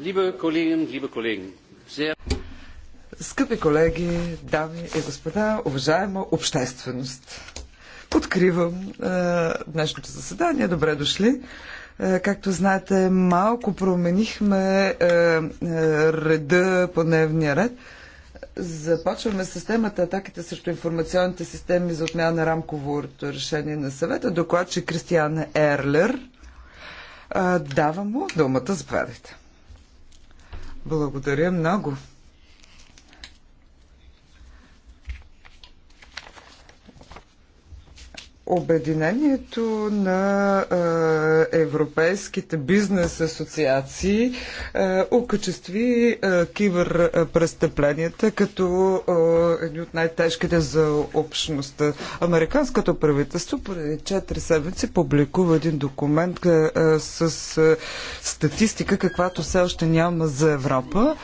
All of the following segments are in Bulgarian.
Liebe Kolleginnen, liebe Kollegen, sehr... Скъпи колеги, дами и господа, уважаема общественост! Откривам е, днешното заседание. Добре дошли. Е, както знаете, малко променихме е, е, реда по дневния ред. Започваме с темата атаките срещу информационните системи за отмяна на рамковото решение на съвета. докладче Кристиана Ерлер. Давам му думата, заповядайте. Благодаря много. Обединението на е, европейските бизнес асоциации е, окачестви е, престъпленията като е, едни от най-тежките за общността. Американското правителство преди 4 седмици публикува един документ е, с е, статистика, каквато все още няма за Европа.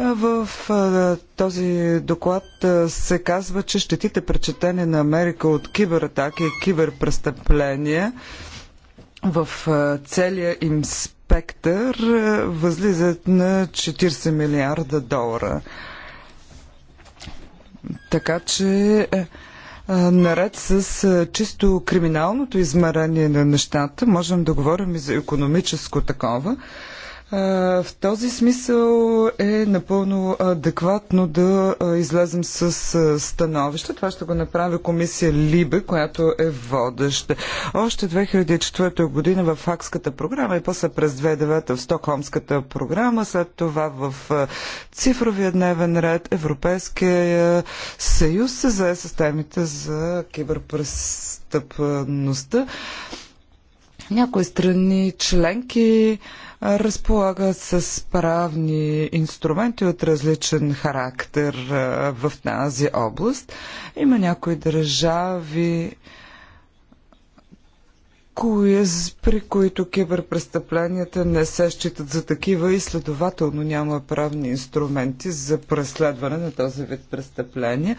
В този доклад се казва, че щетите пречетени на Америка от кибератаки и киберпрестъпления в целия им спектър възлизат на 40 милиарда долара. Така че наред с чисто криминалното измерение на нещата, можем да говорим и за економическо такова. В този смисъл е напълно адекватно да излезем с становище. Това ще го направи комисия Либе, която е водеща. Още 2004 година в ФАКската програма и после през 2009 в Стокхолмската програма, след това в цифровия дневен ред Европейския съюз се зае с темите за киберпрестъпността. Някои страни членки разполага с правни инструменти от различен характер в тази област. Има някои държави, при които киберпрестъпленията не се считат за такива и следователно няма правни инструменти за преследване на този вид престъпления.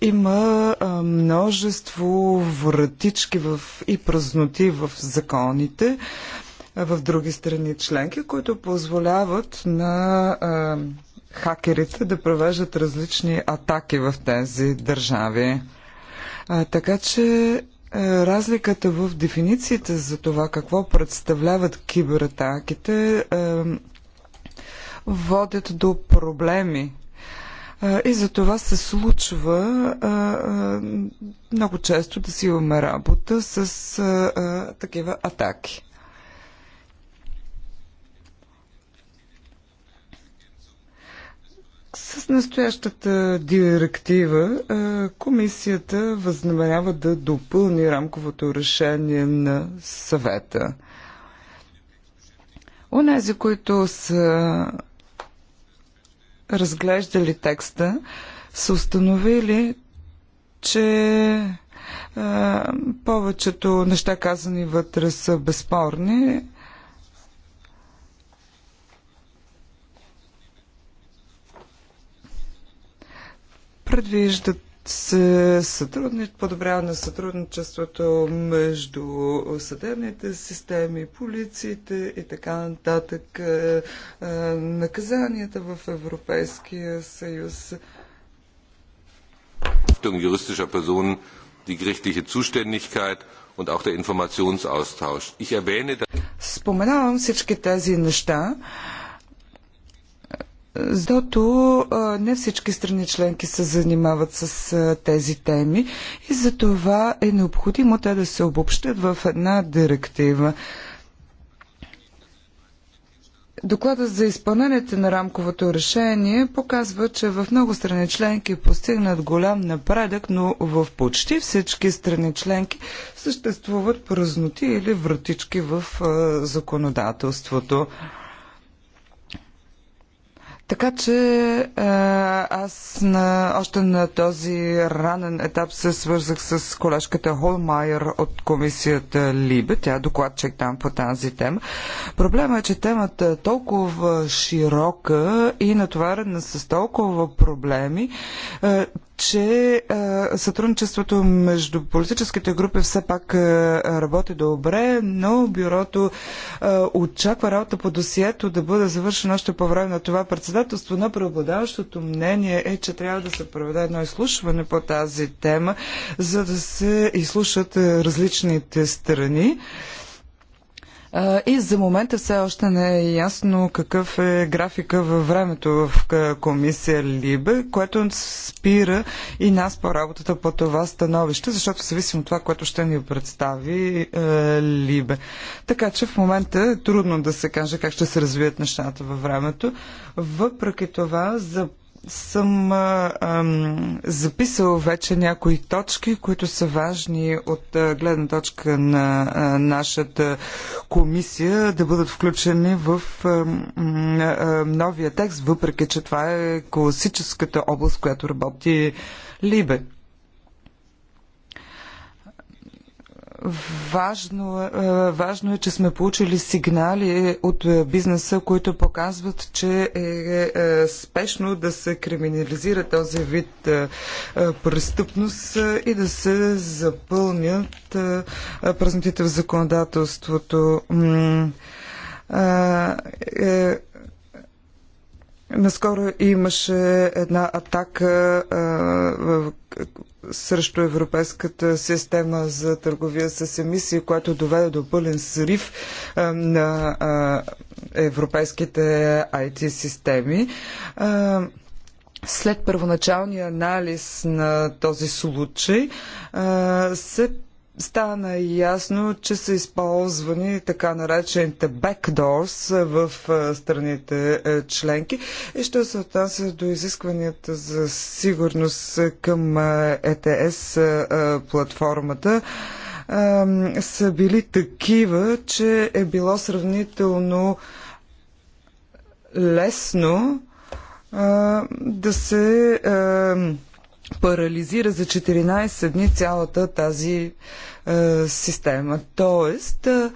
Има множество вратички в, и празноти в законите, в други страни членки, които позволяват на а, хакерите да провеждат различни атаки в тези държави. А, така че разликата в дефинициите за това какво представляват кибератаките водят до проблеми. И за това се случва много често да си имаме работа с такива атаки. С настоящата директива комисията възнамерява да допълни рамковото решение на съвета. Онези, които са разглеждали текста, са установили, че повечето неща казани вътре са безспорни, Предвиждат се сътрудни, подобряване на сътрудничеството между съдебните системи, полициите и така нататък, е, е, наказанията в Европейския съюз. Juristischer Personen die gerichtliche Zuständigkeit und auch der Informationsaustausch. Ich erwähne, Споменавам всички тези неща, защото не всички страни членки се занимават с тези теми и за това е необходимо те да се обобщат в една директива. Докладът за изпълнението на рамковото решение показва, че в много страни членки е постигнат голям напредък, но в почти всички страни членки съществуват празноти или вратички в законодателството. Така че аз на, още на този ранен етап се свързах с колежката Холмайер от комисията Либе. Тя е докладчик там по тази тема. Проблема е, че темата е толкова широка и натоварена с толкова проблеми, че сътрудничеството между политическите групи все пак работи добре, но бюрото очаква работа по досието да бъде завършено още по време на това председателство, но преобладаващото мнение е, че трябва да се проведе едно изслушване по тази тема, за да се изслушат различните страни. И за момента все още не е ясно какъв е графика във времето в комисия Либе, което спира и нас по работата по това становище, защото зависимо от това, което ще ни представи е, Либе. Така че в момента е трудно да се каже как ще се развият нещата във времето. Въпреки това, за съм а, ам, записал вече някои точки, които са важни от а, гледна точка на а, нашата комисия да бъдат включени в а, а, новия текст, въпреки че това е класическата област, която работи Либе. Важно, е, е, важно е, че сме получили сигнали от е, бизнеса, които показват, че е спешно да се криминализира този вид престъпност и да се запълнят празнотите в законодателството Наскоро имаше една атака а, срещу Европейската система за търговия с емисии, която доведе до пълен срив а, на а, европейските IT системи. След първоначалния анализ на този случай се стана ясно, че са използвани така наречените backdoors в страните членки и ще се отнася до изискванията за сигурност към ЕТС платформата са били такива, че е било сравнително лесно да се парализира за 14 дни цялата тази е, система. Тоест, е,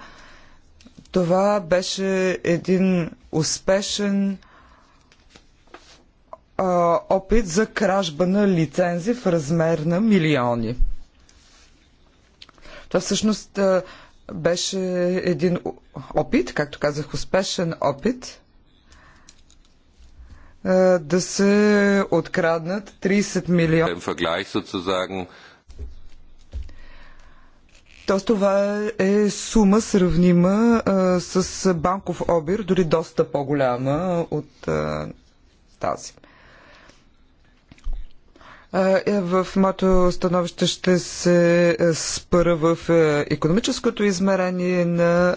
това беше един успешен е, опит за кражба на лицензи в размер на милиони. Това всъщност е, беше един опит, както казах, успешен опит е, да се откраднат 30 милиона. Е, Тоест това е сума сравнима а, е, с банков обир, дори доста по-голяма от а, тази. Е, в моето становище ще се е, спъра в економическото измерение на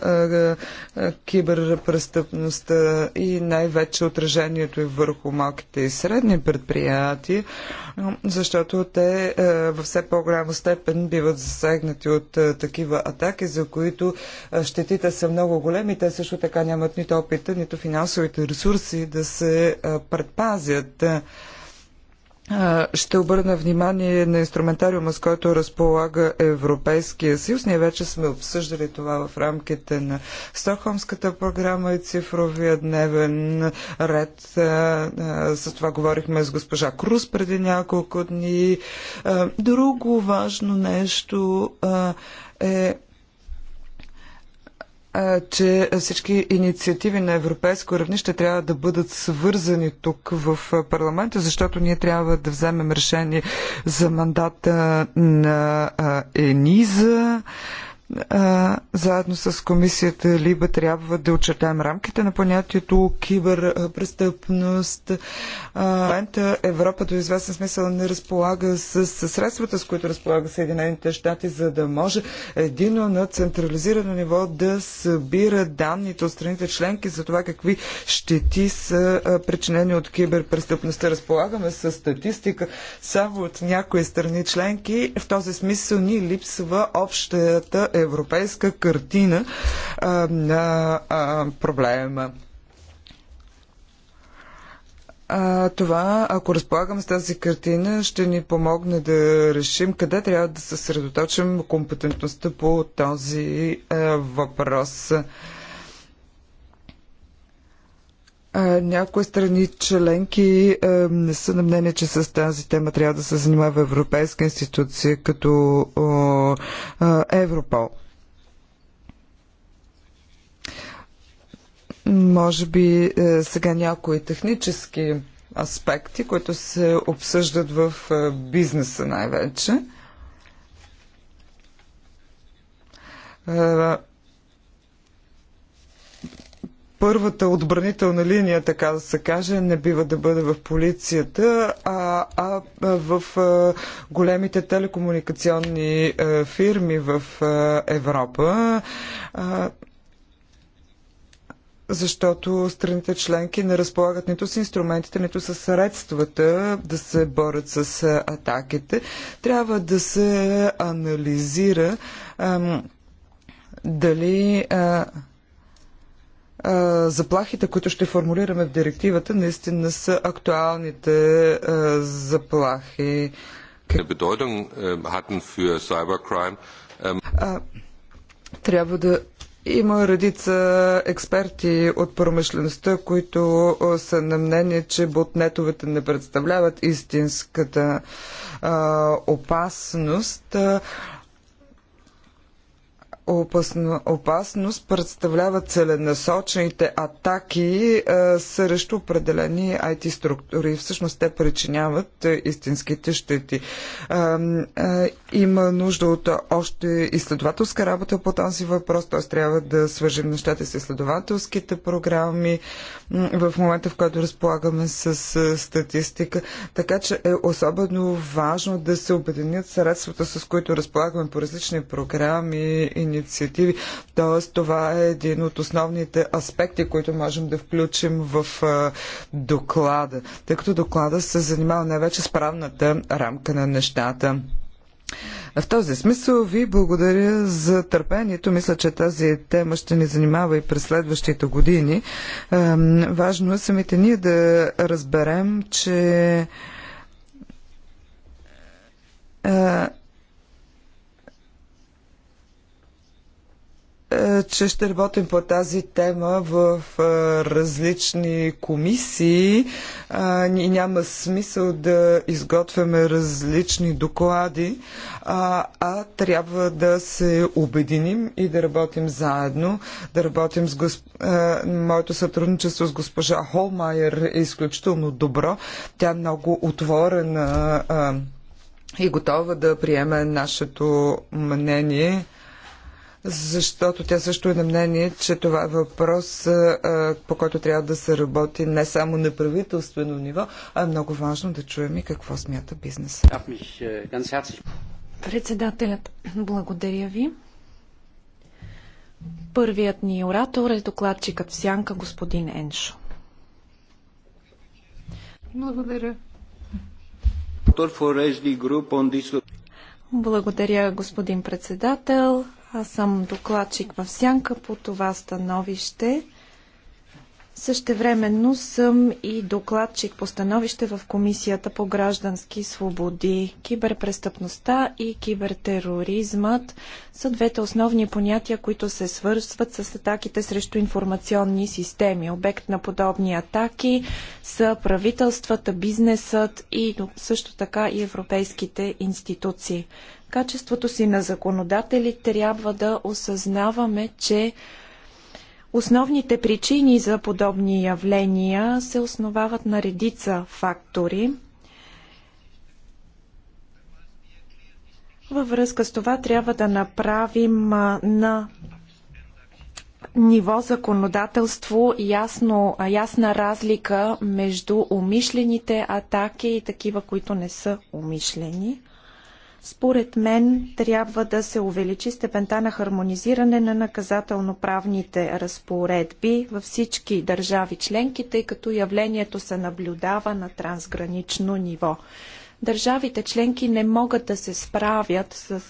е, киберпрестъпността и най-вече отражението е върху малките и средни предприятия, защото те в все по-голяма степен биват засегнати от такива атаки, за които щетите са много големи. Те също така нямат нито опита, нито финансовите ресурси да се предпазят. Ще обърна внимание на инструментариума, с който разполага Европейския съюз. Ние вече сме обсъждали това в рамките на Стокхолмската програма и цифровия дневен ред. С това говорихме с госпожа Круз преди няколко дни. Друго важно нещо е че всички инициативи на европейско равнище трябва да бъдат свързани тук в парламента, защото ние трябва да вземем решение за мандата на ЕНИЗА а, заедно с комисията Либа трябва да очертаем рамките на понятието киберпрестъпност. момента Европа до известен смисъл не разполага с, с средствата, с които разполага Съединените щати, за да може едино на централизирано ниво да събира данните от страните членки за това какви щети са причинени от киберпрестъпността. Разполагаме с статистика само от някои страни членки. В този смисъл ни липсва общата европейска картина а, на а, проблема. А, това, ако разполагам с тази картина, ще ни помогне да решим къде трябва да съсредоточим компетентността по този а, въпрос някои страни членки не са на мнение, че с тази тема трябва да се занимава европейска институция като Европол. Може би е, сега някои технически аспекти, които се обсъждат в е, бизнеса най-вече е, първата отбранителна линия, така да се каже, не бива да бъде в полицията, а, а в а, големите телекомуникационни а, фирми в а, Европа. А, защото страните членки не разполагат нито с инструментите, нито с средствата да се борят с атаките. Трябва да се анализира ам, дали. А, заплахите, които ще формулираме в директивата, наистина са актуалните заплахи. Э, ähm, трябва да има редица експерти от промишлеността, които са на мнение, че ботнетовете не представляват истинската опасност опасно, опасност представляват целенасочените атаки а, е, срещу определени IT структури. Всъщност те причиняват е, истинските щети. А, е, а, има нужда от още изследователска работа по този въпрос, т.е. трябва да свържим нещата с изследователските програми в момента, в който разполагаме с статистика. Така че е особено важно да се обединят средствата, с които разполагаме по различни програми и инициативи. Тоест, това е един от основните аспекти, които можем да включим в доклада, тъй като доклада се занимава най-вече с правната рамка на нещата. В този смисъл ви благодаря за търпението. Мисля, че тази тема ще ни занимава и през следващите години. Важно е самите ние да разберем, че Е, че ще работим по тази тема в е, различни комисии и няма смисъл да изготвяме различни доклади, а, а трябва да се обединим и да работим заедно, да работим с госп... Е, моето сътрудничество с госпожа Холмайер е изключително добро. Тя е много отворена и готова да приеме нашето мнение защото тя също е на мнение, че това е въпрос, по който трябва да се работи не само на правителствено ниво, а е много важно да чуем и какво смята бизнеса. Е, Председателят, благодаря ви. Първият ни оратор е докладчикът в сянка господин Еншо. Благодаря. Благодаря, господин председател. Аз съм докладчик в Сянка по това становище. Същевременно съм и докладчик по становище в Комисията по граждански свободи. Киберпрестъпността и кибертероризмът са двете основни понятия, които се свързват с атаките срещу информационни системи. Обект на подобни атаки са правителствата, бизнесът и също така и европейските институции качеството си на законодатели трябва да осъзнаваме, че основните причини за подобни явления се основават на редица фактори. Във връзка с това трябва да направим на ниво законодателство ясно, ясна разлика между умишлените атаки и такива, които не са умишлени. Според мен трябва да се увеличи степента на хармонизиране на наказателно-правните разпоредби във всички държави членки, тъй като явлението се наблюдава на трансгранично ниво. Държавите членки не могат да се справят с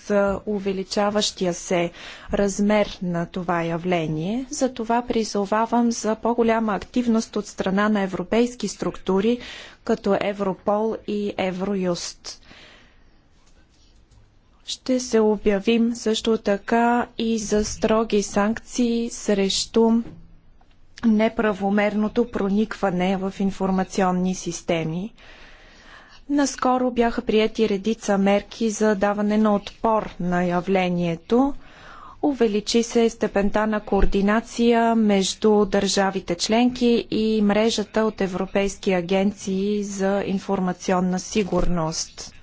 увеличаващия се размер на това явление. Затова призовавам за по-голяма активност от страна на европейски структури, като Европол и Евроюст. Ще се обявим също така и за строги санкции срещу неправомерното проникване в информационни системи. Наскоро бяха прияти редица мерки за даване на отпор на явлението. Увеличи се степента на координация между държавите членки и мрежата от европейски агенции за информационна сигурност.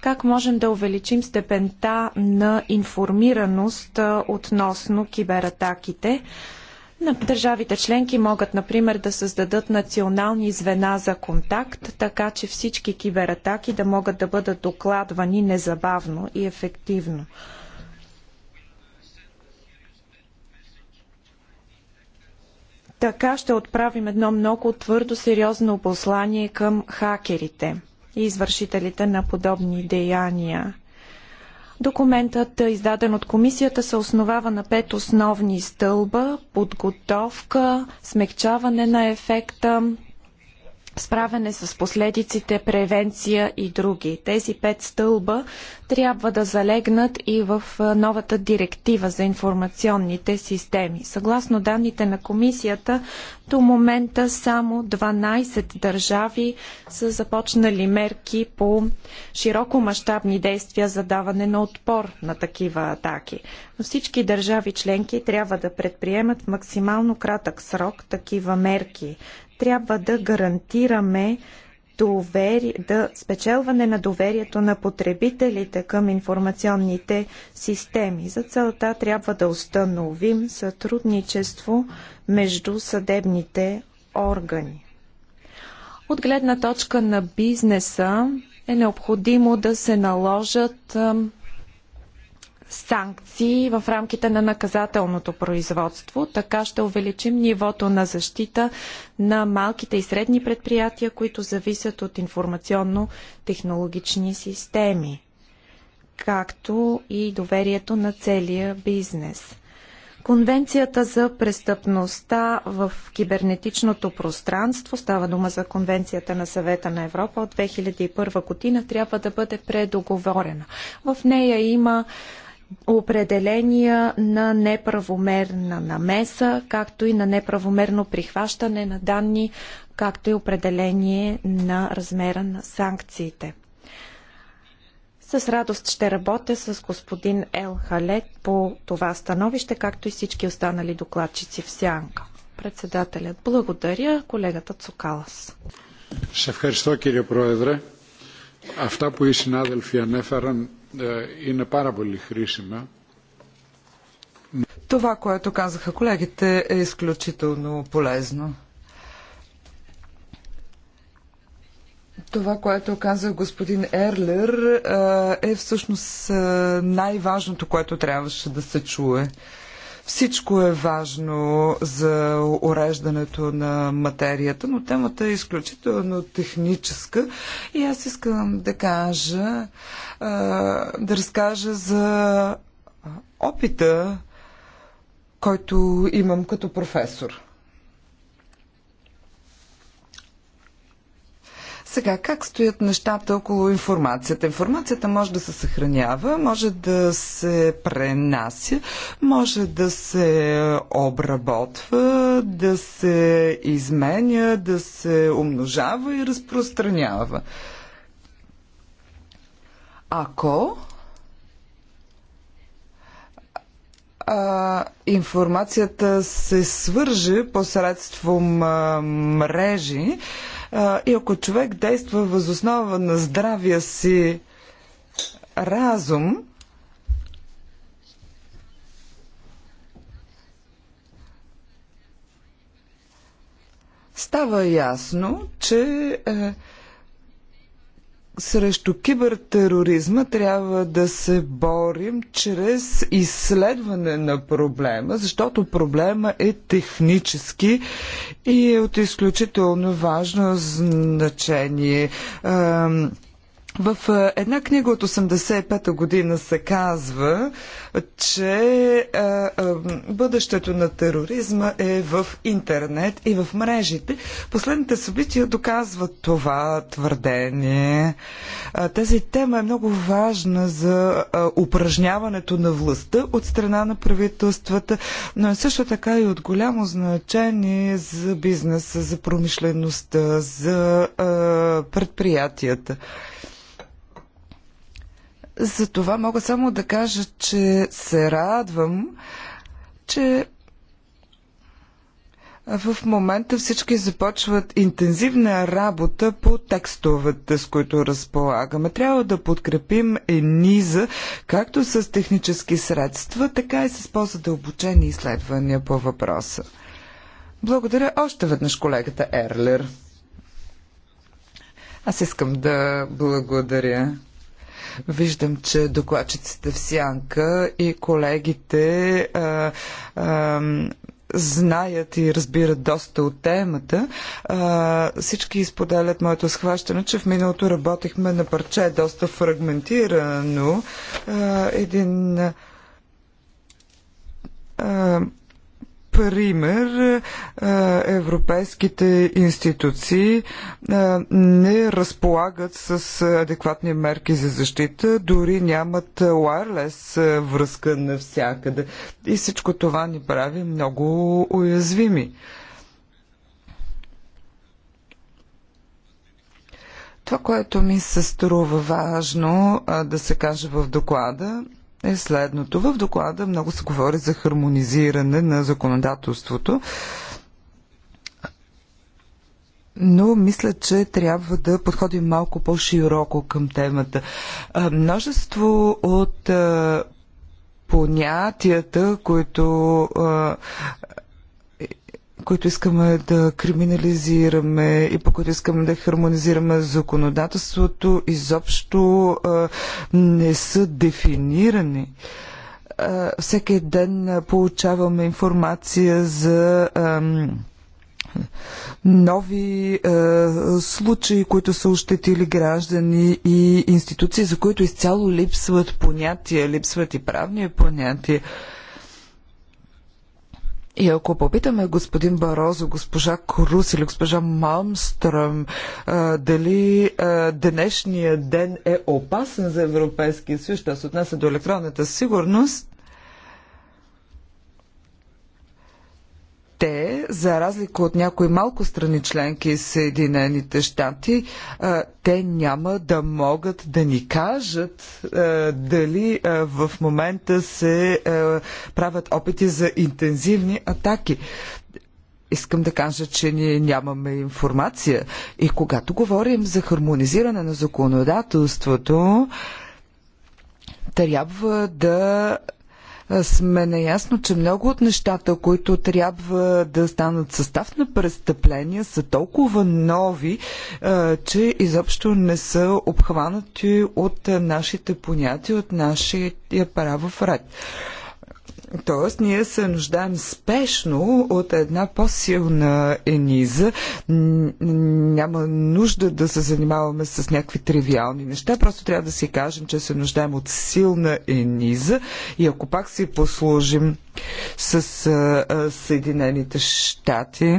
Как можем да увеличим степента на информираност относно кибератаките? Държавите членки могат, например, да създадат национални звена за контакт, така че всички кибератаки да могат да бъдат докладвани незабавно и ефективно. Така ще отправим едно много твърдо сериозно послание към хакерите и извършителите на подобни деяния. Документът, издаден от комисията, се основава на пет основни стълба подготовка, смягчаване на ефекта, справяне с последиците, превенция и други. Тези пет стълба трябва да залегнат и в новата директива за информационните системи. Съгласно данните на комисията, до момента само 12 държави са започнали мерки по широко мащабни действия за даване на отпор на такива атаки. Но всички държави членки трябва да предприемат в максимално кратък срок такива мерки трябва да гарантираме довери, да спечелване на доверието на потребителите към информационните системи. За целта трябва да установим сътрудничество между съдебните органи. От гледна точка на бизнеса е необходимо да се наложат санкции в рамките на наказателното производство. Така ще увеличим нивото на защита на малките и средни предприятия, които зависят от информационно-технологични системи, както и доверието на целия бизнес. Конвенцията за престъпността в кибернетичното пространство, става дума за Конвенцията на съвета на Европа от 2001 година, трябва да бъде предоговорена. В нея има определения на неправомерна намеса, както и на неправомерно прихващане на данни, както и определение на размера на санкциите. С радост ще работя с господин Ел Халет по това становище, както и всички останали докладчици в Сянка. Председателят благодаря, колегата Цукалас. Ще кирио проедре. Αυτά που οι συνάδελφοι ανέφεραν είναι πάρα πολύ χρήσιμα. Това, което казаха колегите, е изключително полезно. Това, което каза господин Ерлер, е, е всъщност е, най-важното, което трябваше да се чуе. Всичко е важно за уреждането на материята, но темата е изключително техническа и аз искам да кажа, да разкажа за опита, който имам като професор. Сега, как стоят нещата около информацията? Информацията може да се съхранява, може да се пренася, може да се обработва, да се изменя, да се умножава и разпространява. Ако а, информацията се свърже посредством а, мрежи, а, и ако човек действа възоснова на здравия си разум, става ясно, че е, срещу кибертероризма трябва да се борим чрез изследване на проблема, защото проблема е технически и е от изключително важно значение. В е, една книга от 85-та година се казва, че е, е, бъдещето на тероризма е в интернет и в мрежите. Последните събития доказват това твърдение. тази тема е много важна за упражняването на властта от страна на правителствата, но е също така и от голямо значение за бизнеса, за промишлеността, за предприятията. За това мога само да кажа, че се радвам, че в момента всички започват интензивна работа по текстовете, с които разполагаме. Трябва да подкрепим ЕНИЗА, както с технически средства, така и с по-задълбочени изследвания по въпроса. Благодаря още веднъж колегата Ерлер. Аз искам да благодаря Виждам, че докладчиците в Сянка и колегите а, а, знаят и разбират доста от темата. А, всички изподелят моето схващане, че в миналото работихме на парче доста фрагментирано. А, един а, пример, европейските институции не разполагат с адекватни мерки за защита, дори нямат wireless връзка навсякъде. И всичко това ни прави много уязвими. Това, което ми се струва важно да се каже в доклада, е следното. В доклада много се говори за хармонизиране на законодателството. Но мисля, че трябва да подходим малко по-широко към темата. Множество от понятията, които които искаме да криминализираме и по които искаме да хармонизираме законодателството, изобщо не са дефинирани всеки ден получаваме информация за нови случаи, които са ощетили граждани и институции, за които изцяло липсват понятия, липсват и правни понятия. И ако попитаме господин Барозо, госпожа Крус или госпожа Малмстръм дали днешния ден е опасен за Европейския съюз, що се отнася до електронната сигурност, те, за разлика от някои малко страни членки Съединените щати, те няма да могат да ни кажат дали в момента се правят опити за интензивни атаки. Искам да кажа, че ние нямаме информация. И когато говорим за хармонизиране на законодателството, трябва да сме наясно, че много от нещата, които трябва да станат състав на престъпления, са толкова нови, че изобщо не са обхванати от нашите понятия, от нашия е, правов в ред. Тоест, ние се нуждаем спешно от една по-силна ениза. Няма нужда да се занимаваме с някакви тривиални неща. Просто трябва да си кажем, че се нуждаем от силна ениза. И ако пак си послужим с а, а, Съединените щати,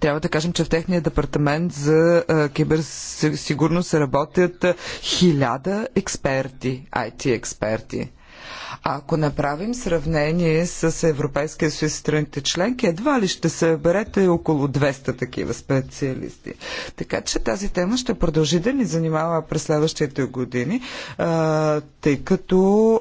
трябва да кажем, че в техния департамент за киберсигурност работят хиляда експерти, IT експерти. Ако направим сравнение с Европейския съюз страните членки, едва ли ще съберете около 200 такива специалисти. Така че тази тема ще продължи да ни занимава през следващите години, тъй като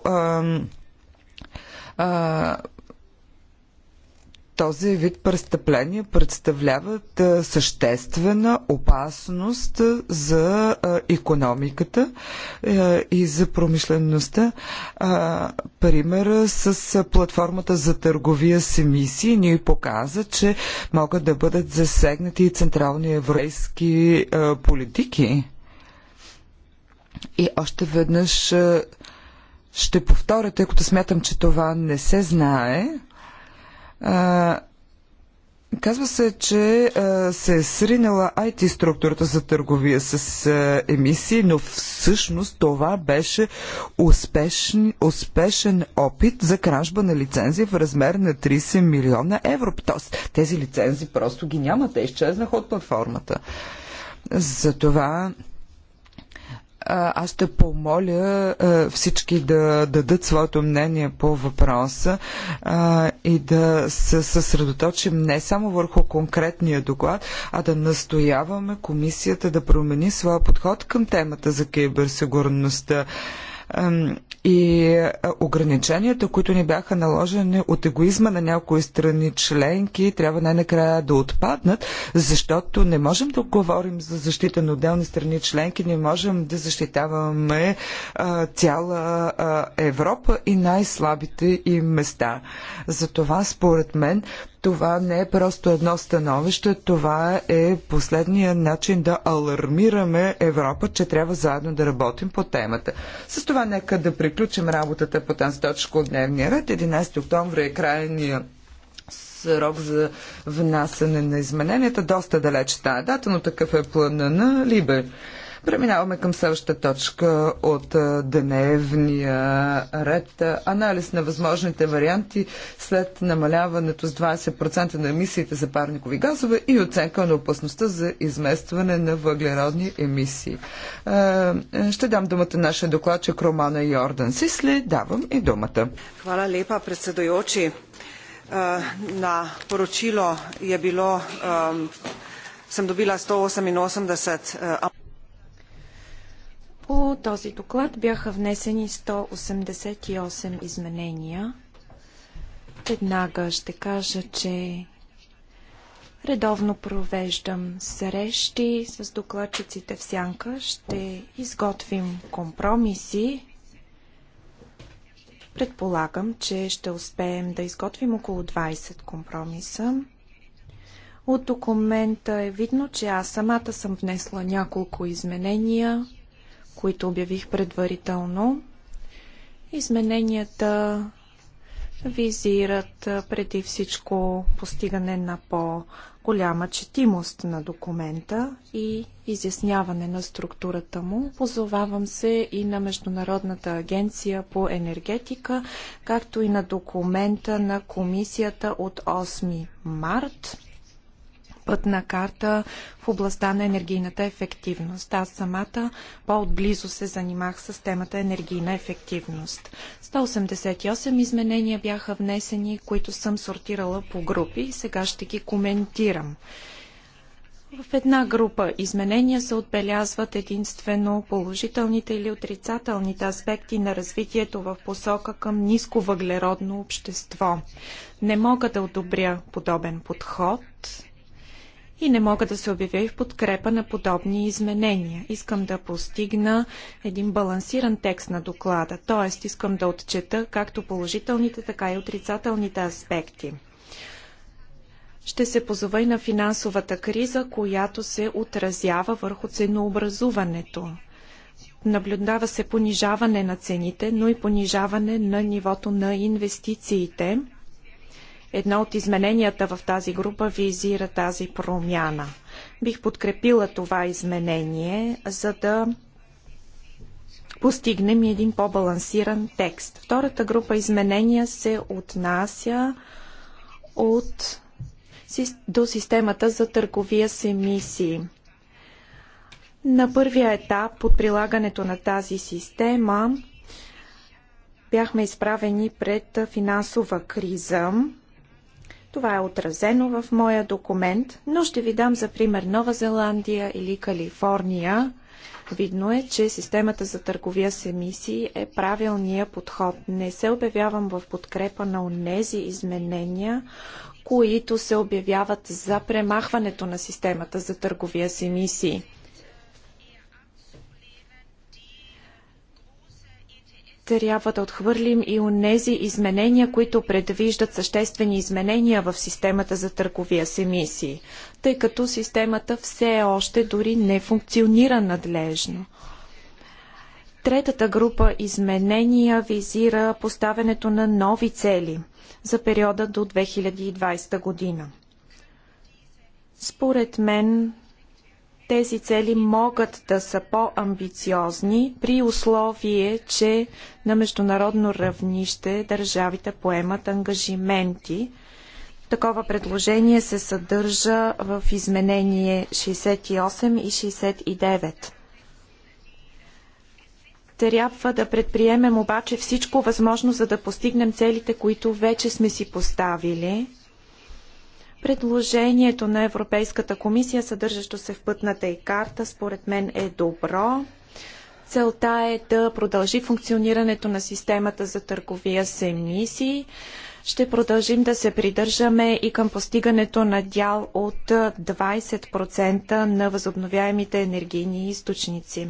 този вид престъпления представляват съществена опасност за економиката и за промишлеността. Примера с платформата за търговия с емисии ни показа, че могат да бъдат засегнати и централни европейски политики. И още веднъж ще повторя, тъй като смятам, че това не се знае а, Казва се, че а, се е сринала IT структурата за търговия с а, емисии, но всъщност това беше успешен, успешен опит за кражба на лицензи в размер на 30 милиона евро. Тоест, тези лицензи просто ги няма, те изчезнаха от платформата. Затова аз ще помоля всички да дадат своето мнение по въпроса и да се съсредоточим не само върху конкретния доклад, а да настояваме комисията да промени своя подход към темата за киберсигурността. И ограниченията, които ни бяха наложени от егоизма на някои страни членки, трябва най-накрая да отпаднат, защото не можем да говорим за защита на отделни страни членки, не можем да защитаваме цяла Европа и най-слабите им места. Затова, според мен, това не е просто едно становище, това е последния начин да алармираме Европа, че трябва заедно да работим по темата. С това нека да приключим работата по тази точка от дневния ред. 11 октомври е крайния срок за внасяне на измененията. Доста далеч тая дата, но такъв е плана на Либе. Преминаваме към следващата точка от дневния ред. Анализ на възможните варианти след намаляването с 20% на емисиите за парникови газове и оценка на опасността за изместване на въглеродни емисии. Ще дам думата на нашия докладчик Романа Йордан. Сисли, давам и думата. Хвала лепа, predsedujoči. Na poročilo je bilo, sem dobila 188 по този доклад бяха внесени 188 изменения. Веднага ще кажа, че редовно провеждам срещи с докладчиците в сянка. Ще изготвим компромиси. Предполагам, че ще успеем да изготвим около 20 компромиса. От документа е видно, че аз самата съм внесла няколко изменения – които обявих предварително. Измененията визират преди всичко постигане на по-голяма четимост на документа и изясняване на структурата му. Позовавам се и на Международната агенция по енергетика, както и на документа на комисията от 8 март пътна карта в областта на енергийната ефективност. Аз самата по-отблизо се занимах с темата енергийна ефективност. 188 изменения бяха внесени, които съм сортирала по групи и сега ще ги коментирам. В една група изменения се отбелязват единствено положителните или отрицателните аспекти на развитието в посока към ниско въглеродно общество. Не мога да одобря подобен подход и не мога да се обявя и в подкрепа на подобни изменения. Искам да постигна един балансиран текст на доклада, т.е. искам да отчета както положителните, така и отрицателните аспекти. Ще се позова и на финансовата криза, която се отразява върху ценообразуването. Наблюдава се понижаване на цените, но и понижаване на нивото на инвестициите – Едно от измененията в тази група визира тази промяна. Бих подкрепила това изменение, за да постигнем един по-балансиран текст. Втората група изменения се отнася от, до системата за търговия с емисии. На първия етап от прилагането на тази система бяхме изправени пред финансова криза. Това е отразено в моя документ, но ще ви дам за пример Нова Зеландия или Калифорния. Видно е, че системата за търговия с емисии е правилния подход. Не се обявявам в подкрепа на онези изменения, които се обявяват за премахването на системата за търговия с емисии. трябва да отхвърлим и онези изменения, които предвиждат съществени изменения в системата за търговия с емисии, тъй като системата все още дори не функционира надлежно. Третата група изменения визира поставянето на нови цели за периода до 2020 година. Според мен тези цели могат да са по-амбициозни при условие, че на международно равнище държавите поемат ангажименти. Такова предложение се съдържа в изменение 68 и 69 трябва да предприемем обаче всичко възможно, за да постигнем целите, които вече сме си поставили. Предложението на Европейската комисия, съдържащо се в пътната и карта, според мен е добро. Целта е да продължи функционирането на системата за търговия с емисии. Ще продължим да се придържаме и към постигането на дял от 20% на възобновяемите енергийни източници.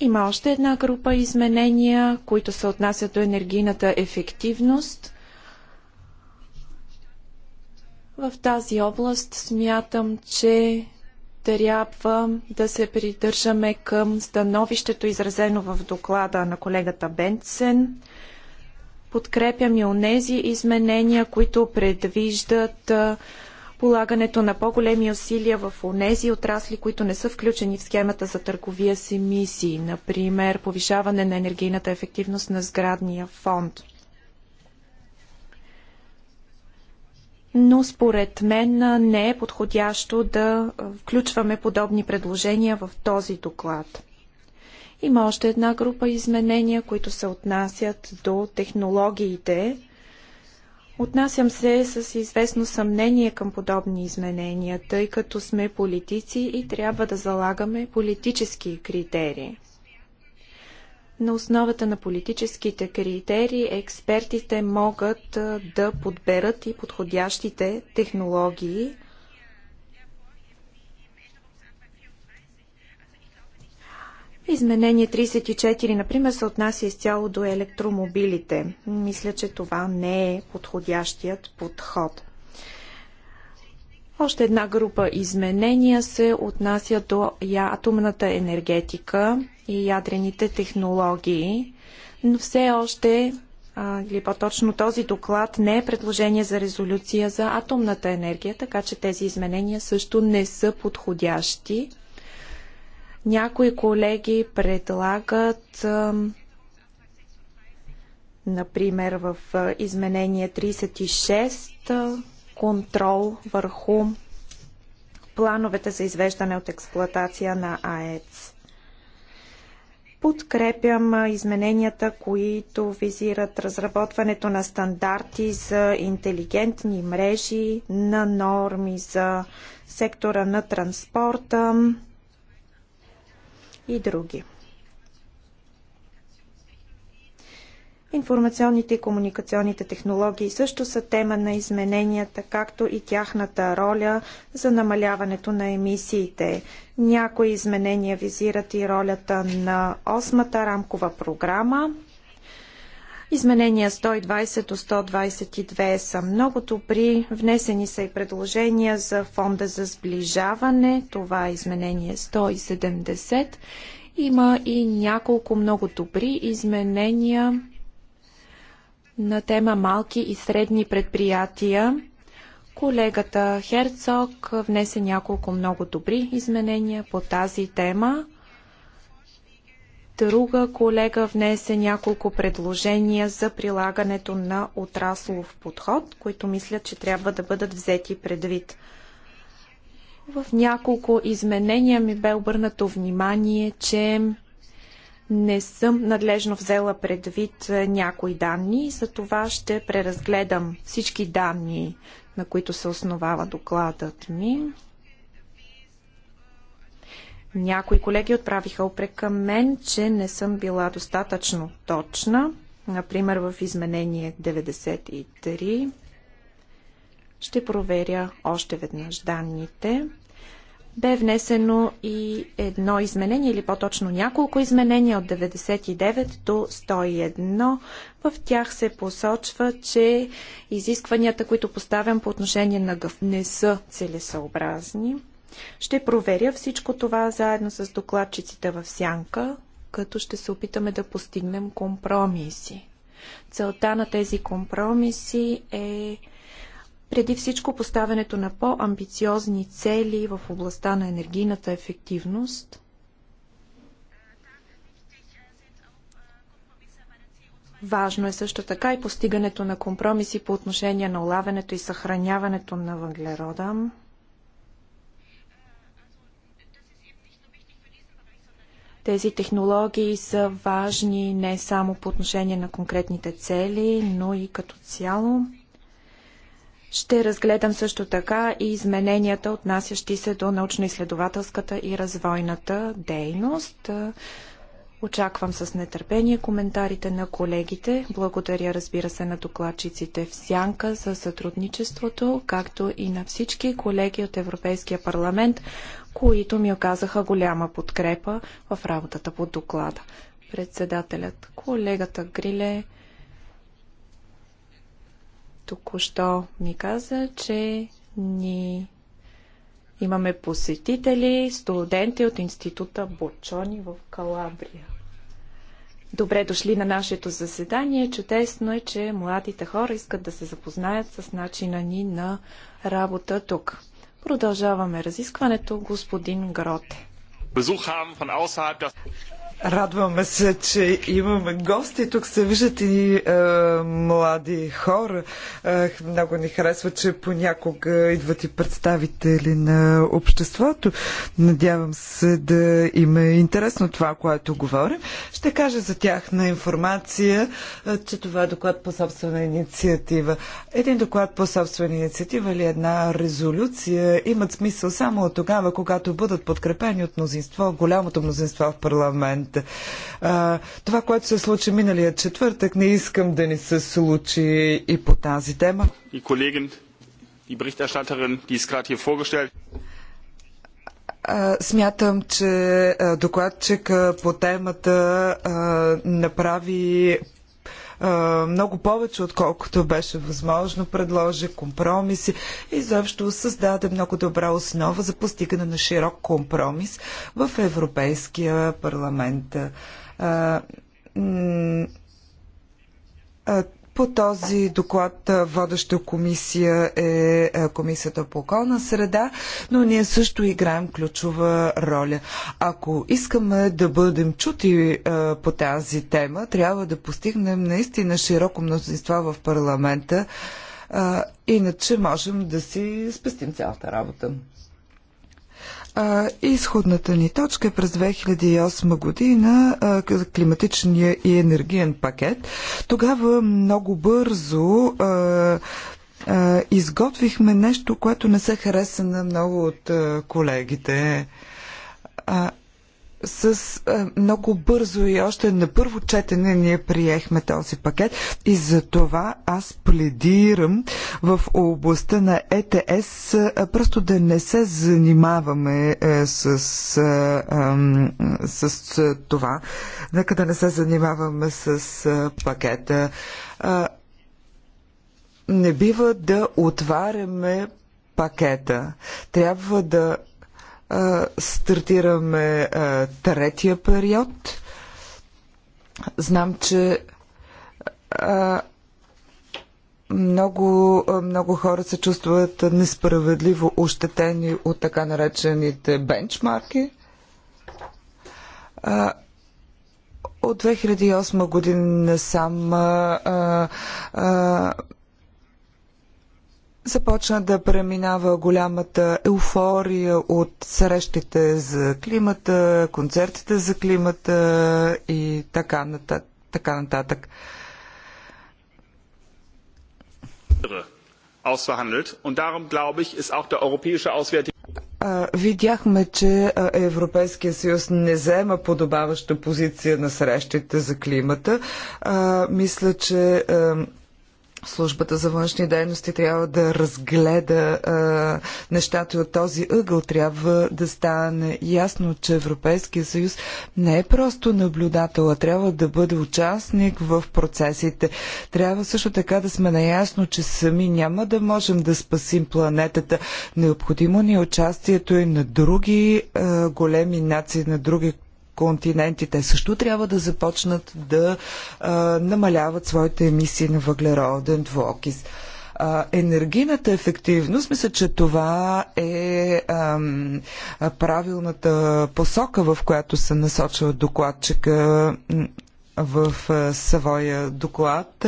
Има още една група изменения, които се отнасят до енергийната ефективност. В тази област смятам, че трябва да се придържаме към становището, изразено в доклада на колегата Бенцен. Подкрепям и онези изменения, които предвиждат полагането на по-големи усилия в онези отрасли, които не са включени в схемата за търговия с емисии, например повишаване на енергийната ефективност на сградния фонд. но според мен не е подходящо да включваме подобни предложения в този доклад. Има още една група изменения, които се отнасят до технологиите. Отнасям се с известно съмнение към подобни изменения, тъй като сме политици и трябва да залагаме политически критерии. На основата на политическите критерии експертите могат да подберат и подходящите технологии – Изменение 34, например, се отнася изцяло до електромобилите. Мисля, че това не е подходящият подход. Още една група изменения се отнася до атомната енергетика и ядрените технологии, но все още, или по-точно този доклад, не е предложение за резолюция за атомната енергия, така че тези изменения също не са подходящи. Някои колеги предлагат например в изменение 36 контрол върху плановете за извеждане от експлоатация на АЕЦ. Подкрепям измененията, които визират разработването на стандарти за интелигентни мрежи, на норми за сектора на транспорта, и други. Информационните и комуникационните технологии също са тема на измененията, както и тяхната роля за намаляването на емисиите. Някои изменения визират и ролята на осмата рамкова програма, Изменения 120 до 122 са много добри. Внесени са и предложения за фонда за сближаване. Това е изменение 170. Има и няколко много добри изменения на тема малки и средни предприятия. Колегата Херцог внесе няколко много добри изменения по тази тема. Друга колега внесе няколко предложения за прилагането на отраслов подход, които мислят, че трябва да бъдат взети предвид. В няколко изменения ми бе обърнато внимание, че не съм надлежно взела предвид е, някои данни, за това ще преразгледам всички данни, на които се основава докладът ми. Някои колеги отправиха опрек към мен, че не съм била достатъчно точна. Например, в изменение 93 ще проверя още веднъж данните. Бе внесено и едно изменение, или по-точно няколко изменения от 99 до 101. В тях се посочва, че изискванията, които поставям по отношение на гъв, не са целесъобразни. Ще проверя всичко това заедно с докладчиците в сянка, като ще се опитаме да постигнем компромиси. Целта на тези компромиси е преди всичко поставянето на по-амбициозни цели в областта на енергийната ефективност. Важно е също така и постигането на компромиси по отношение на улавянето и съхраняването на въглерода. Тези технологии са важни не само по отношение на конкретните цели, но и като цяло. Ще разгледам също така и измененията, отнасящи се до научно-изследователската и развойната дейност. Очаквам с нетърпение коментарите на колегите. Благодаря, разбира се, на докладчиците в Сянка за сътрудничеството, както и на всички колеги от Европейския парламент, които ми оказаха голяма подкрепа в работата по доклада. Председателят, колегата Гриле, току-що ми каза, че ни Имаме посетители, студенти от института Бочони в Калабрия. Добре дошли на нашето заседание. Чудесно е, че младите хора искат да се запознаят с начина ни на работа тук. Продължаваме разискването, господин Гроте. Радваме се, че имаме гости. Тук се виждат и е, млади хора. Е, много ни харесва, че понякога идват и представители на обществото. Надявам се да им е интересно това, което говорим. Ще кажа за тях на информация, е, че това е доклад по собствена инициатива. Един доклад по собствена инициатива или една резолюция имат смисъл само от тогава, когато бъдат подкрепени от мнозинство, голямото мнозинство в парламент момента. А, това, което се случи миналия четвъртък, не искам да ни се случи и по тази тема. И колегин, и Berichterstatterin, ги ist е hier Смятам, че докладчика по темата направи много повече, отколкото беше възможно, предложи компромиси и заобщо създаде много добра основа за постигане на широк компромис в Европейския парламент по този доклад водеща комисия е Комисията по околна среда, но ние също играем ключова роля. Ако искаме да бъдем чути по тази тема, трябва да постигнем наистина широко мнозинство в парламента, иначе можем да си спестим цялата работа изходната ни точка е през 2008 година климатичния и енергиен пакет. Тогава много бързо изготвихме нещо, което не се хареса на много от колегите с а, е, много бързо и още на първо четене ние приехме този пакет и за това аз пледирам в областта на ЕТС а, е, просто да не се занимаваме а, е, с, а, а, с това. Нека да не се занимаваме с а, пакета. А, не бива да отваряме пакета. Трябва да стартираме третия период. Знам, че много, много хора се чувстват несправедливо ощетени от така наречените бенчмарки. От 2008 година сам а, а, започна да преминава голямата еуфория от срещите за климата, концертите за климата и така нататък. Така нататък. Видяхме, че Европейския съюз не взема подобаваща позиция на срещите за климата. Мисля, че службата за външни дейности трябва да разгледа а, нещата от този ъгъл. Трябва да стане ясно, че Европейския съюз не е просто наблюдател, а трябва да бъде участник в процесите. Трябва също така да сме наясно, че сами няма да можем да спасим планетата. Необходимо ни е участието и на други а, големи нации, на други континентите също трябва да започнат да а, намаляват своите емисии на въглероден двуокис. А, енергийната ефективност, мисля, че това е ам, правилната посока, в която се насочва докладчика в а, своя доклад.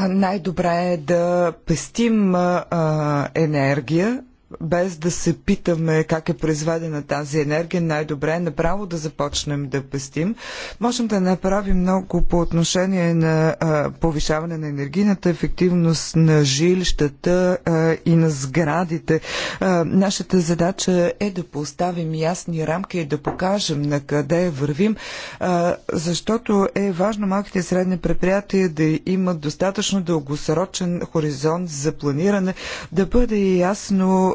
най-добре е да пестим а, енергия без да се питаме как е произведена тази енергия, най-добре е направо да започнем да пестим. Можем да направим много по отношение на а, повишаване на енергийната ефективност на жилищата а, и на сградите. А, нашата задача е да поставим ясни рамки и да покажем на къде вървим, а, защото е важно малките и средни предприятия да имат достатъчно дългосрочен хоризонт за планиране, да бъде ясно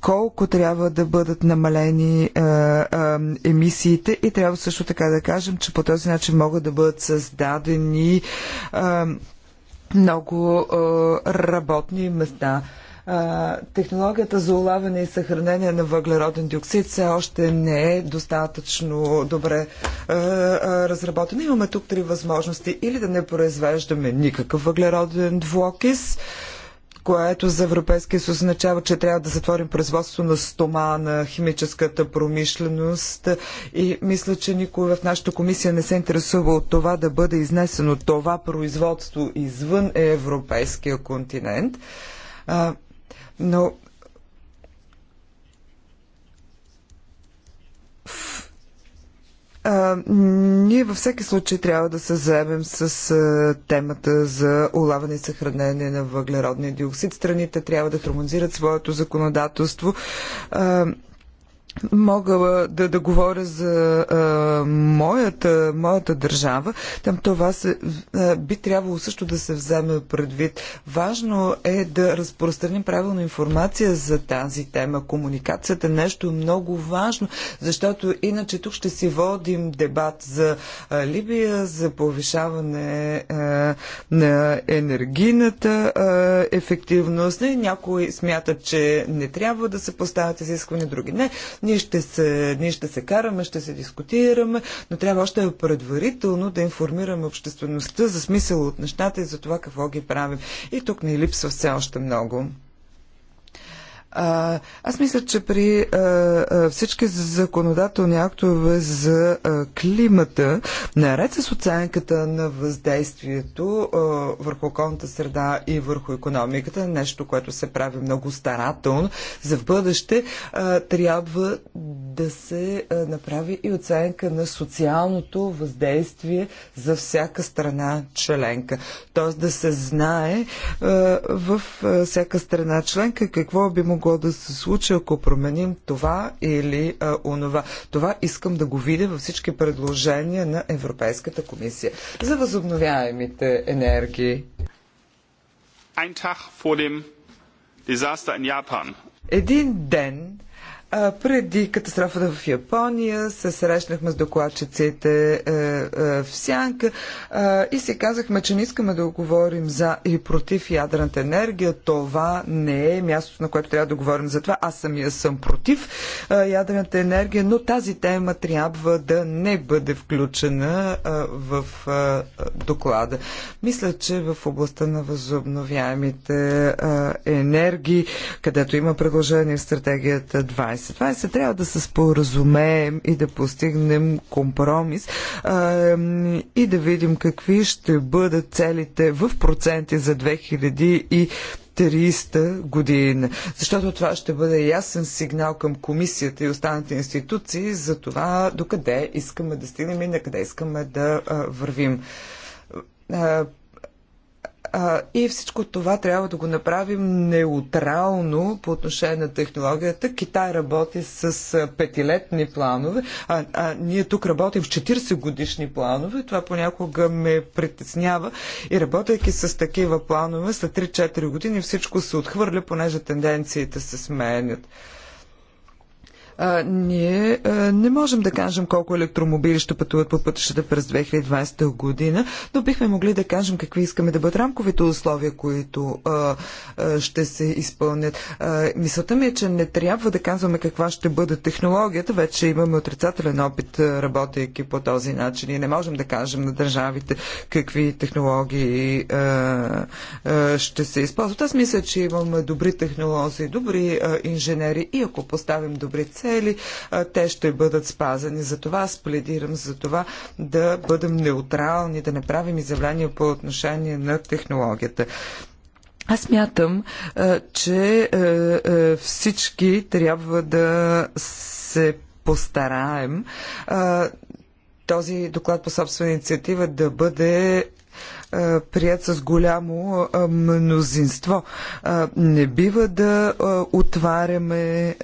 колко трябва да бъдат намалени емисиите и трябва също така да кажем, че по този начин могат да бъдат създадени много работни места технологията за улавяне и съхранение на въглероден диоксид все още не е достатъчно добре а, а, разработена. Имаме тук три възможности. Или да не произвеждаме никакъв въглероден двуокис, което за Европейския съюз означава, че трябва да затворим производство на стома, на химическата промишленост и мисля, че никой в нашата комисия не се интересува от това да бъде изнесено това производство извън европейския континент. Но А, ние във всеки случай трябва да се заемем с а, темата за улавяне и съхранение на въглеродния диоксид. Страните трябва да хармонизират своето законодателство. А, мога да, да говоря за а, моята, моята държава, там това се, а, би трябвало също да се вземе предвид. Важно е да разпространим правилна информация за тази тема. Комуникацията е нещо много важно, защото иначе тук ще си водим дебат за а, Либия, за повишаване а, на енергийната а, ефективност. Не, някои смятат, че не трябва да се поставят изисквания, други не ние ще, се, ние ще се караме, ще се дискутираме, но трябва още предварително да информираме обществеността за смисъл от нещата и за това какво ги правим. И тук ни липсва все още много. Аз мисля, че при всички законодателни актове за климата, наред с оценката на въздействието върху околната среда и върху економиката, нещо, което се прави много старателно за в бъдеще, трябва да се направи и оценка на социалното въздействие за всяка страна членка. Тоест да се знае в всяка страна членка какво би могло могло да се случи, ако променим това или а, онова. Това искам да го видя във всички предложения на Европейската комисия за възобновяемите енергии. Един ден преди катастрофата в Япония се срещнахме с докладчиците е, е, в Сянка и си казахме, че не искаме да говорим за и против ядрената енергия. Това не е мястото, на което трябва да говорим за това. Аз самия съм против ядрената енергия, но тази тема трябва да не бъде включена в доклада. Мисля, че в областта на възобновяемите енергии, където има предложение в стратегията 20 2020 е, трябва да се споразумеем и да постигнем компромис а, и да видим какви ще бъдат целите в проценти за 2030 300 година. Защото това ще бъде ясен сигнал към комисията и останалите институции за това докъде искаме да стигнем и на къде искаме да а, вървим и всичко това трябва да го направим неутрално по отношение на технологията. Китай работи с петилетни планове, а, а ние тук работим с 40 годишни планове. Това понякога ме притеснява и работейки с такива планове, след 3-4 години всичко се отхвърля, понеже тенденциите се сменят а, ние а, не можем да кажем колко електромобили ще пътуват по пътищата през 2020 година, но бихме могли да кажем какви искаме да бъдат рамковите условия, които а, а, ще се изпълнят. А, мисълта ми е, че не трябва да казваме каква ще бъде технологията. Вече имаме отрицателен опит, работейки по този начин и не можем да кажем на държавите какви технологии а, а, ще се използват. Аз мисля, че имаме добри технологии, добри а, инженери и ако поставим добри цели, цели, те ще бъдат спазани. това, аз пледирам за това да бъдем неутрални, да не правим изявления по отношение на технологията. Аз мятам, че всички трябва да се постараем този доклад по собствена инициатива да бъде е, прият с голямо е, мнозинство. Е, не бива да отваряме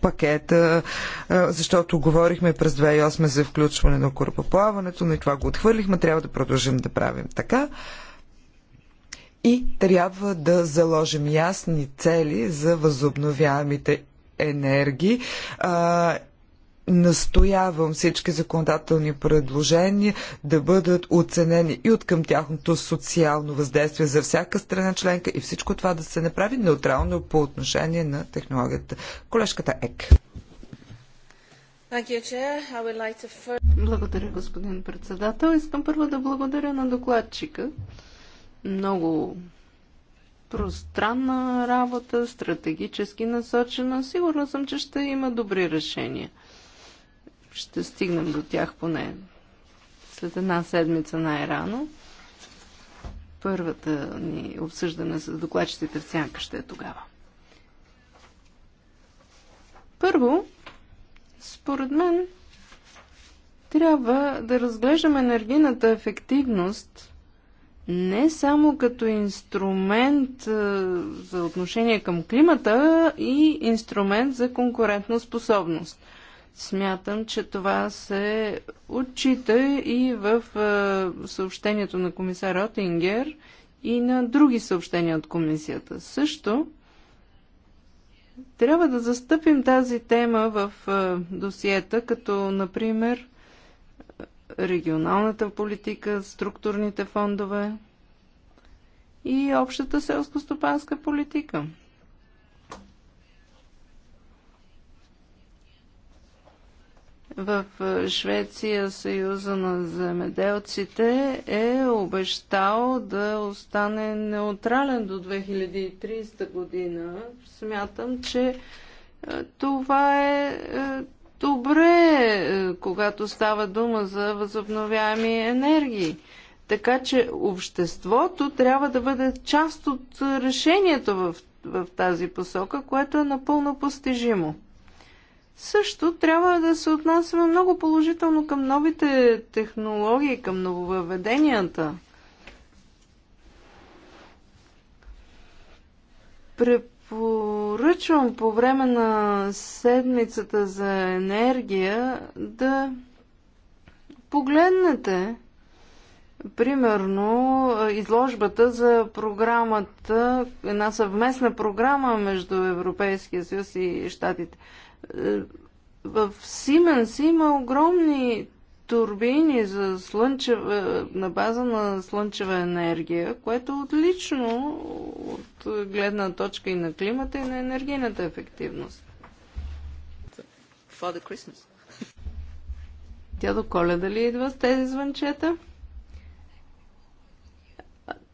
пакета, защото говорихме през 2008 за включване на корабоплаването, но и това го отхвърлихме. Трябва да продължим да правим така. И трябва да заложим ясни цели за възобновяемите енергии настоявам всички законодателни предложения да бъдат оценени и от към тяхното социално въздействие за всяка страна членка и всичко това да се направи неутрално по отношение на технологията. Колежката Ек. Благодаря, господин председател. Искам първо да благодаря на докладчика. Много пространна работа, стратегически насочена. Сигурна съм, че ще има добри решения. Ще стигнем до тях поне след една седмица най-рано. Първата ни обсъждане с докладчетите в сянка ще е тогава. Първо, според мен, трябва да разглеждаме енергийната ефективност не само като инструмент е, за отношение към климата и инструмент за конкурентна способност – Смятам, че това се отчита и в е, съобщението на комисар Ротингер и на други съобщения от комисията. Също трябва да застъпим тази тема в е, досиета, като, например, регионалната политика, структурните фондове и общата селско-стопанска политика. В е, Швеция Съюза на земеделците е обещал да остане неутрален до 2030 година. Смятам, че е, това е, е добре, когато става дума за възобновяеми енергии. Така че обществото трябва да бъде част от решението в, в тази посока, което е напълно постижимо. Също трябва да се отнасяме много положително към новите технологии, към нововъведенията. Препоръчвам по време на седмицата за енергия да погледнете Примерно, изложбата за програмата, една съвместна програма между Европейския съюз и Штатите. Е, в Сименс има огромни турбини за слънчева, е, на база на слънчева енергия, което е отлично от гледна точка и на климата, и на енергийната ефективност. For the Christmas. Тя до коледа ли идва с тези звънчета?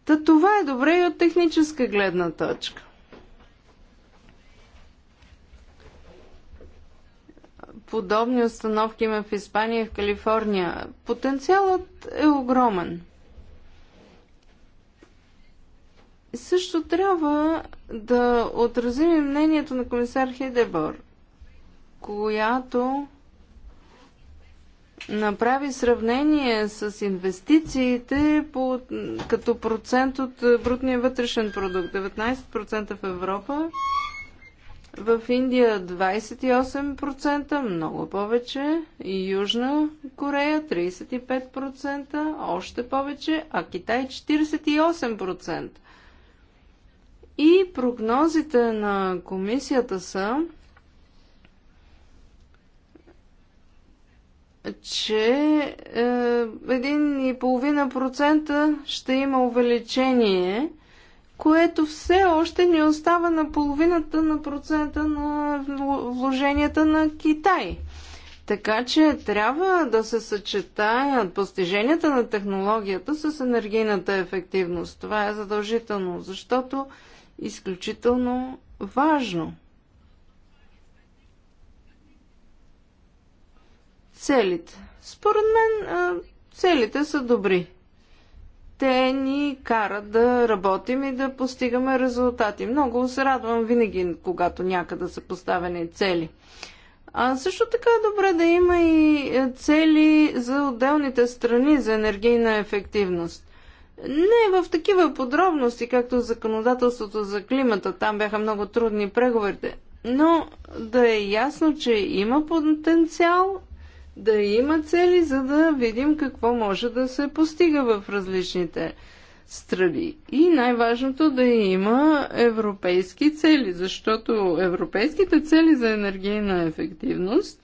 Та това е добре и от техническа гледна точка. подобни установки има в Испания и в Калифорния. Потенциалът е огромен. Също трябва да отразим мнението на комисар Хедебор, която направи сравнение с инвестициите по, като процент от брутния вътрешен продукт. 19% в Европа, в Индия 28%, много повече. И Южна Корея 35%, още повече. А Китай 48%. И прогнозите на комисията са, че 1,5% е, ще има увеличение – което все още не остава на половината на процента на вложенията на Китай. Така че трябва да се съчетаят постиженията на технологията с енергийната ефективност. Това е задължително, защото изключително важно. Целите. Според мен целите са добри те ни карат да работим и да постигаме резултати. Много се радвам винаги, когато някъде са поставени цели. А също така е добре да има и цели за отделните страни за енергийна ефективност. Не в такива подробности, както законодателството за климата, там бяха много трудни преговорите, но да е ясно, че има потенциал да има цели, за да видим какво може да се постига в различните страни. И най-важното да има европейски цели, защото европейските цели за енергийна ефективност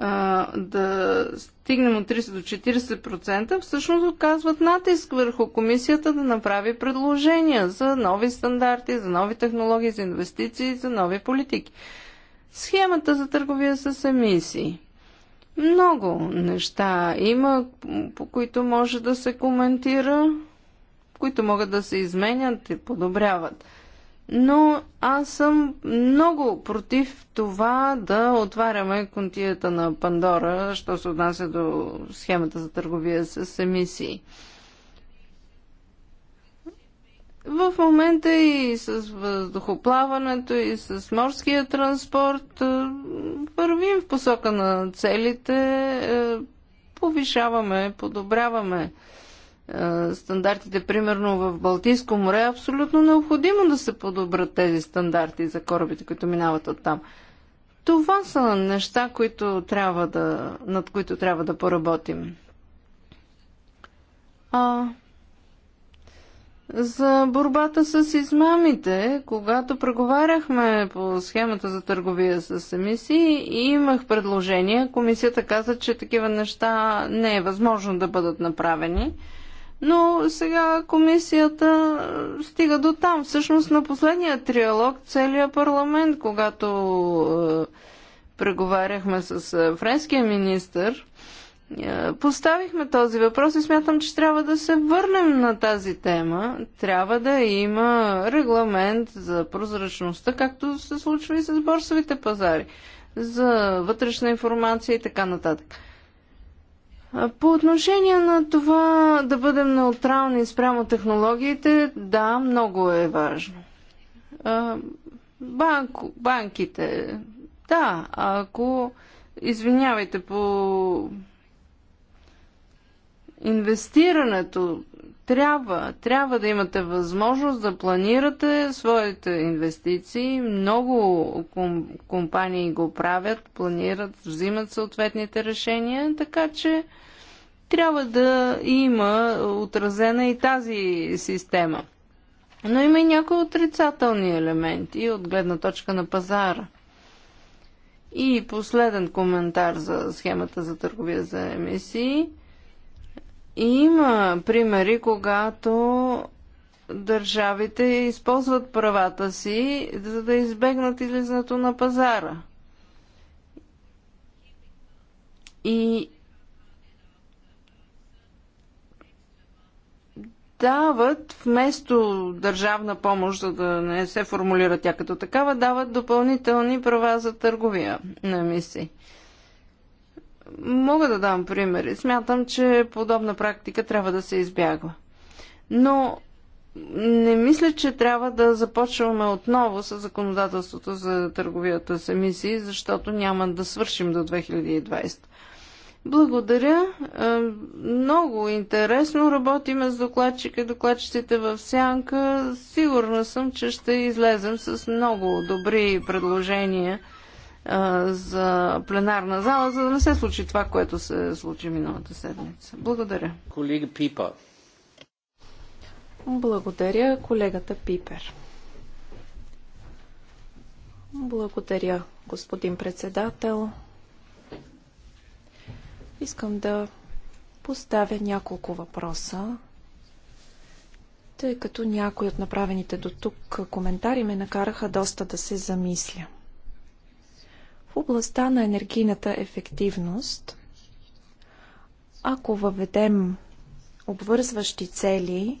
а, да стигнем от 30 до 40%, всъщност оказват натиск върху комисията да направи предложения за нови стандарти, за нови технологии, за инвестиции, за нови политики. Схемата за търговия с емисии. Много неща има, по които може да се коментира, които могат да се изменят и подобряват. Но аз съм много против това да отваряме контията на Пандора, що се отнася до схемата за търговия с емисии. В момента и с въздухоплаването, и с морския транспорт е, вървим в посока на целите, е, повишаваме, подобряваме е, стандартите. Примерно в Балтийско море е абсолютно необходимо да се подобрат тези стандарти за корабите, които минават от там. Това са неща, които трябва да, над които трябва да поработим. А, за борбата с измамите. Когато преговаряхме по схемата за търговия с емисии, имах предложение. Комисията каза, че такива неща не е възможно да бъдат направени. Но сега комисията стига до там. Всъщност на последния триалог целият парламент, когато е, преговаряхме с е, френския министр, е, поставихме този въпрос и смятам, че трябва да се върнем на тази тема. Трябва да има регламент за прозрачността, както се случва и с борсовите пазари, за вътрешна информация и така нататък. По отношение на това да бъдем неутрални спрямо технологиите, да, много е важно. Банк, банките, да, ако, извинявайте, по инвестирането трябва, трябва да имате възможност да планирате своите инвестиции. Много компании го правят, планират, взимат съответните решения, така че трябва да има отразена и тази система. Но има и някои отрицателни елементи от гледна точка на пазара. И последен коментар за схемата за търговия за емисии. Има примери, когато държавите използват правата си, за да избегнат излизането на пазара. И дават, вместо държавна помощ, за да не се формулира тя като такава, дават допълнителни права за търговия на мисии. Мога да дам примери. Смятам, че подобна практика трябва да се избягва. Но не мисля, че трябва да започваме отново с законодателството за търговията с емисии, защото няма да свършим до 2020. Благодаря. Е, много интересно работиме с докладчика и докладчиците в сянка. Сигурна съм, че ще излезем с много добри предложения за пленарна зала, за да не се случи това, което се случи миналата седмица. Благодаря. Колега Пипа. Благодаря, колегата Пипер. Благодаря, господин председател. Искам да поставя няколко въпроса, тъй като някои от направените до тук коментари ме накараха доста да се замисля – областта на енергийната ефективност, ако въведем обвързващи цели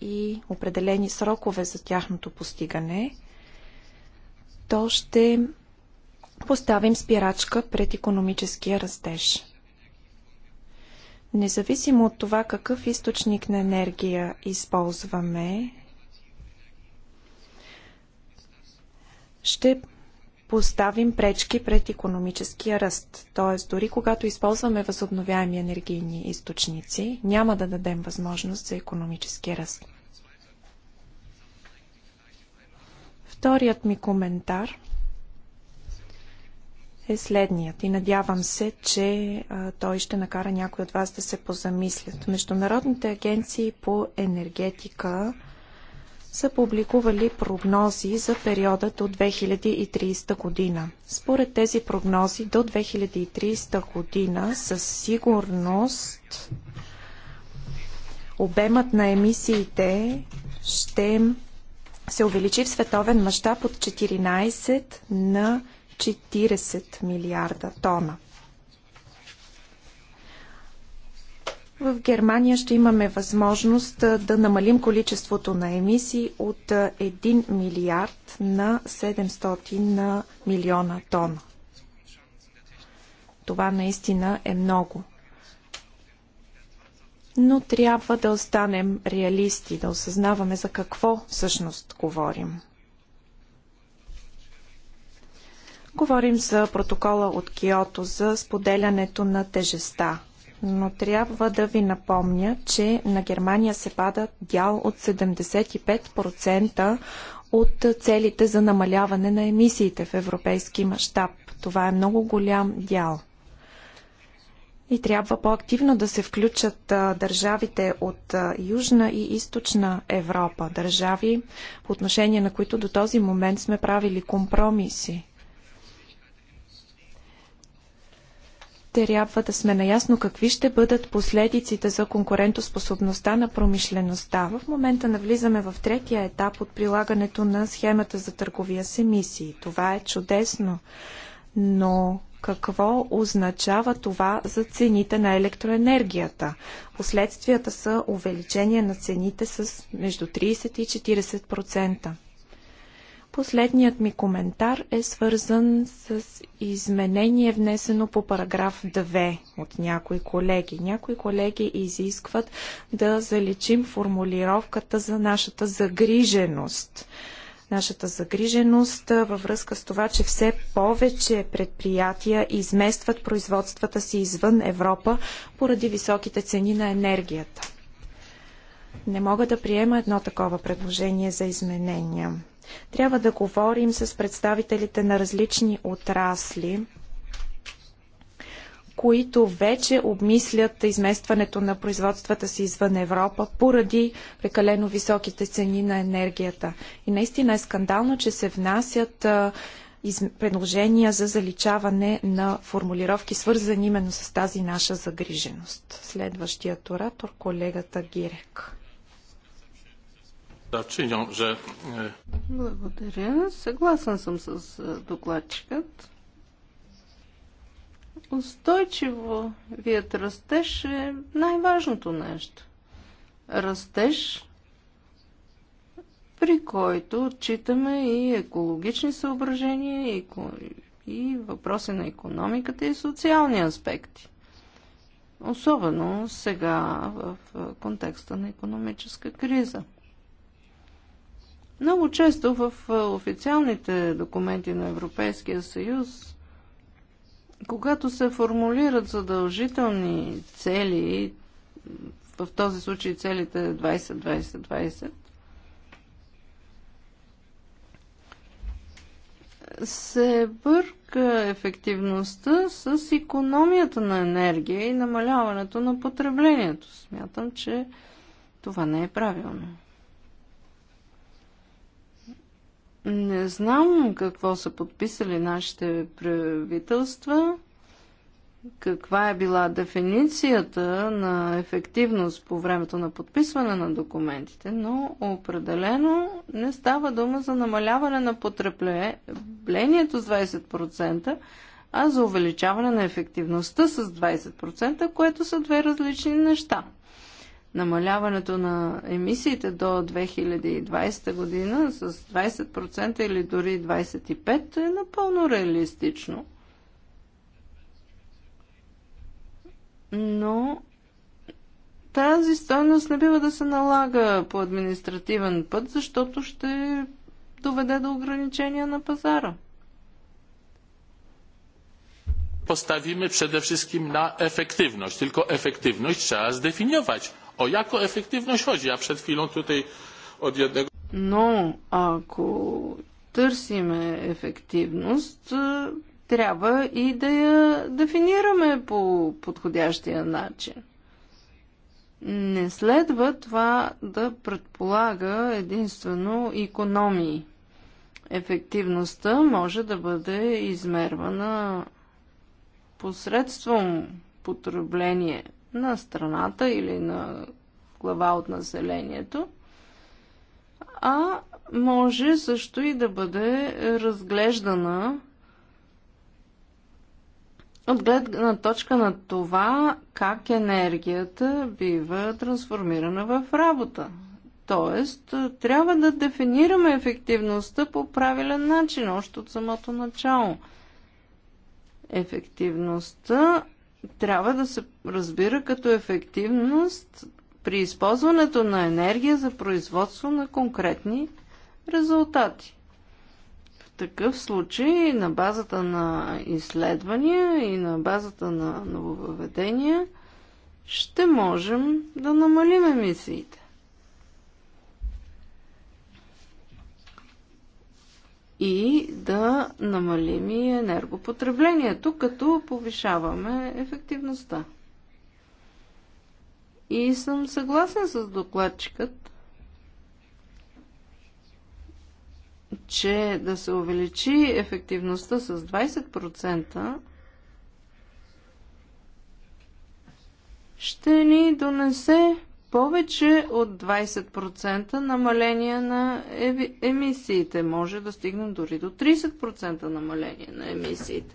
и определени срокове за тяхното постигане, то ще поставим спирачка пред економическия растеж. Независимо от това какъв източник на енергия използваме, ще поставим пречки пред економическия ръст. Т.е. дори когато използваме възобновяеми енергийни източници, няма да дадем възможност за економически ръст. Вторият ми коментар е следният и надявам се, че а, той ще накара някой от вас да се позамислят. Международните агенции по енергетика са публикували прогнози за периода до 2030 година. Според тези прогнози до 2030 година със сигурност обемът на емисиите ще се увеличи в световен мащаб от 14 на 40 милиарда тона. В Германия ще имаме възможност да намалим количеството на емисии от 1 милиард на 700 на милиона тона. Това наистина е много. Но трябва да останем реалисти, да осъзнаваме за какво всъщност говорим. Говорим за протокола от Киото, за споделянето на тежеста, но трябва да ви напомня, че на Германия се пада дял от 75% от целите за намаляване на емисиите в европейски мащаб. Това е много голям дял. И трябва по-активно да се включат държавите от Южна и Източна Европа, държави, по отношение на които до този момент сме правили компромиси. трябва да сме наясно какви ще бъдат последиците за конкурентоспособността на промишлеността. В момента навлизаме в третия етап от прилагането на схемата за търговия с емисии. Това е чудесно, но какво означава това за цените на електроенергията? Последствията са увеличение на цените с между 30 и 40%. Последният ми коментар е свързан с изменение, внесено по параграф 2 от някои колеги. Някои колеги изискват да заличим формулировката за нашата загриженост нашата загриженост във връзка с това, че все повече предприятия изместват производствата си извън Европа поради високите цени на енергията. Не мога да приема едно такова предложение за изменения. Трябва да говорим с представителите на различни отрасли, които вече обмислят изместването на производствата си извън Европа поради прекалено високите цени на енергията. И наистина е скандално, че се внасят предложения за заличаване на формулировки, свързани именно с тази наша загриженост. Следващият оратор, колегата Гирек sprawozdawczynią, że... Е, Благодаря. Съгласен съм с е, докладчикът. Устойчиво вият растеж е най-важното нещо. Растеж, при който отчитаме и екологични съображения, и, и въпроси на економиката и социални аспекти. Особено сега в контекста на економическа криза – много често в официалните документи на Европейския съюз, когато се формулират задължителни цели, в този случай целите 20-20-20, е се бърка ефективността с економията на енергия и намаляването на потреблението. Смятам, че това не е правилно. Не знам какво са подписали нашите правителства, каква е била дефиницията на ефективност по времето на подписване на документите, но определено не става дума за намаляване на потреблението с 20%, а за увеличаване на ефективността с 20%, което са две различни неща – намаляването на емисиите до 2020 година с 20% или дори 25% е напълно реалистично. Но тази стойност не бива да се налага по административен път, защото ще доведе до ограничения на пазара. Postawimy przede wszystkim na efektywność. Tylko efektywność trzeba zdefiniować O jaką efektywność chodzi? Ja przed chwilą tutaj od jednego. Но ако търсиме ефективност, трябва и да я дефинираме по подходящия начин. Не следва това да предполага единствено економии. Ефективността може да бъде измервана посредством потребление на страната или на глава от населението, а може също и да бъде разглеждана от гледна точка на това как енергията бива трансформирана в работа. Тоест, трябва да дефинираме ефективността по правилен начин, още от самото начало. Ефективността трябва да се разбира като ефективност при използването на енергия за производство на конкретни резултати. В такъв случай, на базата на изследвания и на базата на нововъведения, ще можем да намалим емисиите. и да намалим и енергопотреблението, като повишаваме ефективността. И съм съгласен с докладчикът, че да се увеличи ефективността с 20% ще ни донесе повече от 20% намаление на емисиите. Може да стигнем дори до 30% намаление на емисиите.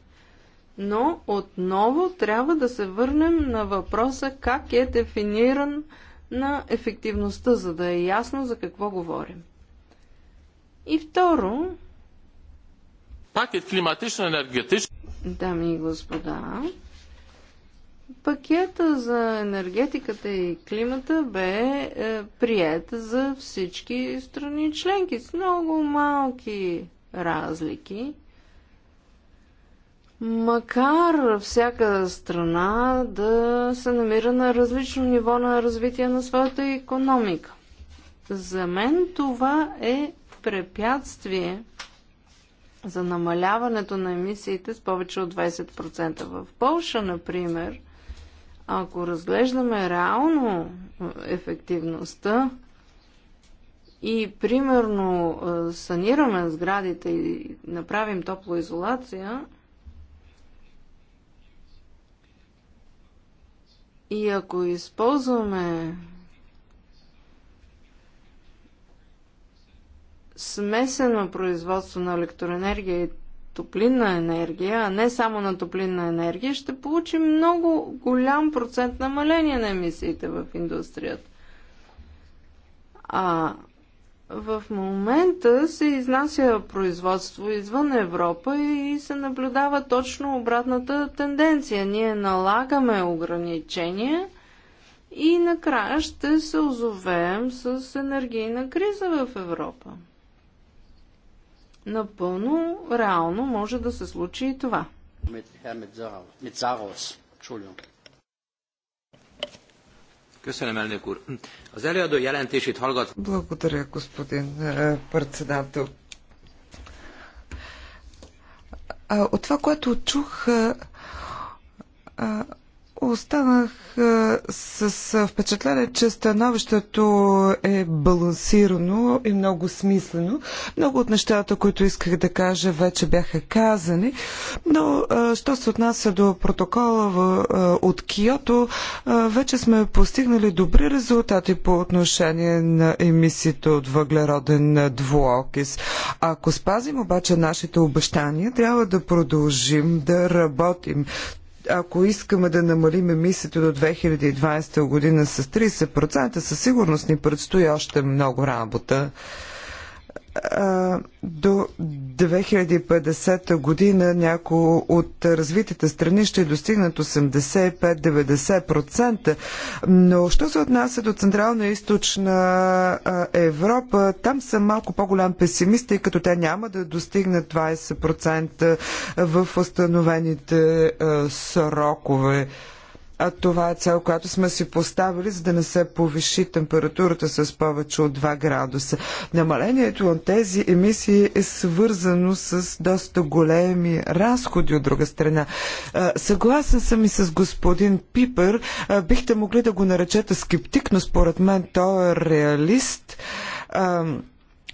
Но отново трябва да се върнем на въпроса как е дефиниран на ефективността, за да е ясно за какво говорим. И второ... Пакет климатично-енергетично... Дами и господа, Пакета за енергетиката и климата бе е, прият за всички страни членки с много малки разлики. Макар всяка страна да се намира на различно ниво на развитие на своята економика. За мен това е препятствие за намаляването на емисиите с повече от 20%. В Польша, например, ако разглеждаме реално ефективността и примерно санираме сградите и направим топлоизолация, и ако използваме смесено производство на електроенергия и топлинна енергия, а не само на топлинна енергия, ще получим много голям процент намаление на емисиите в индустрията. А в момента се изнася производство извън Европа и се наблюдава точно обратната тенденция. Ние налагаме ограничения и накрая ще се озовеем с енергийна криза в Европа напълно реално може да се случи и това. Благодаря, господин е, председател. От това, което чух, е, е, Останах с впечатление, че становището е балансирано и много смислено. Много от нещата, които исках да кажа, вече бяха казани, но що се отнася до протокола от Киото, вече сме постигнали добри резултати по отношение на емисиите от въглероден двуокис. Ако спазим обаче нашите обещания, трябва да продължим да работим ако искаме да намалим емисиите до 2020 година с 30%, със сигурност ни предстои още много работа до 2050 година някои от развитите страни ще достигнат 85-90%. Но що се отнася до Централна и Източна Европа, там съм малко по-голям песимист, тъй като те няма да достигнат 20% в установените срокове. А това е цел, която сме си поставили, за да не се повиши температурата с повече от 2 градуса. Намалението на тези емисии е свързано с доста големи разходи от друга страна. Съгласен съм и с господин Пипер. Бихте могли да го наречете скептик, но според мен той е реалист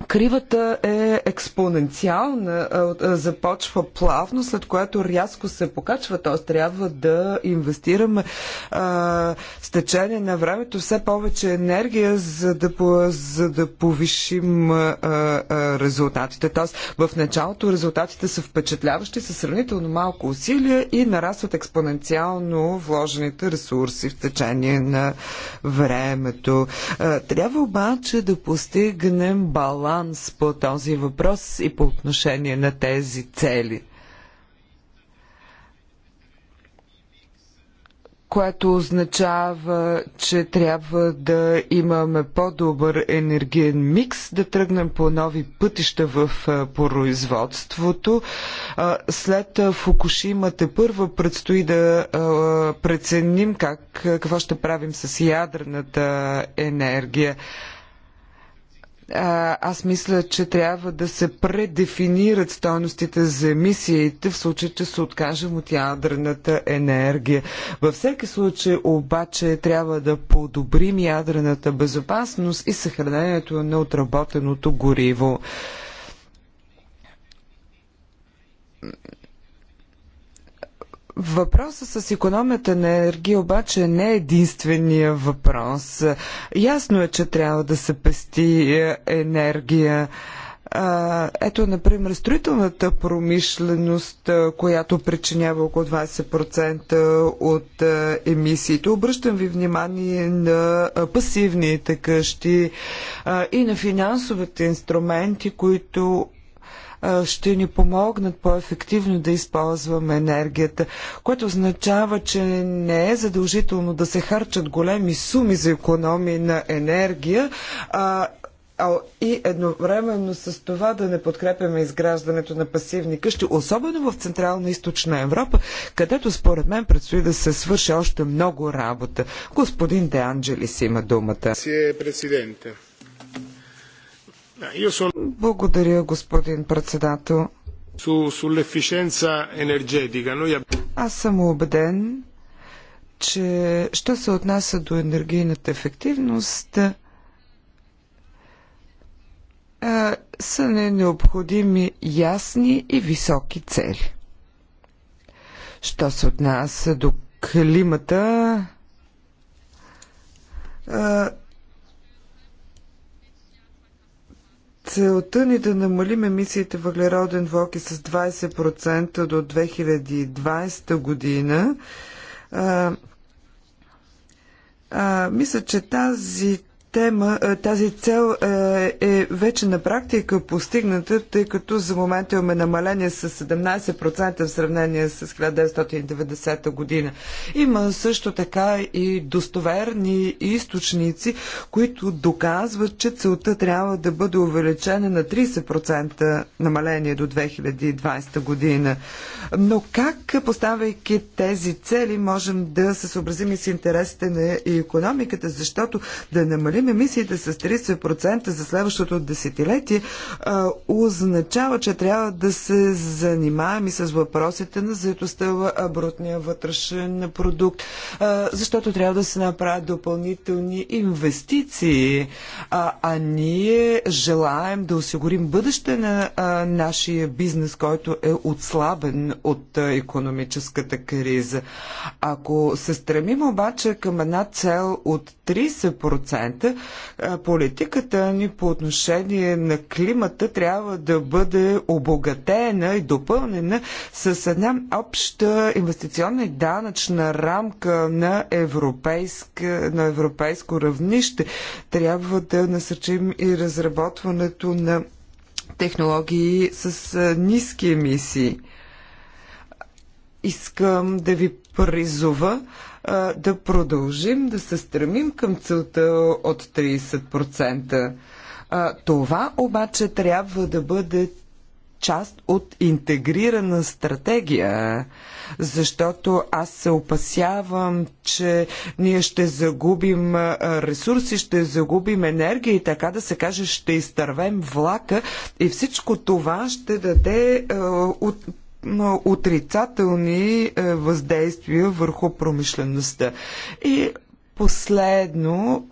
Кривата е експоненциална, започва плавно, след което рязко се покачва, т.е. трябва да инвестираме а, с течение на времето все повече енергия, за да, за да повишим а, а, резултатите. Т.е. в началото резултатите са впечатляващи са сравнително малко усилия и нарастват експоненциално вложените ресурси в течение на времето. А, трябва обаче да постигнем баланс баланс по този въпрос и по отношение на тези цели. което означава, че трябва да имаме по-добър енергиен микс, да тръгнем по нови пътища в производството. След Фукушимата първа предстои да преценим как, какво ще правим с ядрената енергия аз мисля, че трябва да се предефинират стойностите за емисиите в случай, че се откажем от ядрената енергия. Във всеки случай обаче трябва да подобрим ядрената безопасност и съхранението на отработеното гориво Въпросът с економията на енергия обаче не е единствения въпрос. Ясно е, че трябва да се пести е, енергия. Ето, например, строителната промишленост, която причинява около 20% от емисиите. Обръщам ви внимание на пасивните къщи и на финансовите инструменти, които ще ни помогнат по-ефективно да използваме енергията, което означава, че не е задължително да се харчат големи суми за економия на енергия, а и едновременно с това да не подкрепяме изграждането на пасивни къщи, особено в Централна и Източна Европа, където според мен предстои да се свърши още много работа. Господин Де Анджелис има думата. Си е президента. Благодаря, господин председател. Аз съм убеден, че що се отнася до енергийната ефективност, е, са не необходими ясни и високи цели. Що се отнася до климата, е, Целта ни е да намалим емисиите въглероден двоки с 20% до 2020 година. А, а, мисля, че тази тема, е, тази цел е, е вече на практика постигната, тъй като за момента имаме намаление с 17% в сравнение с 1990 година. Има също така и достоверни източници, които доказват, че целта трябва да бъде увеличена на 30% намаление до 2020 година. Но как, поставяйки тези цели, можем да се съобразим и с интересите на економиката, защото да намалим намалим емисиите с 30% за следващото десетилетие, а, означава, че трябва да се занимаем и с въпросите на заедостта, брутния вътрешен продукт, а, защото трябва да се направят допълнителни инвестиции, а, а ние желаем да осигурим бъдеще на а, нашия бизнес, който е отслабен от а, економическата криза. Ако се стремим обаче към една цел от 30%, политика. Политиката ни по отношение на климата трябва да бъде обогатена и допълнена с една обща инвестиционна и данъчна рамка на, европейск, на европейско равнище. Трябва да насърчим и разработването на технологии с ниски емисии. Искам да ви призова да продължим да се стремим към целта от 30%. Това обаче трябва да бъде част от интегрирана стратегия, защото аз се опасявам, че ние ще загубим ресурси, ще загубим енергия и така да се каже, ще изтървем влака и всичко това ще даде е, от отрицателни е, въздействия върху промишлеността. И последно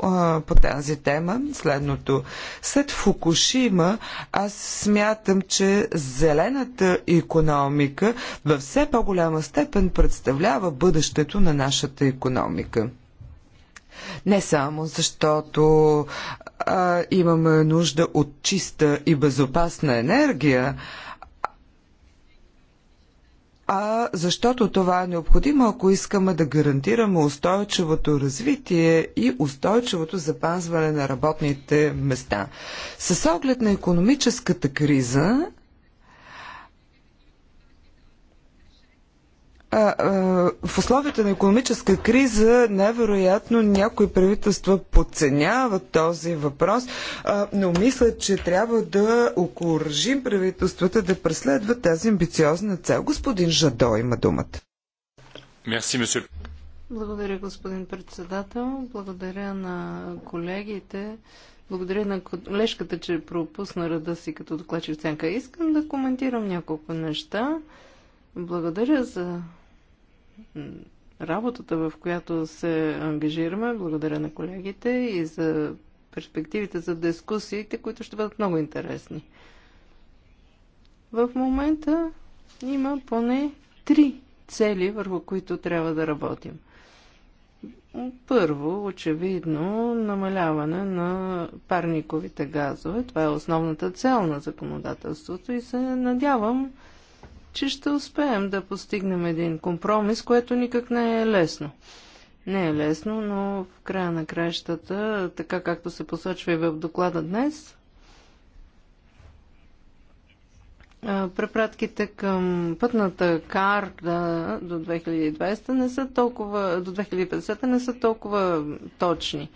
по тази тема, следното. След Фукушима, аз смятам, че зелената економика във все по-голяма степен представлява бъдещето на нашата економика. Не само защото а, имаме нужда от чиста и безопасна енергия, а защото това е необходимо, ако искаме да гарантираме устойчивото развитие и устойчивото запазване на работните места. С оглед на економическата криза, в условията на економическа криза невероятно някои правителства подценяват този въпрос, но мисля, че трябва да окоръжим правителствата да преследват тази амбициозна цел. Господин Жадо има думата. Благодаря, господин председател. Благодаря на колегите. Благодаря на колежката, че пропусна ръда си като докладчик Искам да коментирам няколко неща. Благодаря за работата, в която се ангажираме. Благодаря на колегите и за перспективите за дискусиите, които ще бъдат много интересни. В момента има поне три цели, върху които трябва да работим. Първо, очевидно, намаляване на парниковите газове. Това е основната цел на законодателството и се надявам, че ще успеем да постигнем един компромис, което никак не е лесно. Не е лесно, но в края на краищата, така както се посочва и в доклада днес, препратките към пътната карта до 2020 не са толкова, до 2050 не са толкова точни.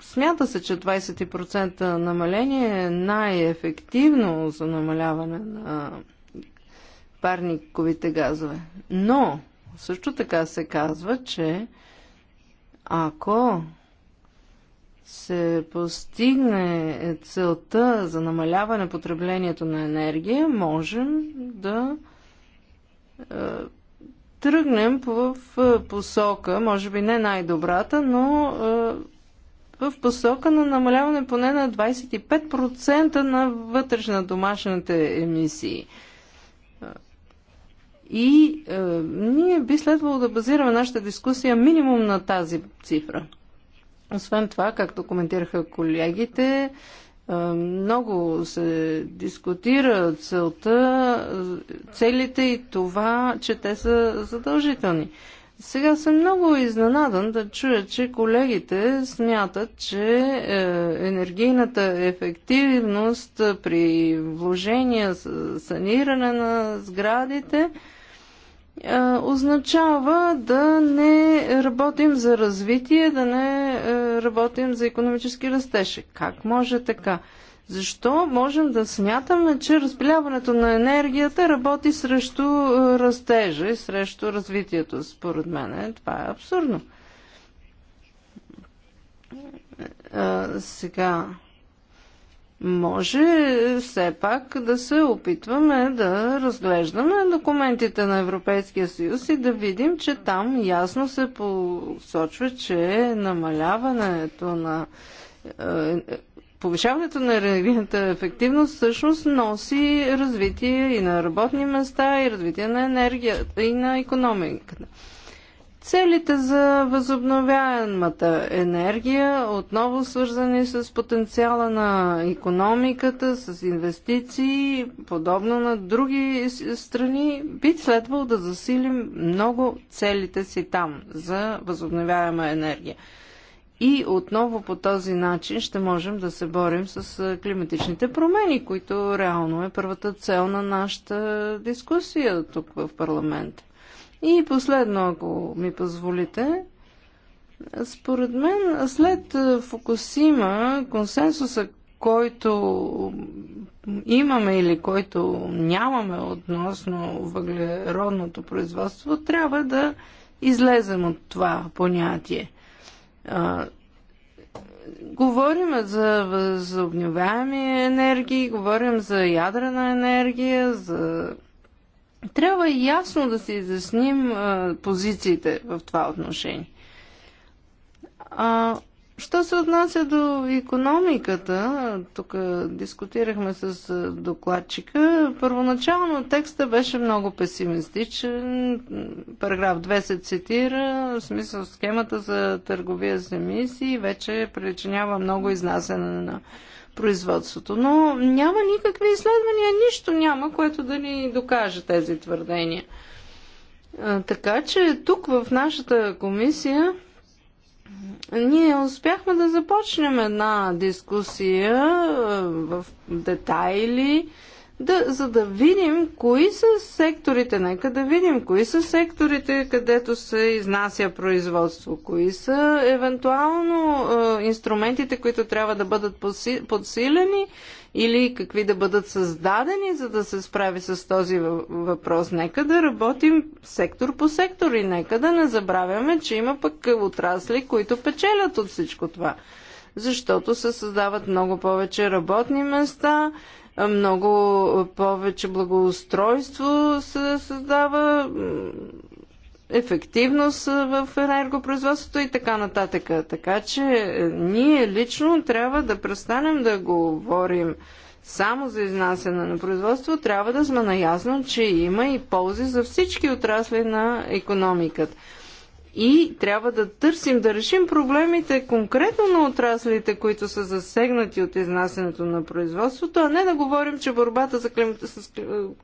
Смята се, че 20% намаление е най-ефективно за намаляване на парниковите газове. Но също така се казва, че ако се постигне целта за намаляване потреблението на енергия, можем да е, тръгнем в е, посока, може би не най-добрата, но е, в посока на намаляване поне на 25% на вътрешна домашните емисии. И е, ние би следвало да базираме нашата дискусия минимум на тази цифра. Освен това, както коментираха колегите, е, много се дискутира целта, целите и това, че те са задължителни. Сега съм много изненадан да чуя, че колегите смятат, че е, енергийната ефективност при вложения саниране на сградите – означава да не работим за развитие, да не работим за економически растеж. Как може така? Защо можем да смятаме, че разпиляването на енергията работи срещу растежа и срещу развитието? Според мен е, това е абсурдно. сега, може все пак да се опитваме да разглеждаме документите на Европейския съюз и да видим, че там ясно се посочва, че намаляването на е, е, повишаването на енергийната ефективност всъщност носи развитие и на работни места, и развитие на енергията и на економиката. Целите за възобновяемата енергия, отново свързани с потенциала на економиката, с инвестиции, подобно на други страни, би следвало да засилим много целите си там за възобновяема енергия. И отново по този начин ще можем да се борим с климатичните промени, които реално е първата цел на нашата дискусия тук в парламента. И последно, ако ми позволите, според мен след Фукусима консенсуса, който имаме или който нямаме относно въглеродното производство, трябва да излезем от това понятие. говорим за възобновяеми енергии, говорим за ядрена енергия, за трябва ясно да си изясним а, позициите в това отношение. А, що се отнася до економиката, тук дискутирахме с докладчика, първоначално текста беше много песимистичен. Параграф 2 се цитира, в смисъл схемата за търговия с емисии вече причинява много изнасяне на производството. Но няма никакви изследвания, нищо няма, което да ни докаже тези твърдения. Така че тук в нашата комисия ние успяхме да започнем една дискусия в детайли да, за да видим кои са секторите, нека да видим кои са секторите, където се изнася производство, кои са евентуално е, инструментите, които трябва да бъдат подсилени или какви да бъдат създадени, за да се справи с този въпрос. Нека да работим сектор по сектор и нека да не забравяме, че има пък отрасли, които печелят от всичко това защото се създават много повече работни места, много повече благоустройство се създава, ефективност в енергопроизводството и така нататък. Така че ние лично трябва да престанем да говорим само за изнасяне на производство, трябва да сме наясно, че има и ползи за всички отрасли на економиката и трябва да търсим да решим проблемите конкретно на отраслите, които са засегнати от изнасянето на производството, а не да говорим, че борбата за клим... с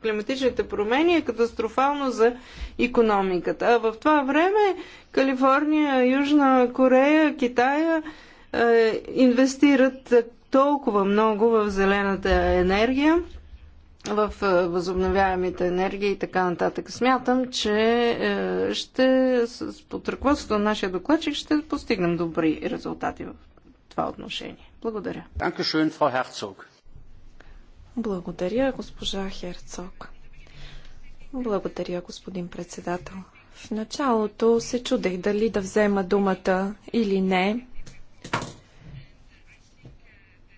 климатичните промени е катастрофално за економиката. А в това време Калифорния, Южна Корея, Китая е, инвестират толкова много в зелената енергия – в е, възобновяемите енергии и така нататък. Смятам, че е, ще с подръковството на нашия докладчик ще постигнем добри резултати в това отношение. Благодаря. Благодаря, госпожа Херцог. Благодаря, господин председател. В началото се чудех дали да взема думата или не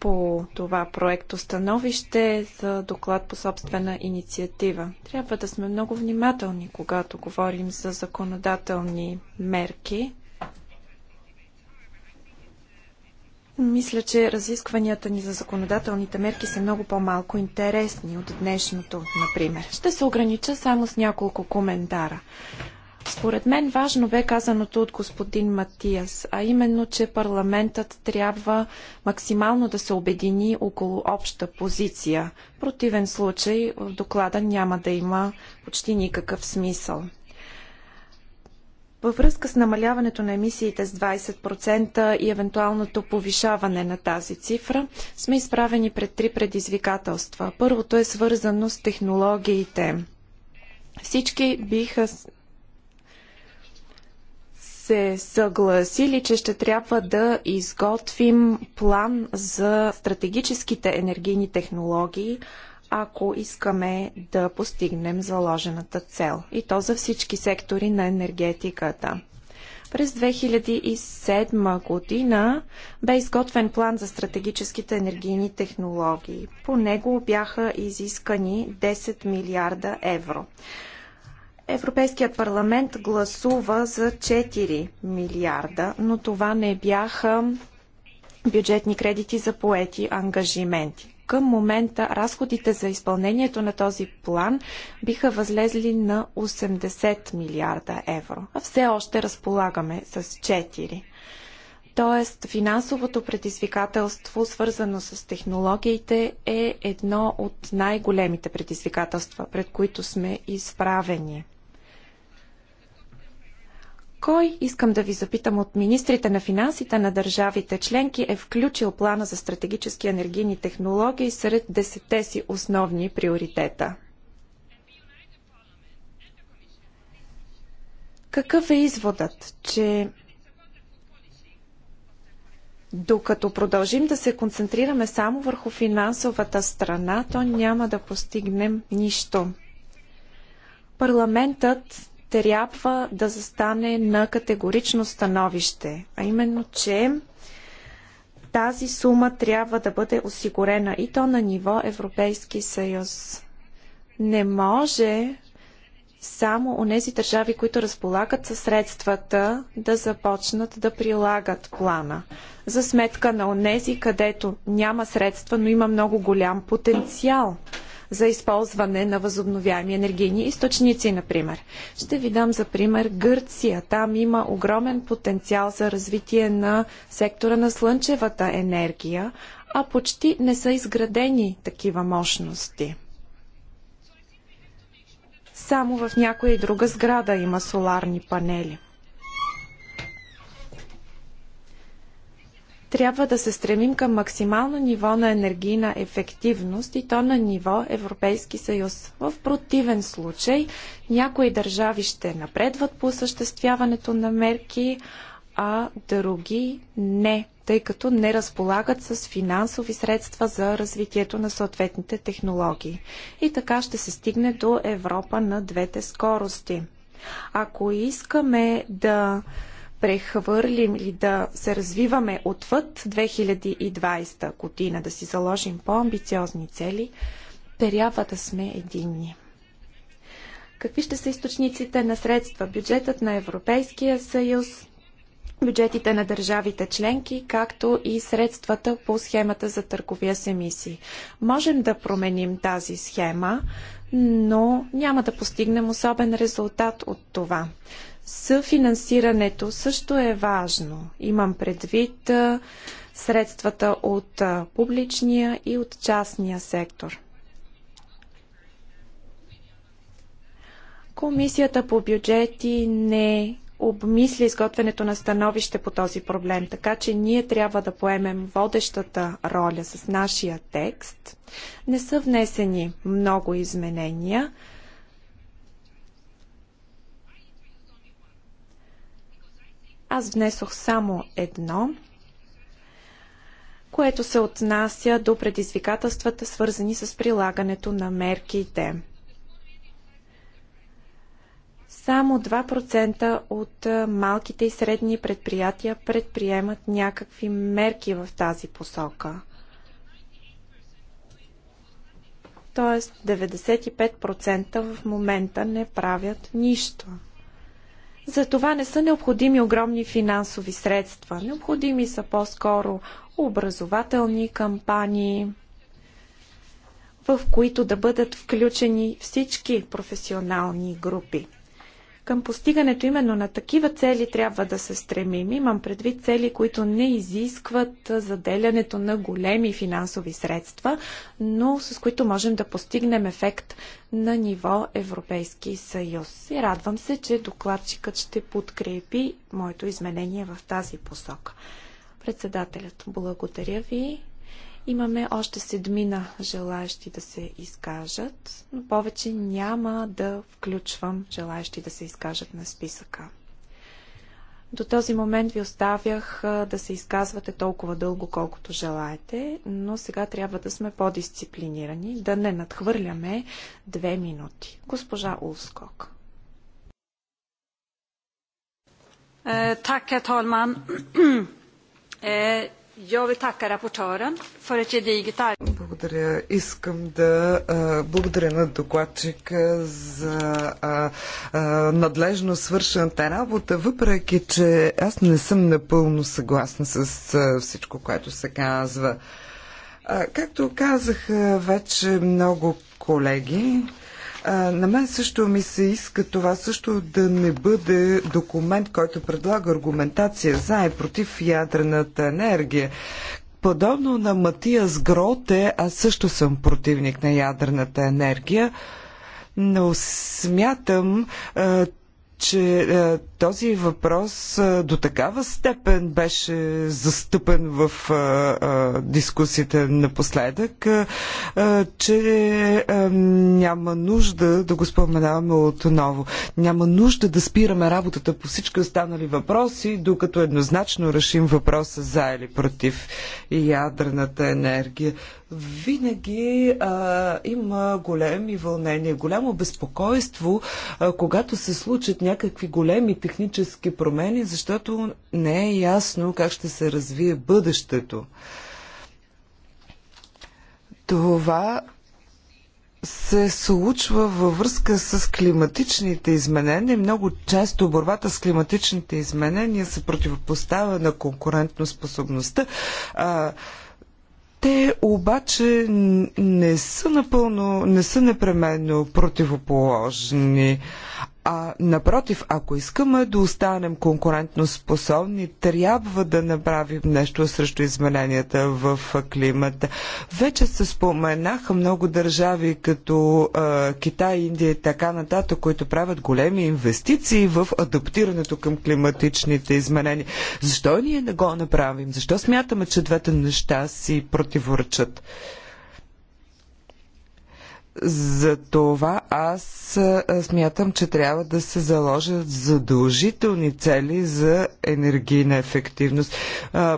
по това проекто становище за доклад по собствена инициатива. Трябва да сме много внимателни, когато говорим за законодателни мерки. Мисля, че разискванията ни за законодателните мерки са много по-малко интересни от днешното, например. Ще се огранича само с няколко коментара. Според мен важно бе казаното от господин Матиас, а именно, че парламентът трябва максимално да се обедини около обща позиция. В противен случай в доклада няма да има почти никакъв смисъл. Във връзка с намаляването на емисиите с 20% и евентуалното повишаване на тази цифра, сме изправени пред три предизвикателства. Първото е свързано с технологиите. Всички биха се съгласили, че ще трябва да изготвим план за стратегическите енергийни технологии, ако искаме да постигнем заложената цел. И то за всички сектори на енергетиката. През 2007 година бе изготвен план за стратегическите енергийни технологии. По него бяха изискани 10 милиарда евро. Европейският парламент гласува за 4 милиарда, но това не бяха бюджетни кредити за поети ангажименти. Към момента разходите за изпълнението на този план биха възлезли на 80 милиарда евро, а все още разполагаме с 4. Тоест, финансовото предизвикателство, свързано с технологиите, е едно от най-големите предизвикателства, пред които сме изправени. Кой, искам да ви запитам от министрите на финансите на държавите членки, е включил плана за стратегически енергийни технологии сред десете си основни приоритета? Какъв е изводът, че докато продължим да се концентрираме само върху финансовата страна, то няма да постигнем нищо. Парламентът трябва да застане на категорично становище, а именно, че тази сума трябва да бъде осигурена и то на ниво Европейски съюз. Не може само онези държави, които разполагат със средствата, да започнат да прилагат плана. За сметка на онези, където няма средства, но има много голям потенциал за използване на възобновяеми енергийни източници, например. Ще ви дам за пример Гърция. Там има огромен потенциал за развитие на сектора на слънчевата енергия, а почти не са изградени такива мощности. Само в някоя и друга сграда има соларни панели. трябва да се стремим към максимално ниво на енергийна ефективност и то на ниво Европейски съюз. В противен случай някои държави ще напредват по осъществяването на мерки, а други не, тъй като не разполагат с финансови средства за развитието на съответните технологии. И така ще се стигне до Европа на двете скорости. Ако искаме да прехвърлим или да се развиваме отвъд 2020 година, да си заложим по-амбициозни цели, трябва да сме единни. Какви ще са източниците на средства? Бюджетът на Европейския съюз, бюджетите на държавите членки, както и средствата по схемата за търговия с емисии. Можем да променим тази схема, но няма да постигнем особен резултат от това. Съфинансирането също е важно. Имам предвид средствата от публичния и от частния сектор. Комисията по бюджети не обмисли изготвянето на становище по този проблем, така че ние трябва да поемем водещата роля с нашия текст. Не са внесени много изменения. Аз внесох само едно, което се отнася до предизвикателствата, свързани с прилагането на мерките. Само 2% от малките и средни предприятия предприемат някакви мерки в тази посока. Тоест 95% в момента не правят нищо. За това не са необходими огромни финансови средства. Необходими са по-скоро образователни кампании, в които да бъдат включени всички професионални групи. Към постигането именно на такива цели трябва да се стремим. Имам предвид цели, които не изискват заделянето на големи финансови средства, но с които можем да постигнем ефект на ниво Европейски съюз. И радвам се, че докладчикът ще подкрепи моето изменение в тази посока. Председателят, благодаря ви. Имаме още седмина желаящи да се изкажат, но повече няма да включвам желаящи да се изкажат на списъка. До този момент ви оставях да се изказвате толкова дълго, колкото желаете, но сега трябва да сме по-дисциплинирани, да не надхвърляме две минути. Госпожа Улскок. Е, така, е, Толман. Е, благодаря. Искам да а, благодаря на докладчика за а, а, надлежно свършената работа, въпреки че аз не съм напълно съгласна с всичко, което се казва. както казах вече много колеги, на мен също ми се иска това също да не бъде документ, който предлага аргументация за и против ядрената енергия. Подобно на Матиас Гроте, аз също съм противник на ядрената енергия, но смятам, че е, този въпрос е, до такава степен беше застъпен в е, дискусията напоследък, че няма нужда да го споменаваме отново. Няма нужда да спираме работата по всички останали въпроси, докато еднозначно решим въпроса за или против ядрената енергия винаги а, има големи вълнения, голямо безпокойство, а, когато се случат някакви големи технически промени, защото не е ясно как ще се развие бъдещето. Това се случва във връзка с климатичните изменения. Много често борбата с климатичните изменения се противопоставя на конкурентоспособността. способността. Те обаче не са напълно, не са непременно противоположни. А напротив, ако искаме да останем конкурентно способни, трябва да направим нещо срещу измененията в климата. Вече се споменаха много държави, като е, Китай, Индия и така нататък, които правят големи инвестиции в адаптирането към климатичните изменения. Защо ние не го направим? Защо смятаме, че двете неща си противоречат? Затова аз смятам, че трябва да се заложат задължителни цели за енергийна ефективност.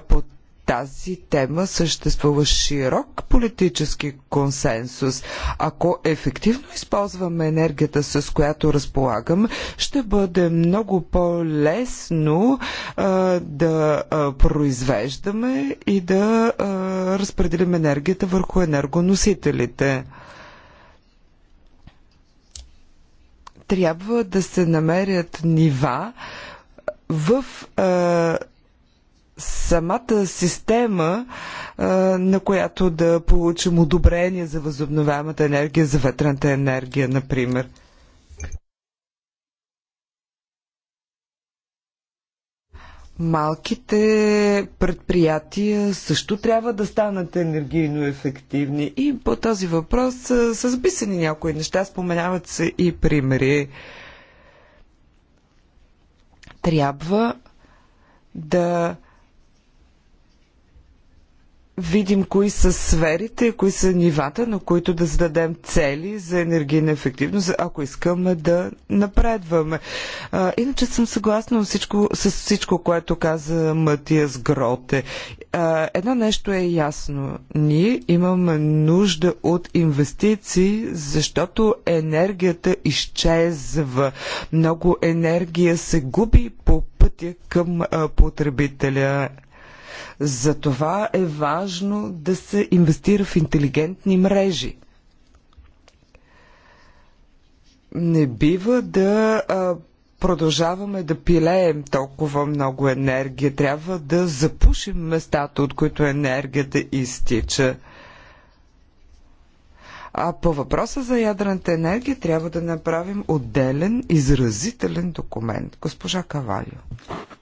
По тази тема съществува широк политически консенсус. Ако ефективно използваме енергията, с която разполагам, ще бъде много по-лесно да а, произвеждаме и да а, разпределим енергията върху енергоносителите. трябва да се намерят нива в а, самата система, а, на която да получим одобрение за възобновяемата енергия, за ветрената енергия, например. малките предприятия също трябва да станат енергийно ефективни. И по този въпрос са записани някои неща, споменават се и примери. Трябва да видим кои са сферите, кои са нивата, на които да зададем цели за енергийна ефективност, ако искаме да напредваме. А, иначе съм съгласна всичко, с всичко, което каза Матиас Гроте. А, едно нещо е ясно. Ние имаме нужда от инвестиции, защото енергията изчезва. Много енергия се губи по пътя към а, потребителя затова е важно да се инвестира в интелигентни мрежи. Не бива да а, продължаваме да пилеем толкова много енергия. Трябва да запушим местата, от които енергията изтича. А по въпроса за ядрената енергия трябва да направим отделен, изразителен документ. Госпожа Кавалио.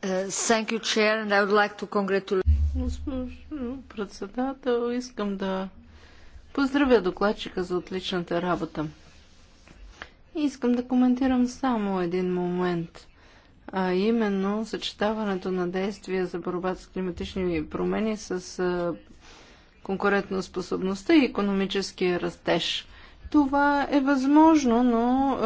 Е, Госпожо председател, искам да поздравя докладчика за отличната работа. Искам да коментирам само един момент, а именно съчетаването на действия за борба с климатични промени с конкурентоспособността и економическия растеж. Това е възможно, но е,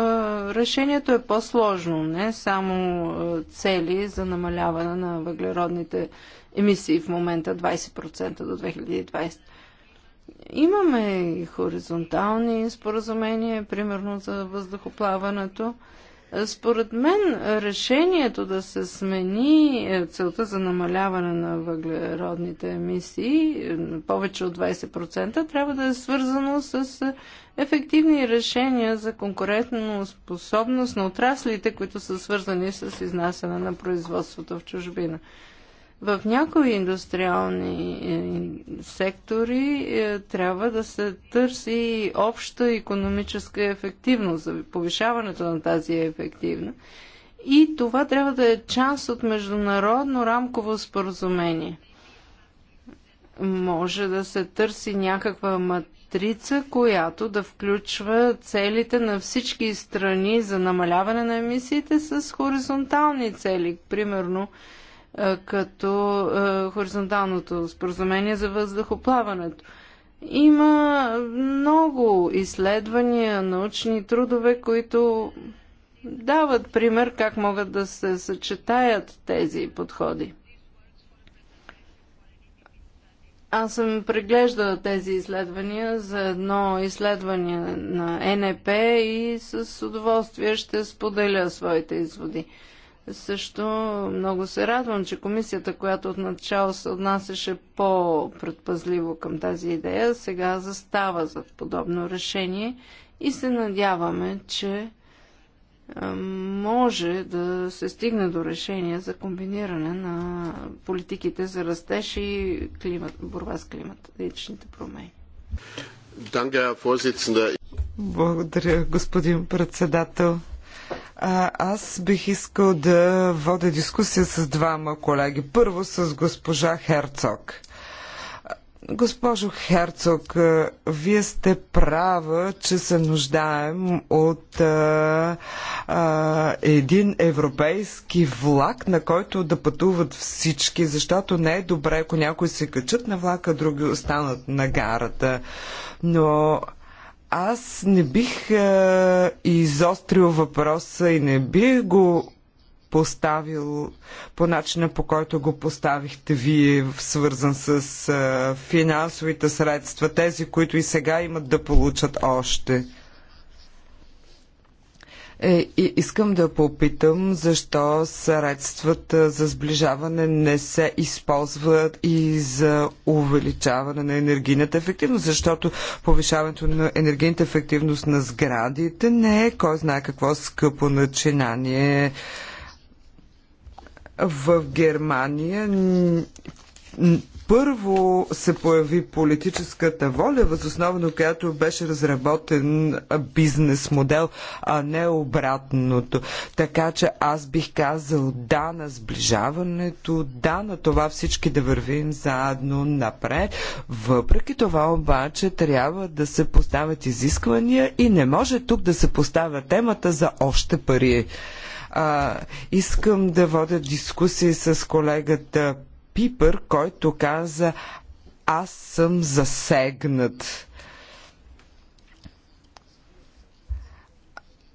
решението е по-сложно. Не само е, цели за намаляване на въглеродните емисии в момента 20% до 2020. Имаме и хоризонтални споразумения, примерно за въздухоплаването. Е, според мен решението да се смени е, целта за намаляване на въглеродните емисии е, повече от 20% трябва да е свързано с е, ефективни решения за конкурентно способност на отраслите, които са свързани с изнасяне на производството в чужбина. В някои индустриални е, сектори е, трябва да се търси обща економическа ефективност, за повишаването на тази ефективност. И това трябва да е част от международно рамково споразумение. Може да се търси някаква матрица, която да включва целите на всички страни за намаляване на емисиите с хоризонтални цели. Примерно, като хоризонталното споразумение за въздухоплаването. Има много изследвания, научни трудове, които дават пример как могат да се съчетаят тези подходи. Аз съм преглеждала тези изследвания за едно изследване на НП и с удоволствие ще споделя своите изводи. Също много се радвам, че комисията, която отначало се отнасяше по-предпазливо към тази идея, сега застава за подобно решение и се надяваме, че може да се стигне до решение за комбиниране на политиките за растеж и климат, борба с климатичните промени. Благодаря, господин председател. А, аз бих искал да водя дискусия с двама колеги. Първо с госпожа Херцог. Госпожо Херцог, вие сте права, че се нуждаем от а, а, един европейски влак, на който да пътуват всички, защото не е добре, ако някои се качат на влака, други останат на гарата. Но аз не бих а, е, изострил въпроса и не бих го поставил по начина по който го поставихте вие, свързан с а, е, финансовите средства, тези, които и сега имат да получат още. Е, и искам да попитам защо средствата за сближаване не се използват и за увеличаване на енергийната ефективност, защото повишаването на енергийната ефективност на сградите не е кой знае какво скъпо начинание. В Германия първо се появи политическата воля, възоснова на която беше разработен бизнес модел, а не обратното. Така че аз бих казал да на сближаването, да на това всички да вървим заедно напред. Въпреки това обаче трябва да се поставят изисквания и не може тук да се поставя темата за още пари. А, искам да водя дискусии с колегата Пипър, който каза аз съм засегнат.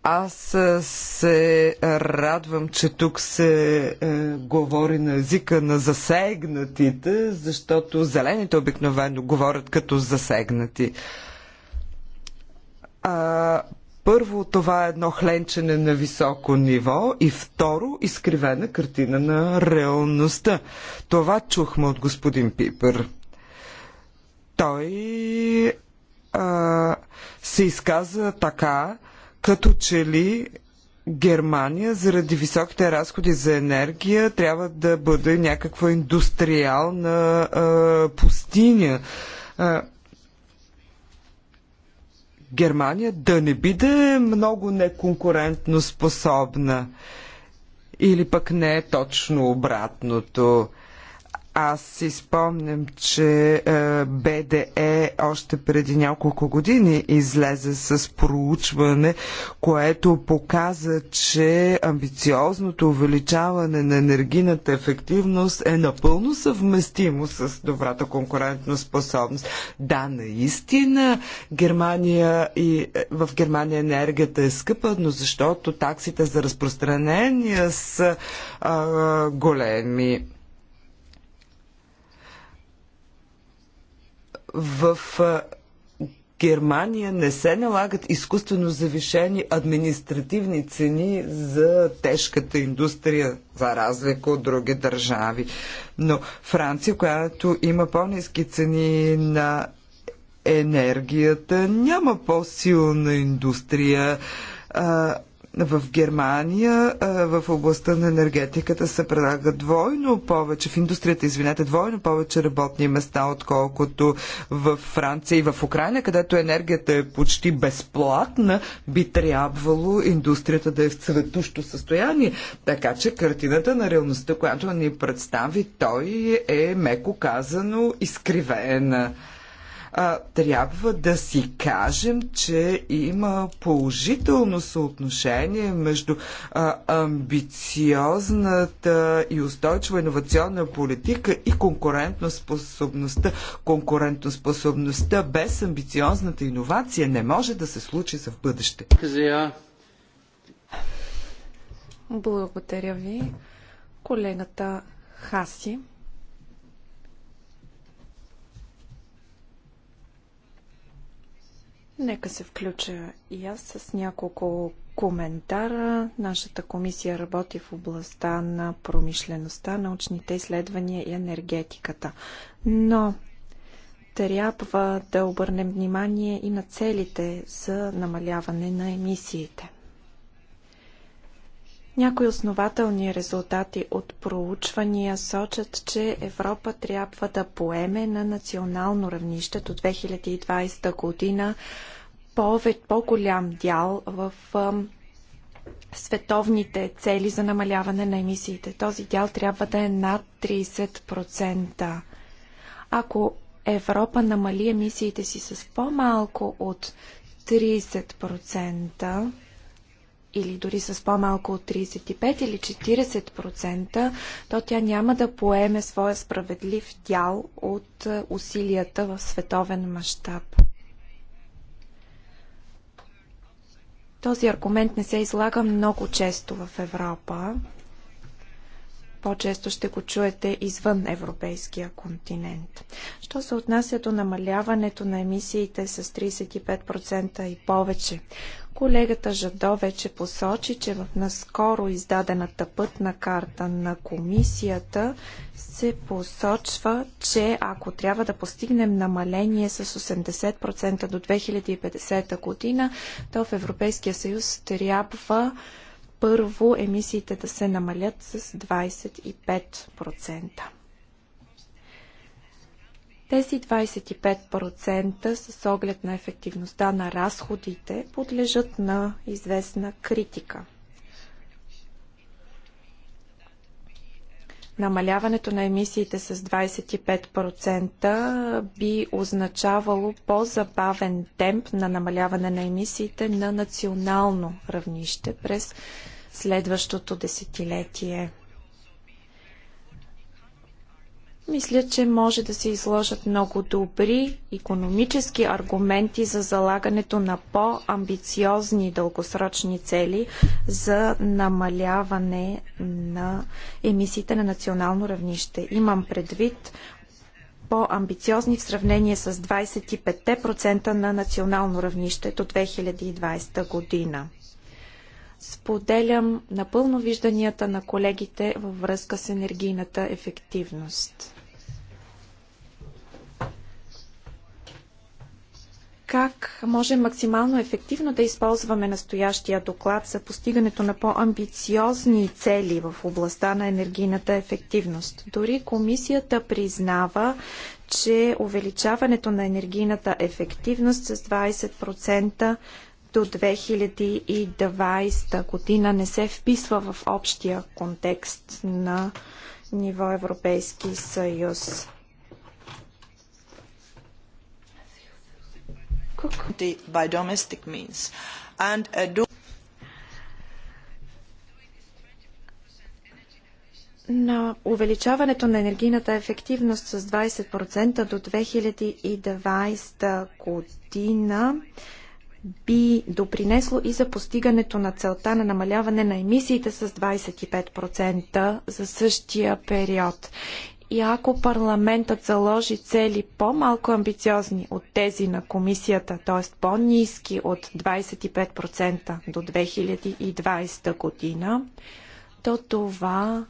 Аз се радвам, че тук се е, говори на езика на засегнатите, защото зелените обикновено говорят като засегнати. А, първо, това е едно хленчене на високо ниво и второ, изкривена картина на реалността. Това чухме от господин Пипер. Той а, се изказа така, като че ли Германия заради високите разходи за енергия трябва да бъде някаква индустриална а, пустиня. А, Германия да не биде много неконкурентно способна. Или пък не е точно обратното. Аз си спомням, че БДЕ е още преди няколко години излезе с проучване, което показа, че амбициозното увеличаване на енергийната ефективност е напълно съвместимо с добрата конкурентна способност. Да, наистина Германия и е, в Германия енергията е скъпа, но защото таксите за разпространение са а, големи в Германия не се налагат изкуствено завишени административни цени за тежката индустрия, за разлика от други държави. Но Франция, която има по-низки цени на енергията, няма по-силна индустрия. В Германия в областта на енергетиката се предлага двойно повече, в индустрията, извинете, двойно повече работни места, отколкото в Франция и в Украина, където енергията е почти безплатна, би трябвало индустрията да е в цветущо състояние. Така че картината на реалността, която ни представи той, е меко казано изкривена а, трябва да си кажем, че има положително съотношение между а, амбициозната и устойчива иновационна политика и конкурентоспособността. Конкурентоспособността без амбициозната иновация не може да се случи за в бъдеще. Благодаря ви. Колегата Хаси. Нека се включа и аз с няколко коментара. Нашата комисия работи в областта на промишлеността, научните изследвания и енергетиката. Но трябва да обърнем внимание и на целите за намаляване на емисиите. Някои основателни резултати от проучвания сочат, че Европа трябва да поеме на национално равнище до 2020 година по-голям дял в световните цели за намаляване на емисиите. Този дял трябва да е над 30%. Ако Европа намали емисиите си с по-малко от 30%, или дори с по-малко от 35 или 40%, то тя няма да поеме своя справедлив дял от е, усилията в световен мащаб. Този аргумент не се излага много често в Европа. По-често ще го чуете извън европейския континент. Що се отнася до намаляването на емисиите с 35% и повече? Колегата Жадо вече посочи, че в наскоро издадената пътна карта на комисията се посочва, че ако трябва да постигнем намаление с 80% до 2050 година, то в Европейския съюз трябва първо емисиите да се намалят с 25%. Тези 25% с оглед на ефективността на разходите подлежат на известна критика. Намаляването на емисиите с 25% би означавало по-забавен темп на намаляване на емисиите на национално равнище през следващото десетилетие. Мисля, че може да се изложат много добри економически аргументи за залагането на по-амбициозни дългосрочни цели за намаляване на емисиите на национално равнище. Имам предвид по-амбициозни в сравнение с 25% на национално равнище до 2020 година. Споделям напълно вижданията на колегите във връзка с енергийната ефективност. как можем максимално ефективно да използваме настоящия доклад за постигането на по-амбициозни цели в областта на енергийната ефективност. Дори комисията признава, че увеличаването на енергийната ефективност с 20% до 2020 година не се вписва в общия контекст на ниво Европейски съюз. Cook. By domestic means. And, a do... на увеличаването на енергийната ефективност с 20% до 2020 година би допринесло и за постигането на целта на намаляване на емисиите с 25% за същия период. И ако парламентът заложи цели по-малко амбициозни от тези на комисията, т.е. по-низки от 25% до 2020 година, то това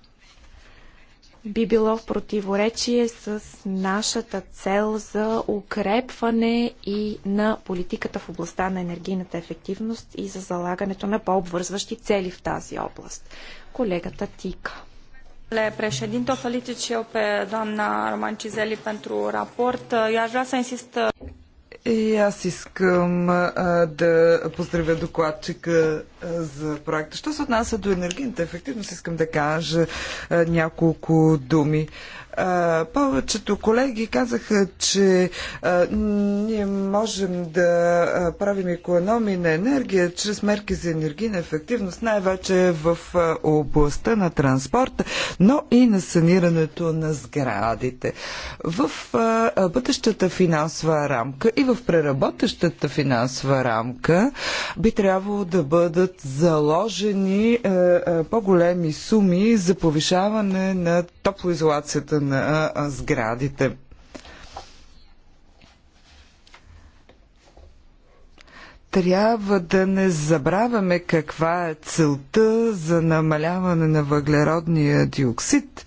би било в противоречие с нашата цел за укрепване и на политиката в областта на енергийната ефективност и за залагането на по-обвързващи цели в тази област. Колегата Тика președinte, o felicit și eu pe doamna Cizeli pentru raport. Eu aș vrea să insist... И аз искам а, да поздравя докладчика а, за проекта. Що се отнася до енергийната ефективност, искам да кажа а, няколко думи повечето колеги казаха, че ние можем да правим економии на енергия чрез мерки за енергийна ефективност, най-вече в областта на транспорта, но и на санирането на сградите. В бъдещата финансова рамка и в преработещата финансова рамка би трябвало да бъдат заложени по-големи суми за повишаване на топлоизолацията на сградите. трябва да не забравяме каква е целта за намаляване на въглеродния диоксид.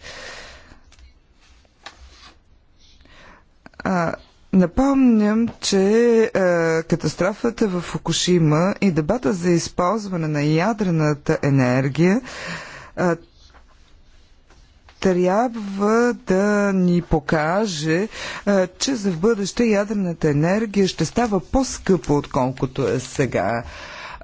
А, напомням, че а, катастрофата в Фукушима и дебата за използване на ядрената енергия трябва да ни покаже, е, че за в бъдеще ядрената енергия ще става по-скъпа, отколкото е сега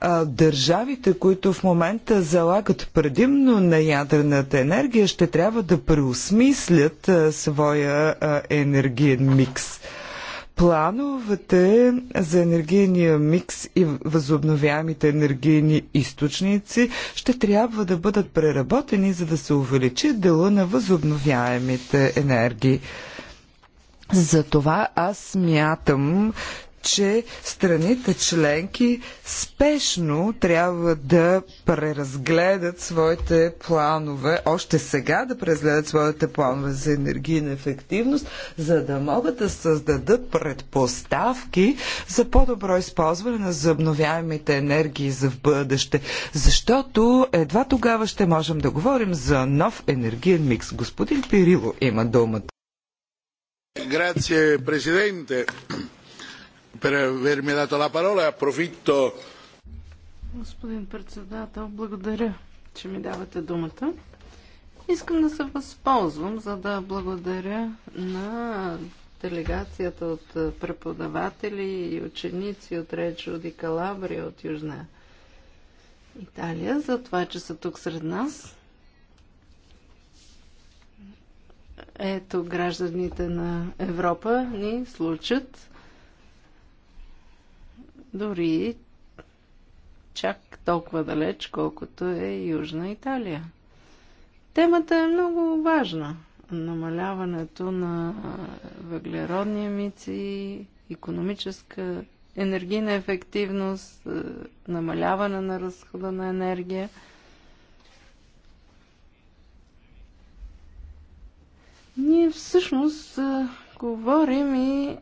е, държавите, които в момента залагат предимно на ядрената енергия, ще трябва да преосмислят е, своя енергиен микс. Плановете за енергийния микс и възобновяемите енергийни източници ще трябва да бъдат преработени, за да се увеличи дела на възобновяемите енергии. Затова аз смятам, че страните членки спешно трябва да преразгледат своите планове, още сега да преразгледат своите планове за енергийна ефективност, за да могат да създадат предпоставки за по-добро използване на забновяемите енергии за в бъдеще. Защото едва тогава ще можем да говорим за нов енергиен микс. Господин Пирило има думата. Grazie Presidente per avermi dato la parola. Approfitto. Господин председател, благодаря, че ми давате думата. Искам да се възползвам, за да благодаря на делегацията от преподаватели и ученици от Реджо Ди Калабрия от Южна Италия за това, че са тук сред нас. Ето, гражданите на Европа ни случат. Дори чак толкова далеч, колкото е Южна Италия. Темата е много важна. Намаляването на въглеродни емисии, економическа енергийна ефективност, намаляване на разхода на енергия. Ние всъщност говорим и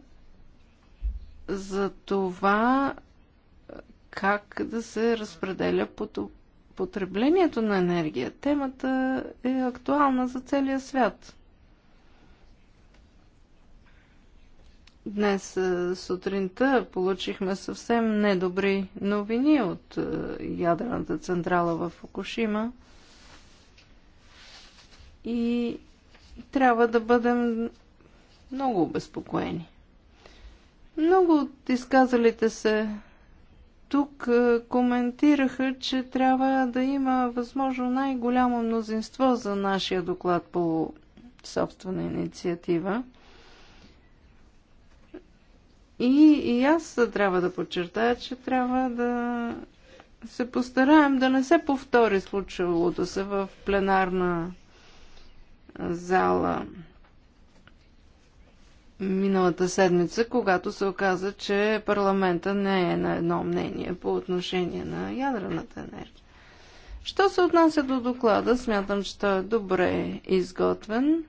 за това е, как да се разпределя потреблението на енергия. Темата е актуална за целия свят. Днес е, сутринта получихме съвсем недобри новини от е, ядрената централа в Фукушима. И трябва да бъдем много обезпокоени. Много от изказалите се тук е, коментираха, че трябва да има възможно най-голямо мнозинство за нашия доклад по собствена инициатива. И, и аз трябва да подчертая, че трябва да се постараем да не се повтори случилото се в пленарна зала миналата седмица, когато се оказа, че парламента не е на едно мнение по отношение на ядрената енергия. Що се отнася до доклада, смятам, че той е добре изготвен.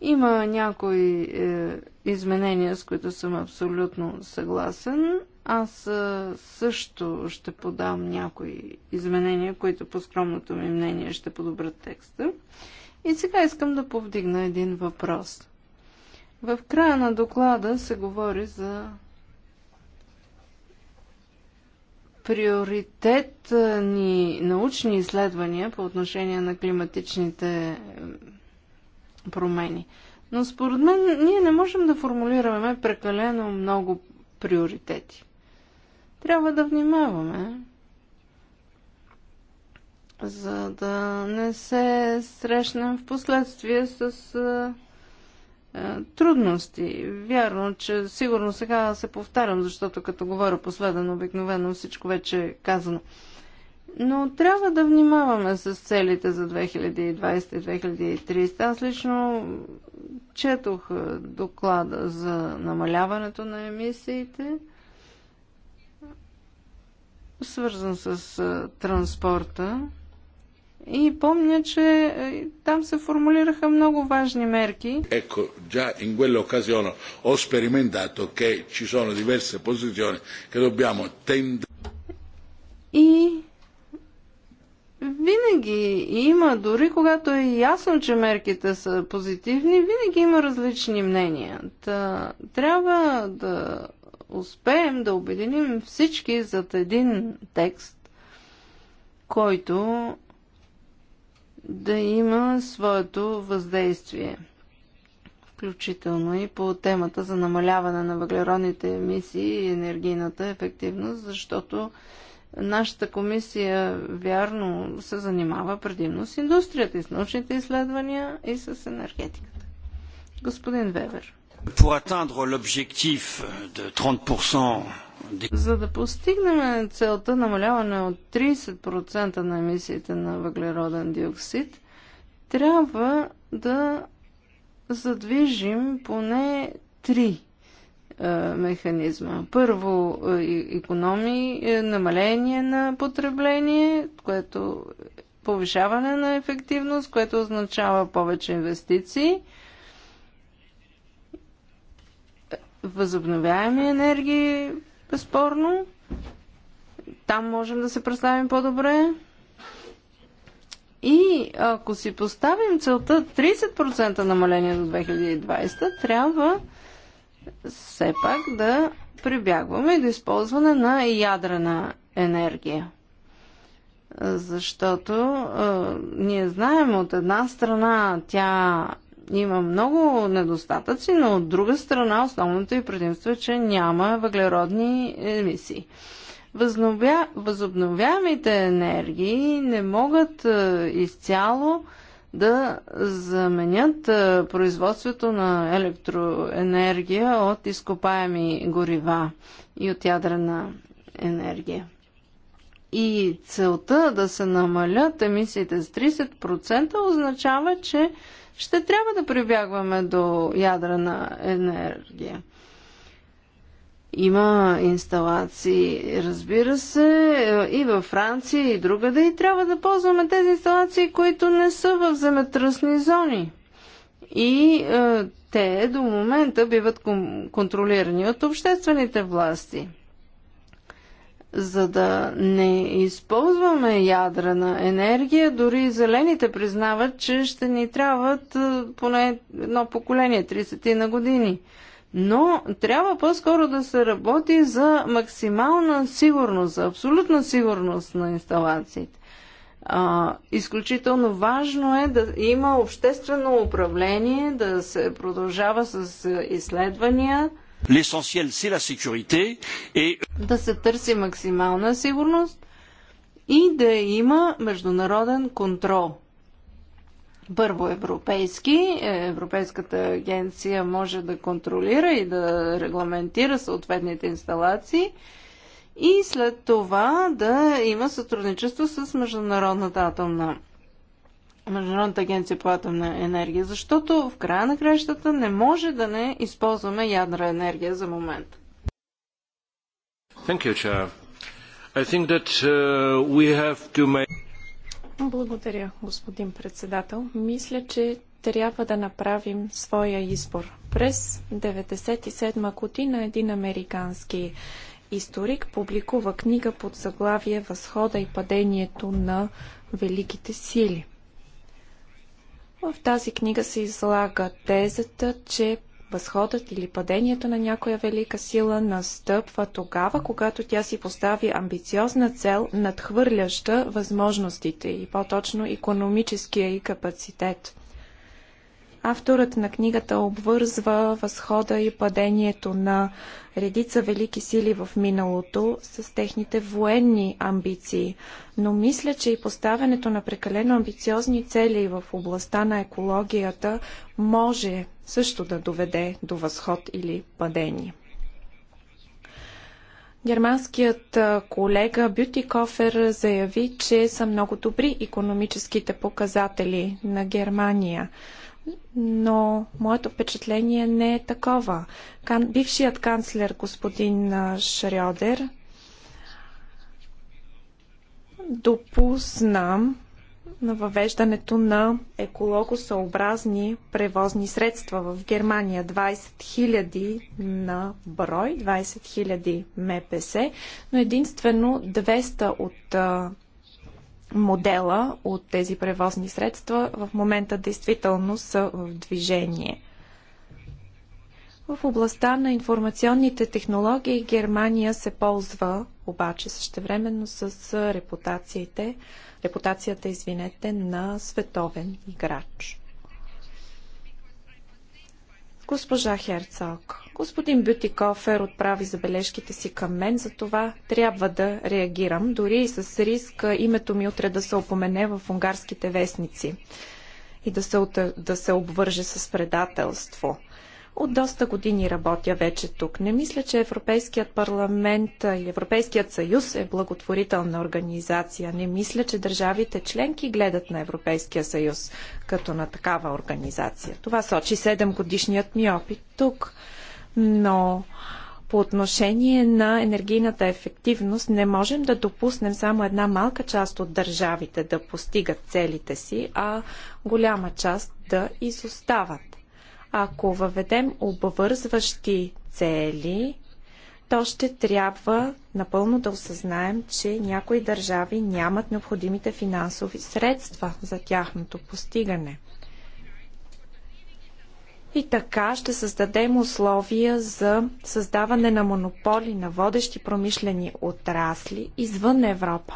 Има някои е, изменения, с които съм абсолютно съгласен. Аз е, също ще подам някои изменения, които по скромното ми мнение ще подобрят текста. И сега искам да повдигна един въпрос – в края на доклада се говори за приоритет ни научни изследвания по отношение на климатичните промени. Но според мен ние не можем да формулираме прекалено много приоритети. Трябва да внимаваме, за да не се срещнем в последствие с е, трудности. Вярно, че сигурно сега се повтарям, защото като говоря последен, обикновено всичко вече е казано. Но трябва да внимаваме с целите за 2020-2030. Аз лично четох е, доклада за намаляването на емисиите, свързан с е, транспорта. И помня, че е, там се формулираха много важни мерки. Ecco, già in quell'occasione ho sperimentato che ci sono diverse posizioni che dobbiamo tendere. И винаги има, дори когато е ясно, че мерките са позитивни, винаги има различни мнения. Та, трябва да успеем да обединим всички зад един текст, който да има своето въздействие, включително и по темата за намаляване на въглеродните емисии и енергийната ефективност, защото нашата комисия вярно се занимава предимно с индустрията и с научните изследвания и с енергетиката. Господин Вебер. За да постигнем целта намаляване от 30% на емисиите на въглероден диоксид, трябва да задвижим поне три е, механизма. Първо, економии, е, намаление на потребление, което повишаване на ефективност, което означава повече инвестиции – възобновяеми енергии, безспорно. Там можем да се представим по-добре. И ако си поставим целта 30% намаление до 2020, трябва все пак да прибягваме до използване на ядрена енергия. Защото е, ние знаем от една страна тя има много недостатъци, но от друга страна основното и предимство е, че няма въглеродни емисии. Възнобя... Възобновяемите енергии не могат е, изцяло да заменят е, производството на електроенергия от изкопаеми горива и от ядрена енергия. И целта да се намалят емисиите с 30% означава, че ще трябва да прибягваме до ядрена енергия. Има инсталации, разбира се, и във Франция, и другаде, и трябва да ползваме тези инсталации, които не са в земетръсни зони. И е, те до момента биват контролирани от обществените власти за да не използваме ядрена енергия, дори зелените признават, че ще ни трябват е, поне едно поколение, 30 на години. Но трябва по-скоро да се работи за максимална сигурност, за абсолютна сигурност на инсталациите. А, изключително важно е да има обществено управление, да се продължава с е, изследвания – L'essentiel, c'est la sécurité. Et... Да се търси максимална сигурност и да има международен контрол. Първо европейски. Е, Европейската агенция може да контролира и да регламентира съответните инсталации и след това да има сътрудничество с Международната атомна Международната агенция по атомна енергия, защото в края на кращата не може да не използваме ядра енергия за момент. You, that, uh, make... Благодаря, господин председател. Мисля, че трябва да направим своя избор. През 1997 година един американски историк публикува книга под заглавие Възхода и падението на великите сили. В тази книга се излага тезата, че възходът или падението на някоя велика сила настъпва тогава, когато тя си постави амбициозна цел, надхвърляща възможностите и по-точно економическия и капацитет. Авторът на книгата обвързва възхода и падението на редица велики сили в миналото с техните военни амбиции. Но мисля, че и поставянето на прекалено амбициозни цели в областта на екологията може също да доведе до възход или падение. Германският колега Кофер заяви, че са много добри економическите показатели на Германия – но моето впечатление не е такова. Кан... Бившият канцлер господин Шрёдер допусна на въвеждането на екологосъобразни превозни средства в Германия. 20 000 на брой, 20 000 МПС, но единствено 200 от модела от тези превозни средства в момента действително са в движение. В областта на информационните технологии Германия се ползва обаче същевременно с репутациите, репутацията извинете, на световен играч. Госпожа Херцог, господин Бютикофер отправи забележките си към мен, за това трябва да реагирам, дори и с риск името ми утре да се опомене в унгарските вестници и да се, да се обвърже с предателство. От доста години работя вече тук. Не мисля, че Европейският парламент или Европейският съюз е благотворителна организация. Не мисля, че държавите членки гледат на Европейския съюз като на такава организация. Това сочи 7 годишният ми опит тук. Но по отношение на енергийната ефективност не можем да допуснем само една малка част от държавите да постигат целите си, а голяма част да изостават. Ако въведем обвързващи цели, то ще трябва напълно да осъзнаем, че някои държави нямат необходимите финансови средства за тяхното постигане. И така ще създадем условия за създаване на монополи на водещи промишлени отрасли извън Европа.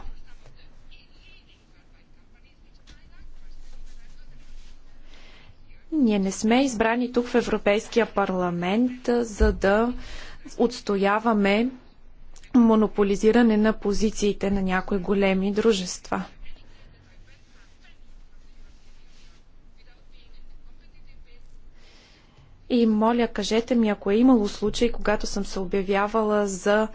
Ние не сме избрани тук в Европейския парламент, за да отстояваме монополизиране на позициите на някои големи дружества. И моля, кажете ми, ако е имало случай, когато съм се обявявала за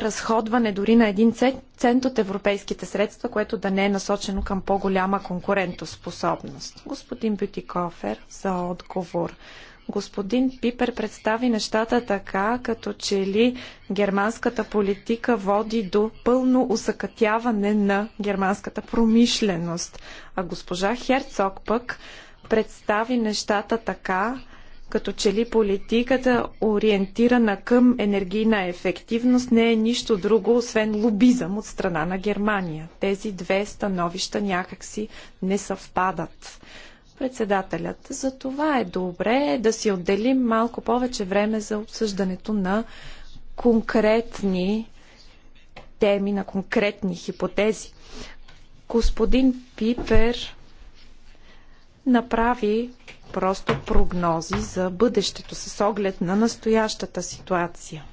разходване дори на един цент от европейските средства, което да не е насочено към по-голяма конкурентоспособност. Господин Бютикофер за отговор. Господин Пипер представи нещата така, като че ли германската политика води до пълно усъкътяване на германската промишленост. А госпожа Херцог пък представи нещата така, като че ли политиката, ориентирана към енергийна ефективност, не е нищо друго, освен лобизъм от страна на Германия. Тези две становища някакси не съвпадат председателят. За това е добре да си отделим малко повече време за обсъждането на конкретни теми, на конкретни хипотези. Господин Пипер направи просто прогнози за бъдещето с оглед на настоящата ситуация.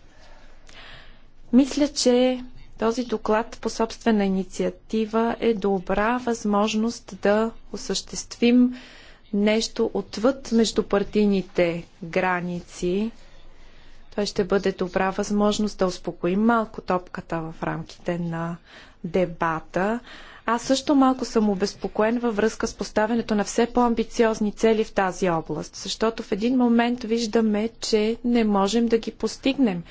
Мисля, че този доклад по собствена инициатива е добра възможност да осъществим нещо отвъд междупартийните граници. Той ще бъде добра възможност да успокоим малко топката в рамките на дебата. Аз също малко съм обезпокоен във връзка с поставянето на все по-амбициозни цели в тази област, защото в един момент виждаме, че не можем да ги постигнем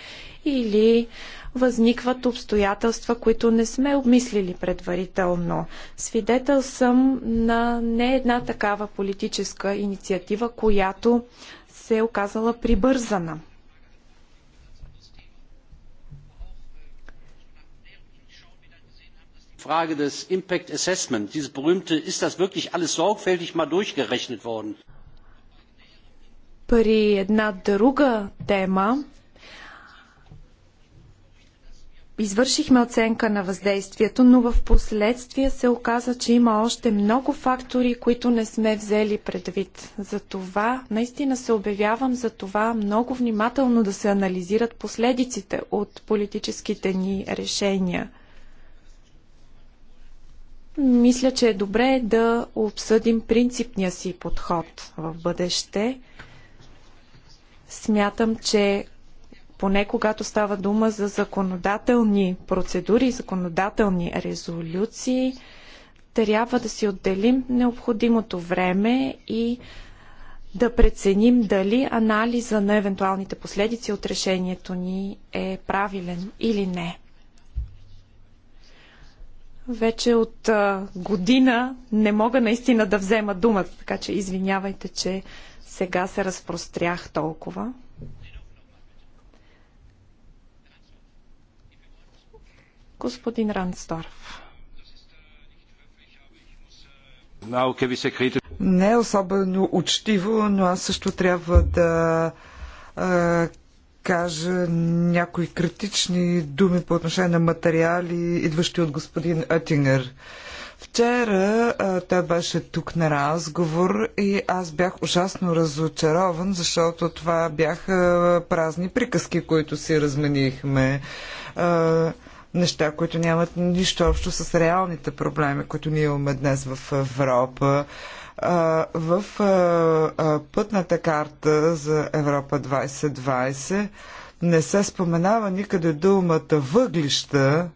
или възникват обстоятелства, които не сме обмислили предварително. Свидетел съм на не една такава политическа инициатива, която се е оказала прибързана. frage des impact assessment dieses berühmte ist das wirklich alles sorgfältig mal durchgerechnet worden? при една друга тема извършихме оценка на въздействието, но в последствие се оказа, че има още много фактори, които не сме взели предвид. Затова наистина се обявявам за това много внимателно да се анализират последиците от политическите ни решения – мисля, че е добре да обсъдим принципния си подход в бъдеще. Смятам, че поне когато става дума за законодателни процедури, законодателни резолюции, трябва да си отделим необходимото време и да преценим дали анализа на евентуалните последици от решението ни е правилен или не. Вече от а, година не мога наистина да взема думата, така че извинявайте, че сега се разпрострях толкова. Господин Рансдорф. Не е особено учтиво, но аз също трябва да кажа някои критични думи по отношение на материали, идващи от господин Атингер. Вчера а, той беше тук на разговор и аз бях ужасно разочарован, защото това бяха празни приказки, които си разменихме. А, неща, които нямат нищо общо с реалните проблеми, които ние имаме днес в Европа. А, в пътната карта за Европа 2020 не се споменава никъде думата въглища,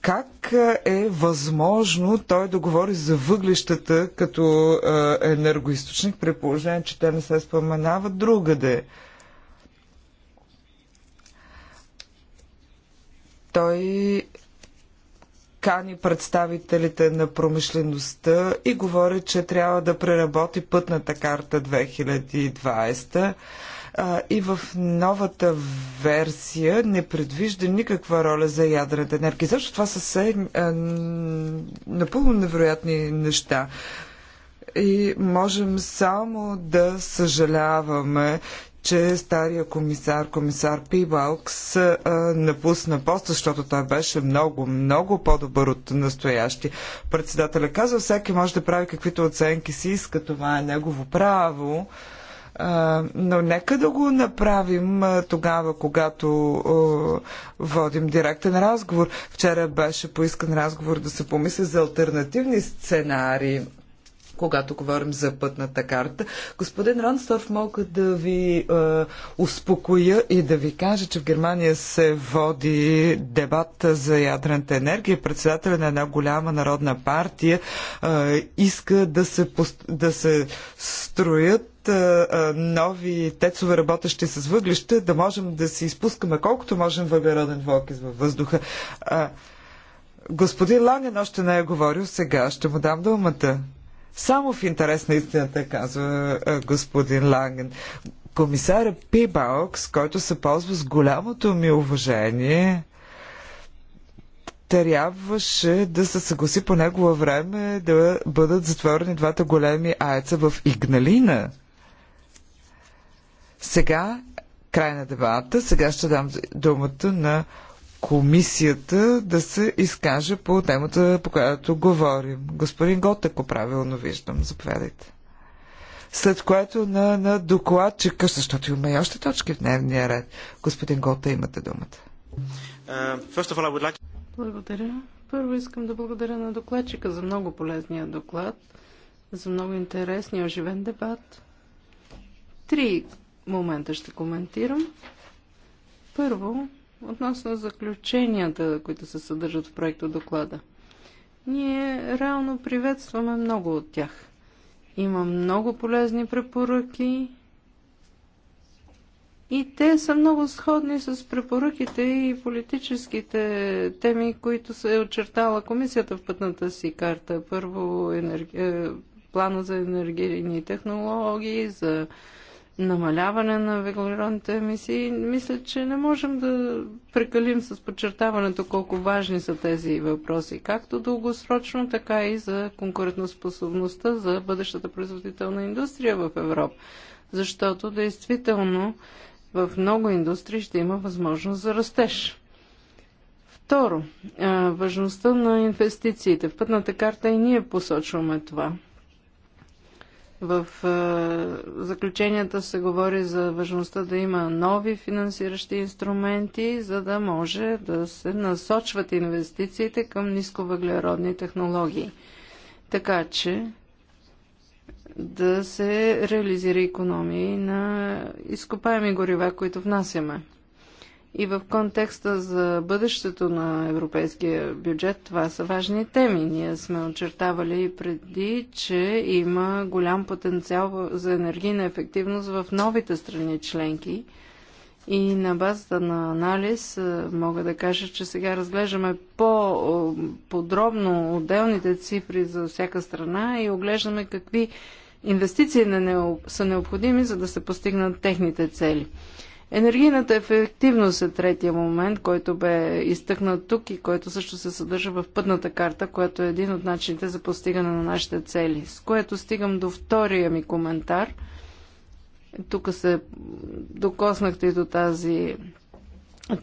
как е възможно той да говори за въглищата като енергоисточник, при положение, че те не се споменават другаде? Той кани представителите на промишлеността и говори, че трябва да преработи пътната карта 2020 и в новата версия не предвижда никаква роля за ядрената енергия. Защо това са се напълно невероятни неща? И можем само да съжаляваме, че стария комисар, комисар Пибалкс, напусна пост, защото той беше много, много по-добър от настоящи. Председателя казва, всеки може да прави каквито оценки си иска, това е негово право. Но нека да го направим тогава, когато водим директен разговор. Вчера беше поискан разговор да се помисли за альтернативни сценарии когато говорим за пътната карта. Господин Ронсторф, мога да ви е, успокоя и да ви кажа, че в Германия се води дебат за ядрената енергия. Председателя на една голяма народна партия е, иска да се, да се строят е, е, нови тецове, работещи с въглища, да можем да си изпускаме колкото можем въглероден двуокис във въздуха. Е, господин Ланен още не е говорил, сега ще му дам думата. Само в интерес на истината, казва е, господин Ланген. Комисаря Пибалкс, който се ползва с голямото ми уважение, трябваше да се съгласи по негово време да бъдат затворени двата големи аеца в Игналина. Сега, край на дебата, сега ще дам думата на комисията да се изкаже по темата, по която говорим. Господин Гот, ако правилно виждам, заповядайте. След което на, на докладчика, защото има и още точки в дневния ред. Господин Гота, имате думата. Uh, благодаря. Първо искам да благодаря на докладчика за много полезния доклад, за много интересния оживен дебат. Три момента ще коментирам. Първо, относно заключенията, които се съдържат в проекта доклада. Ние реално приветстваме много от тях. Има много полезни препоръки и те са много сходни с препоръките и политическите теми, които се е очертала комисията в пътната си карта. Първо енерги... Е, плана за енергийни технологии, за намаляване на въглеродните емисии, мисля, че не можем да прекалим с подчертаването колко важни са тези въпроси, както дългосрочно, така и за конкурентоспособността за бъдещата производителна индустрия в Европа. Защото действително в много индустрии ще има възможност за растеж. Второ, важността на инвестициите. В пътната карта и ние посочваме това – в е, заключенията се говори за важността да има нови финансиращи инструменти, за да може да се насочват инвестициите към нисковъглеродни технологии. Така че да се реализира економии на изкопаеми горива, които внасяме. И в контекста за бъдещето на европейския бюджет това са важни теми. Ние сме очертавали и преди, че има голям потенциал за енергийна ефективност в новите страни членки. И на базата на анализ е, мога да кажа, че сега разглеждаме по-подробно отделните цифри за всяка страна и оглеждаме какви инвестиции са необходими, за да се постигнат техните цели. Енергийната ефективност е третия момент, който бе изтъкнат тук и който също се съдържа в пътната карта, която е един от начините за постигане на нашите цели. С което стигам до втория ми коментар. Тук се докоснахте и до тази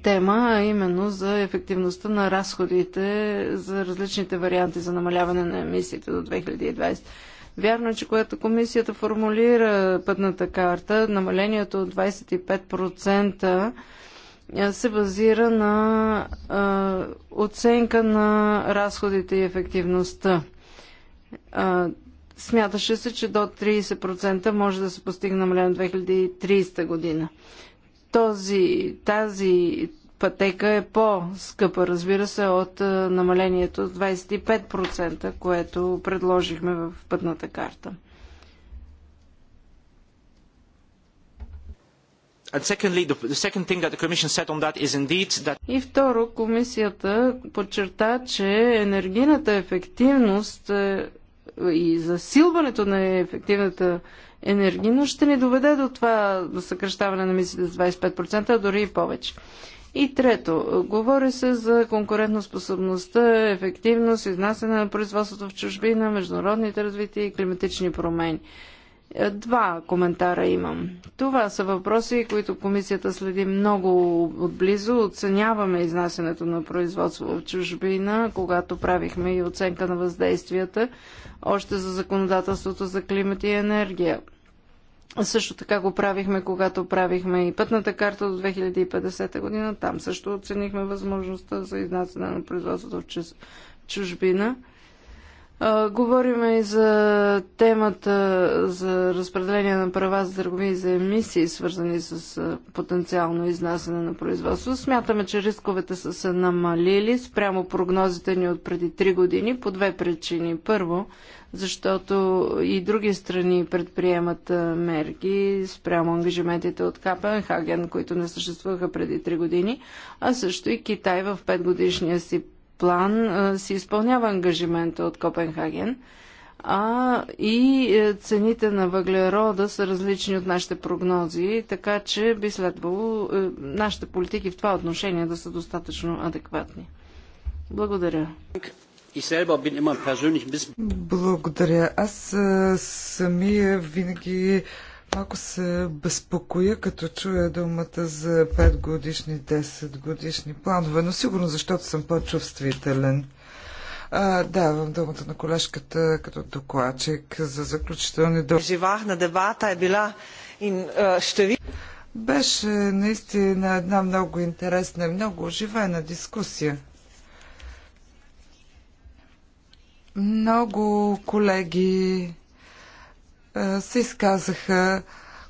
тема, а именно за ефективността на разходите за различните варианти за намаляване на емисиите до 2020. Вярно е, че когато комисията формулира пътната карта, намалението от 25% се базира на а, оценка на разходите и ефективността. А, смяташе се, че до 30% може да се постигне намаление 2030 година. Този, тази пътека е по-скъпа, разбира се, от е, намалението с 25%, което предложихме в пътната карта. И второ, комисията подчерта, че енергийната ефективност е, и засилването на ефективната енергийност ще ни доведе до това съкръщаване на мисите с 25%, а дори и повече. И трето, говори се за конкурентоспособността, ефективност, изнасяне на производството в чужбина, международните развития и климатични промени. Е, два коментара имам. Това са въпроси, които комисията следи много отблизо. Оценяваме изнасянето на производство в чужбина, когато правихме и оценка на въздействията още за законодателството за климат и енергия. Също така го правихме, когато правихме и пътната карта до 2050 година. Там също оценихме възможността за изнасяне на производството в чужбина. Говорим и за темата за разпределение на права за търговия и за емисии, свързани с потенциално изнасяне на производство. Смятаме, че рисковете са се намалили спрямо прогнозите ни от преди 3 години по две причини. Първо, защото и други страни предприемат мерки спрямо ангажиментите от Капенхаген, които не съществуваха преди 3 години, а също и Китай в 5 годишния си план се изпълнява ангажимента от Копенхаген, а и е, цените на въглерода са различни от нашите прогнози, така че би следвало е, нашите политики в това отношение да са достатъчно адекватни. Благодаря. Благодаря. Аз е, самия винаги Малко се безпокоя, като чуя думата за 5 годишни, 10 годишни планове, но сигурно защото съм по-чувствителен. А, давам думата на колежката като докладчик за заключителни думи. на дебата е била и ще ви... Беше наистина една много интересна и много оживена дискусия. Много колеги е, се изказаха,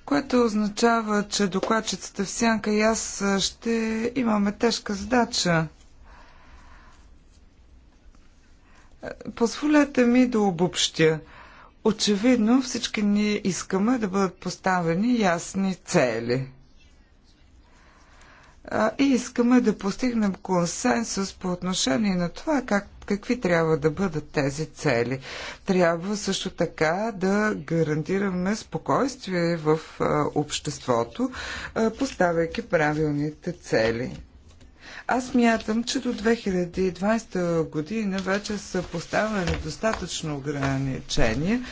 което означава, че докладчицата в Сянка и аз е, ще имаме тежка задача. Позволете ми да обобщя. Очевидно всички ние искаме да бъдат поставени ясни цели. И искаме да постигнем консенсус по отношение на това как какви трябва да бъдат тези цели. Трябва също така да гарантираме спокойствие в обществото, поставяйки правилните цели. Аз мятам, че до 2020 година вече са поставени достатъчно ограничения.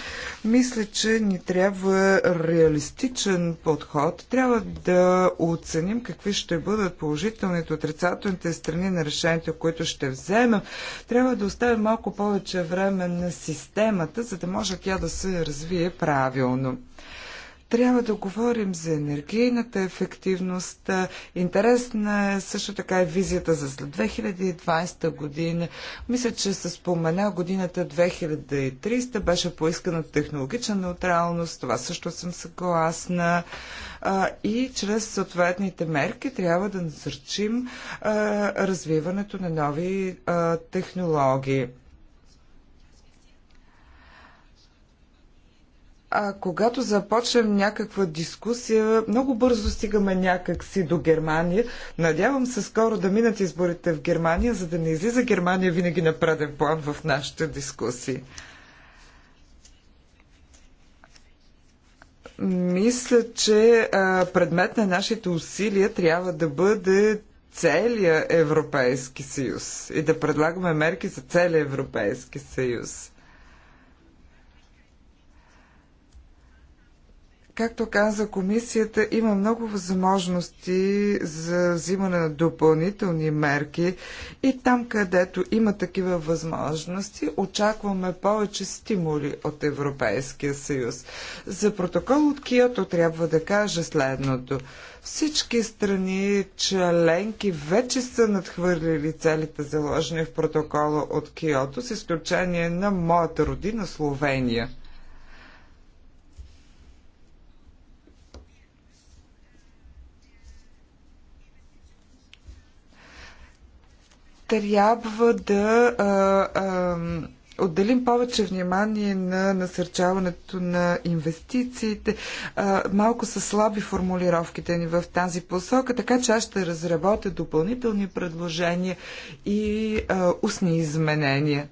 Мисля, че ни трябва реалистичен подход. Трябва да оценим какви ще бъдат положителните, отрицателните страни на решението, които ще вземем. Трябва да оставим малко повече време на системата, за да може тя да се развие правилно. Трябва да говорим за енергийната ефективност. Интересна е също така и визията за след 2020 година. Мисля, че се спомена годината 2300 беше поискана технологична неутралност. Това също съм съгласна. И чрез съответните мерки трябва да насърчим развиването на нови технологии. А когато започнем някаква дискусия, много бързо стигаме някакси до Германия. Надявам се скоро да минат изборите в Германия, за да не излиза Германия винаги на преден план в нашите дискусии. Мисля, че а, предмет на нашите усилия трябва да бъде целия Европейски съюз и да предлагаме мерки за целия Европейски съюз. Както каза комисията, има много възможности за взимане на допълнителни мерки и там, където има такива възможности, очакваме повече стимули от Европейския съюз. За протокол от Киото трябва да кажа следното. Всички страни членки вече са надхвърлили целите заложени в протокола от Киото, с изключение на моята родина Словения. трябва да а, а, отделим повече внимание на насърчаването на инвестициите. А, малко са слаби формулировките ни в тази посока, така че аз ще разработя допълнителни предложения и а, устни изменения.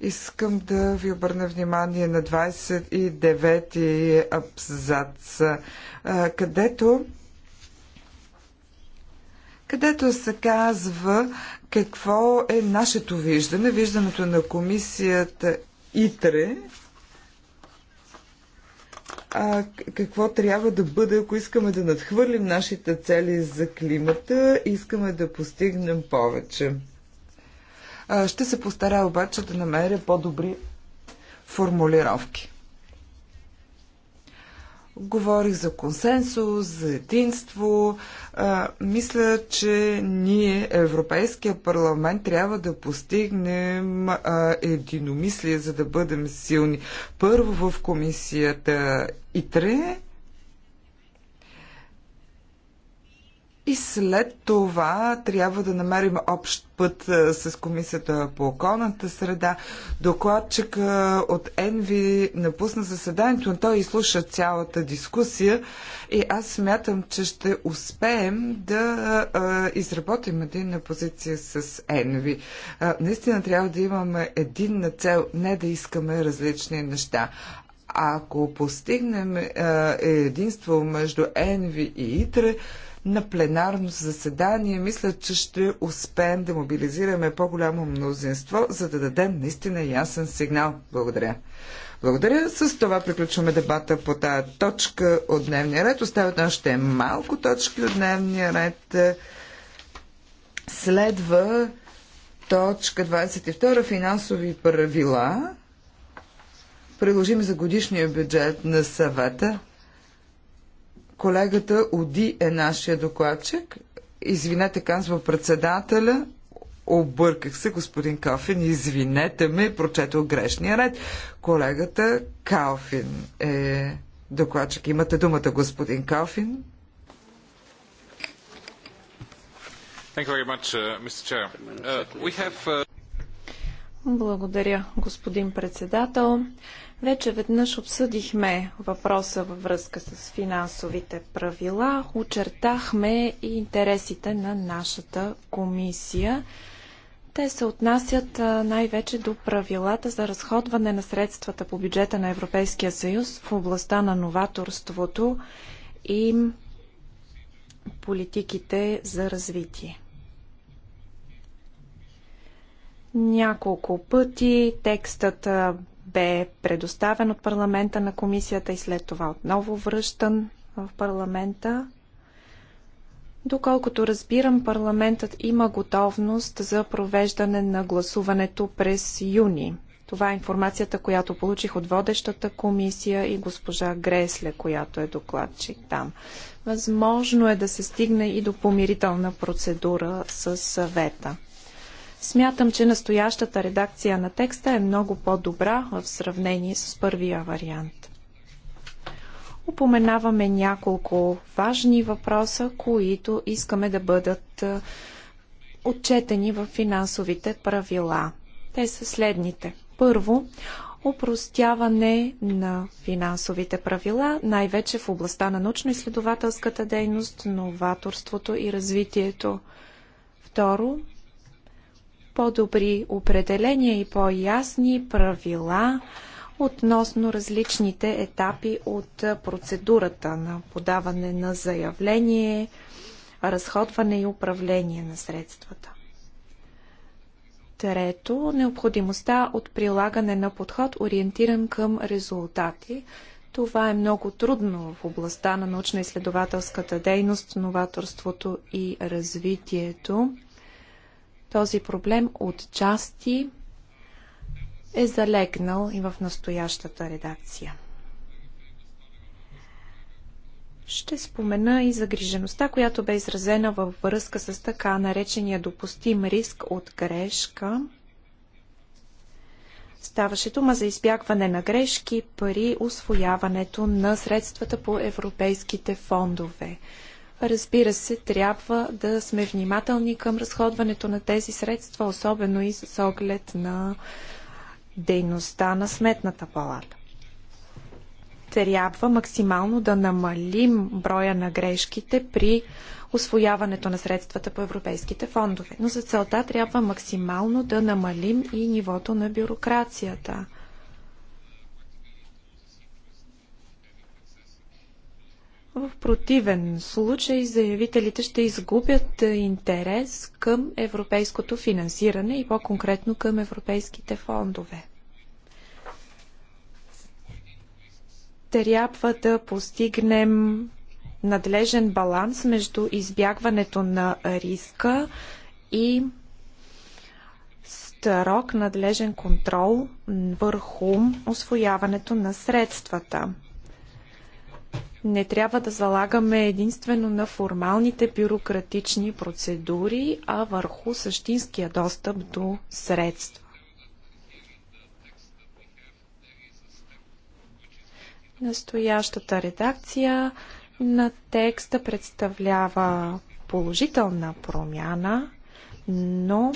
Искам да ви обърна внимание на 29 абзац, където където се казва какво е нашето виждане, виждането на комисията ИТРЕ, а, какво трябва да бъде, ако искаме да надхвърлим нашите цели за климата и искаме да постигнем повече. ще се постарая обаче да намеря по-добри формулировки. Говорих за консенсус, за единство, мисля, че ние, Европейския парламент, трябва да постигнем а, единомислие, за да бъдем силни. Първо в комисията ИТРЕ И след това трябва да намерим общ път е, с Комисията по околната среда. Докладчик е, от Енви напусна заседанието, но той изслуша цялата дискусия и аз смятам, че ще успеем да а, е, изработим единна позиция с Енви. наистина трябва да имаме единна цел, не да искаме различни неща ако постигнем единство между Енви и Итре, на пленарно заседание мисля, че ще успеем да мобилизираме по-голямо мнозинство, за да дадем наистина ясен сигнал. Благодаря. Благодаря. С това приключваме дебата по тази точка от дневния ред. Остават още малко точки от дневния ред. Следва точка 22. Финансови правила приложим за годишния бюджет на съвета. Колегата Оди е нашия докладчик. Извинете, казва председателя. Обърках се, господин Калфин. Извинете ме, прочетох грешния ред. Колегата Калфин е докладчик. Имате думата, господин Калфин. Thank you very much, uh, Mr. Chair. Uh, we have uh... Благодаря, господин председател. Вече веднъж обсъдихме въпроса във връзка с финансовите правила. Очертахме и интересите на нашата комисия. Те се отнасят най-вече до правилата за разходване на средствата по бюджета на Европейския съюз в областта на новаторството и политиките за развитие. Няколко пъти текстът бе предоставен от парламента на комисията и след това отново връщан в парламента. Доколкото разбирам, парламентът има готовност за провеждане на гласуването през юни. Това е информацията, която получих от водещата комисия и госпожа Гресле, която е докладчик там. Възможно е да се стигне и до помирителна процедура с съвета. Смятам, че настоящата редакция на текста е много по-добра в сравнение с първия вариант. Упоменаваме няколко важни въпроса, които искаме да бъдат е, отчетени в финансовите правила. Те са следните. Първо, упростяване на финансовите правила, най-вече в областта на научно-изследователската дейност, новаторството и развитието. Второ, по-добри определения и по-ясни правила относно различните етапи от процедурата на подаване на заявление, разходване и управление на средствата. Трето, необходимостта от прилагане на подход, ориентиран към резултати. Това е много трудно в областта на научно-изследователската дейност, новаторството и развитието. Този проблем от части е залегнал и в настоящата редакция. Ще спомена и загрижеността, която бе изразена във връзка с така наречения допустим риск от грешка. Ставаше дума за избягване на грешки при освояването на средствата по европейските фондове. Разбира се, трябва да сме внимателни към разходването на тези средства, особено и с оглед на дейността на Сметната палата. Трябва максимално да намалим броя на грешките при освояването на средствата по европейските фондове. Но за целта трябва максимално да намалим и нивото на бюрокрацията – В противен случай заявителите ще изгубят е, интерес към европейското финансиране и по-конкретно към европейските фондове. Трябва да постигнем надлежен баланс между избягването на риска и строг надлежен контрол върху освояването на средствата не трябва да залагаме единствено на формалните бюрократични процедури, а върху същинския достъп до средства. Настоящата редакция на текста представлява положителна промяна, но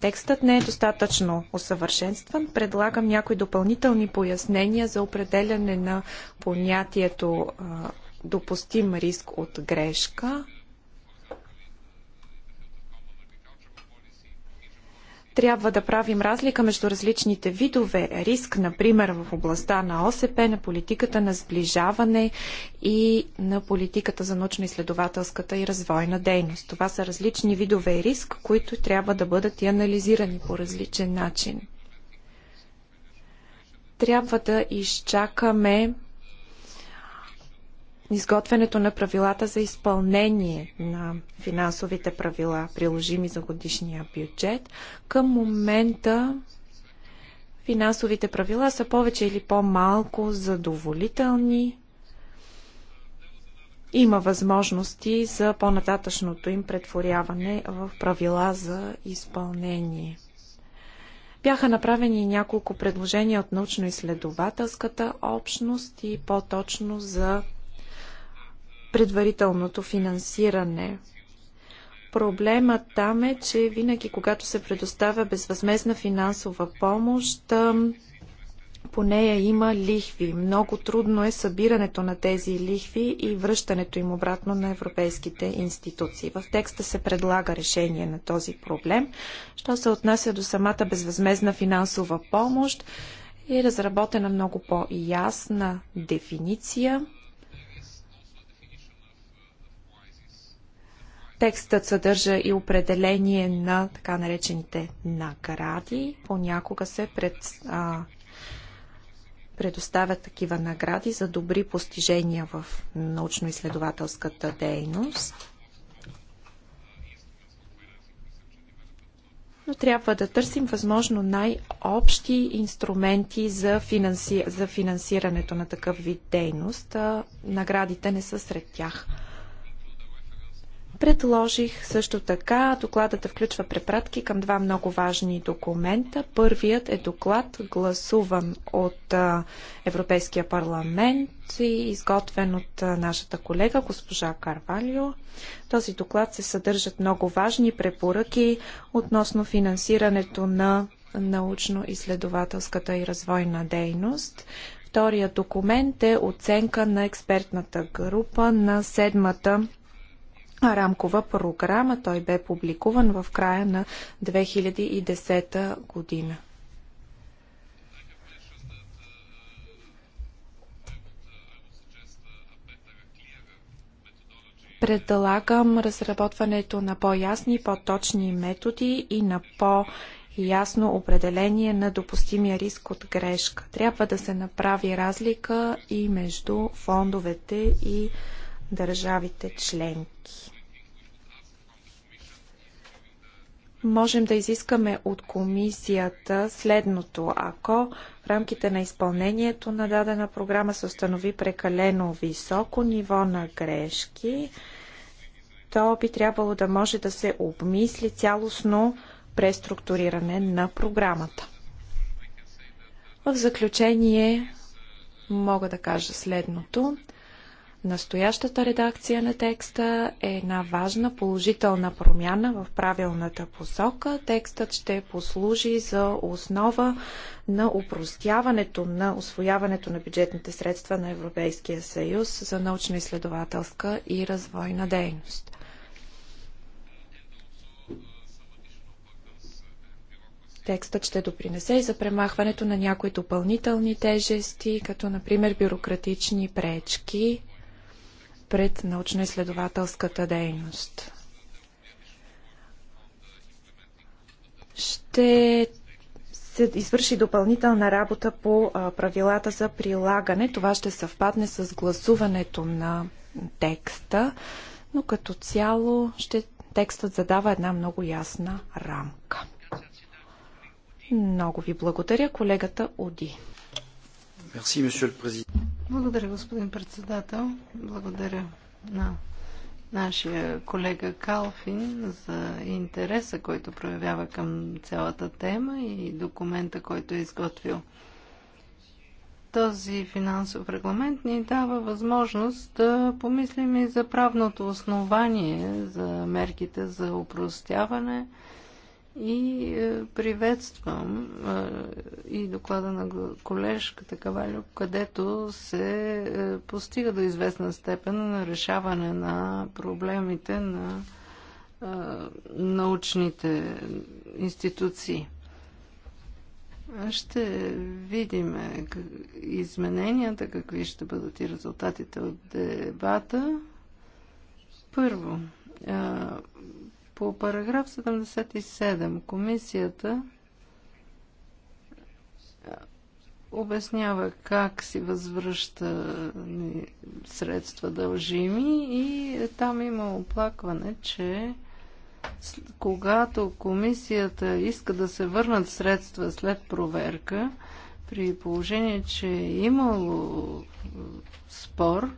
Текстът не е достатъчно усъвършенстван. Предлагам някои допълнителни пояснения за определяне на понятието допустим риск от грешка, трябва да правим разлика между различните видове риск, например в областта на ОСП, на политиката на сближаване и на политиката за научно-изследователската и развойна дейност. Това са различни видове риск, които трябва да бъдат и анализирани по различен начин. Трябва да изчакаме изготвянето на правилата за изпълнение на финансовите правила, приложими за годишния бюджет. Към момента финансовите правила са повече или по-малко задоволителни. Има възможности за по-нататъчното им претворяване в правила за изпълнение. Бяха направени няколко предложения от научно-изследователската общност и по-точно за предварителното финансиране. Проблемът там е, че винаги когато се предоставя безвъзмезна финансова помощ, по нея има лихви. Много трудно е събирането на тези лихви и връщането им обратно на европейските институции. В текста се предлага решение на този проблем. Що се отнася до самата безвъзмезна финансова помощ, е разработена много по-ясна дефиниция – Текстът съдържа и определение на така наречените награди. Понякога се пред, а, предоставят такива награди за добри постижения в научно-изследователската дейност. но трябва да търсим възможно най-общи инструменти за, финанси... за финансирането на такъв вид дейност. Наградите не са сред тях. Предложих също така докладът да включва препратки към два много важни документа. Първият е доклад, гласуван от Европейския парламент и изготвен от нашата колега госпожа Карвалио. този доклад се съдържат много важни препоръки относно финансирането на научно-изследователската и развойна дейност. Вторият документ е оценка на експертната група на седмата рамкова програма. Той бе публикуван в края на 2010 година. Предлагам разработването на по-ясни, по-точни методи и на по- ясно определение на допустимия риск от грешка. Трябва да се направи разлика и между фондовете и държавите членки. можем да изискаме от комисията следното. Ако в рамките на изпълнението на дадена програма се установи прекалено високо ниво на грешки, то би трябвало да може да се обмисли цялостно преструктуриране на програмата. В заключение мога да кажа следното. Настоящата редакция на текста е една важна положителна промяна в правилната посока. Текстът ще послужи за основа на упростяването на освояването на бюджетните средства на Европейския съюз за научно-изследователска и развойна дейност. Текстът ще допринесе и за премахването на някои допълнителни тежести, като например бюрократични пречки пред научно-изследователската дейност. Ще се извърши допълнителна работа по правилата за прилагане. Това ще съвпадне с гласуването на текста, но като цяло ще, текстът задава една много ясна рамка. Много ви благодаря, колегата Оди. Merci, благодаря, господин председател. Благодаря на нашия колега Калфин за интереса, който проявява към цялата тема и документа, който е изготвил. Този финансов регламент ни дава възможност да помислим и за правното основание за мерките за упростяване, и е, приветствам е, и доклада на колежката Кавалю, където се е, постига до известна степен на решаване на проблемите на научните институции. Ще видим измененията, какви ще бъдат и резултатите от дебата. Първо, по параграф 77 комисията обяснява как си възвръща средства дължими и там има оплакване, че когато комисията иска да се върнат средства след проверка, при положение, че е имало спор,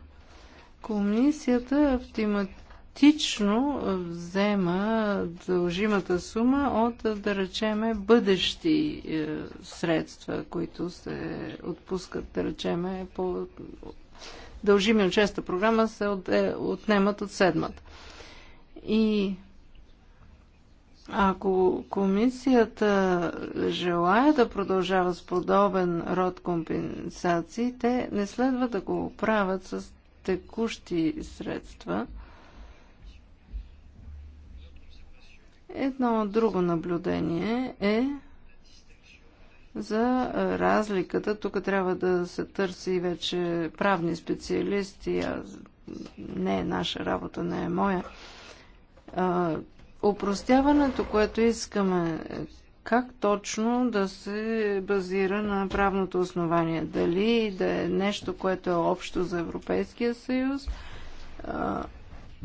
комисията автоматично автоматично взема дължимата сума от, да речеме, бъдещи е, средства, които се отпускат, да речеме, по дължими от шеста програма се е, отнемат от седмата. И ако комисията желая да продължава с подобен род компенсации, те не следва да го правят с текущи средства – Едно друго наблюдение е за разликата. Тук трябва да се търси вече правни специалисти. А не е наша работа, не е моя. Опростяването, което искаме, е как точно да се базира на правното основание? Дали да е нещо, което е общо за Европейския съюз?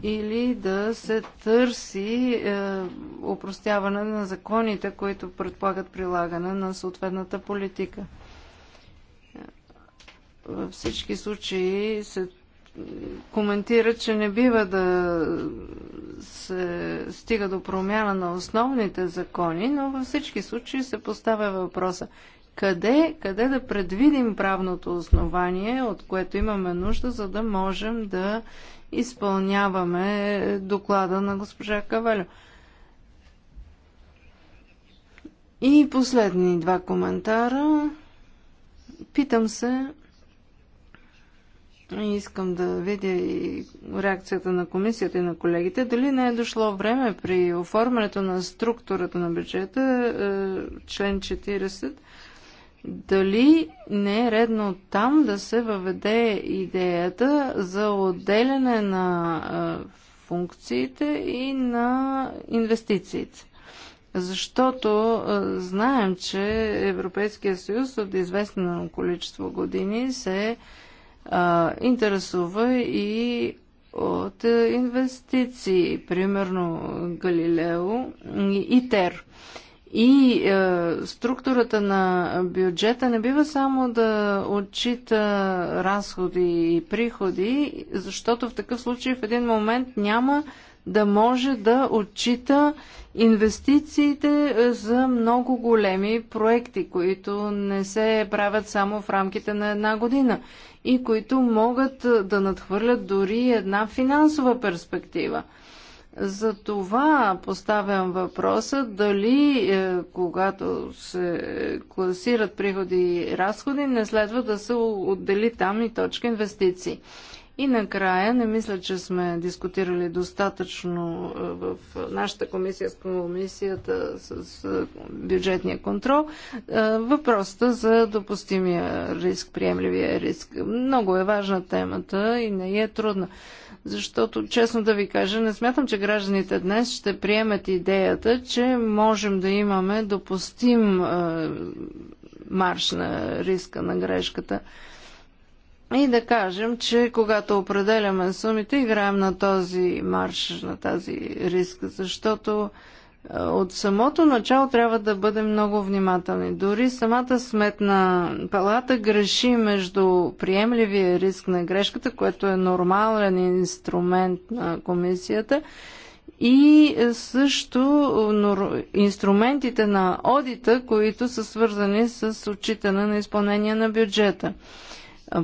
или да се търси е, упростяване на законите, които предполагат прилагане на съответната политика. Във всички случаи се коментира, че не бива да се стига до промяна на основните закони, но във всички случаи се поставя въпроса къде, къде да предвидим правното основание, от което имаме нужда, за да можем да изпълняваме доклада на госпожа Кавалю? И последни два коментара. Питам се и искам да видя и реакцията на комисията и на колегите, дали не е дошло време при оформянето на структурата на бюджета, е, член 40, дали не е редно там да се въведе идеята за отделяне на функциите и на инвестициите? Защото знаем, че Европейския съюз от известно количество години се интересува и от инвестиции, примерно Галилео и ИТЕР. И е, структурата на бюджета не бива само да отчита разходи и приходи, защото в такъв случай в един момент няма да може да отчита инвестициите е, за много големи проекти, които не се правят само в рамките на една година и които могат е, да надхвърлят дори една финансова перспектива. За това поставям въпроса дали е, когато се класират приходи и разходи, не следва да се отдели там и точка инвестиции. И накрая, не мисля, че сме дискутирали достатъчно е, в нашата комисия с комисията с бюджетния контрол, е, въпросата за допустимия риск, приемливия риск. Много е важна темата и не е трудна защото честно да ви кажа, не смятам, че гражданите днес ще приемат идеята, че можем да имаме допустим е, марш на риска на грешката. И да кажем, че когато определяме сумите, играем на този марш, на тази риска, защото от самото начало трябва да бъдем много внимателни. Дори самата сметна палата греши между приемливия риск на грешката, което е нормален инструмент на комисията, и също инструментите на одита, които са свързани с отчитане на изпълнение на бюджета.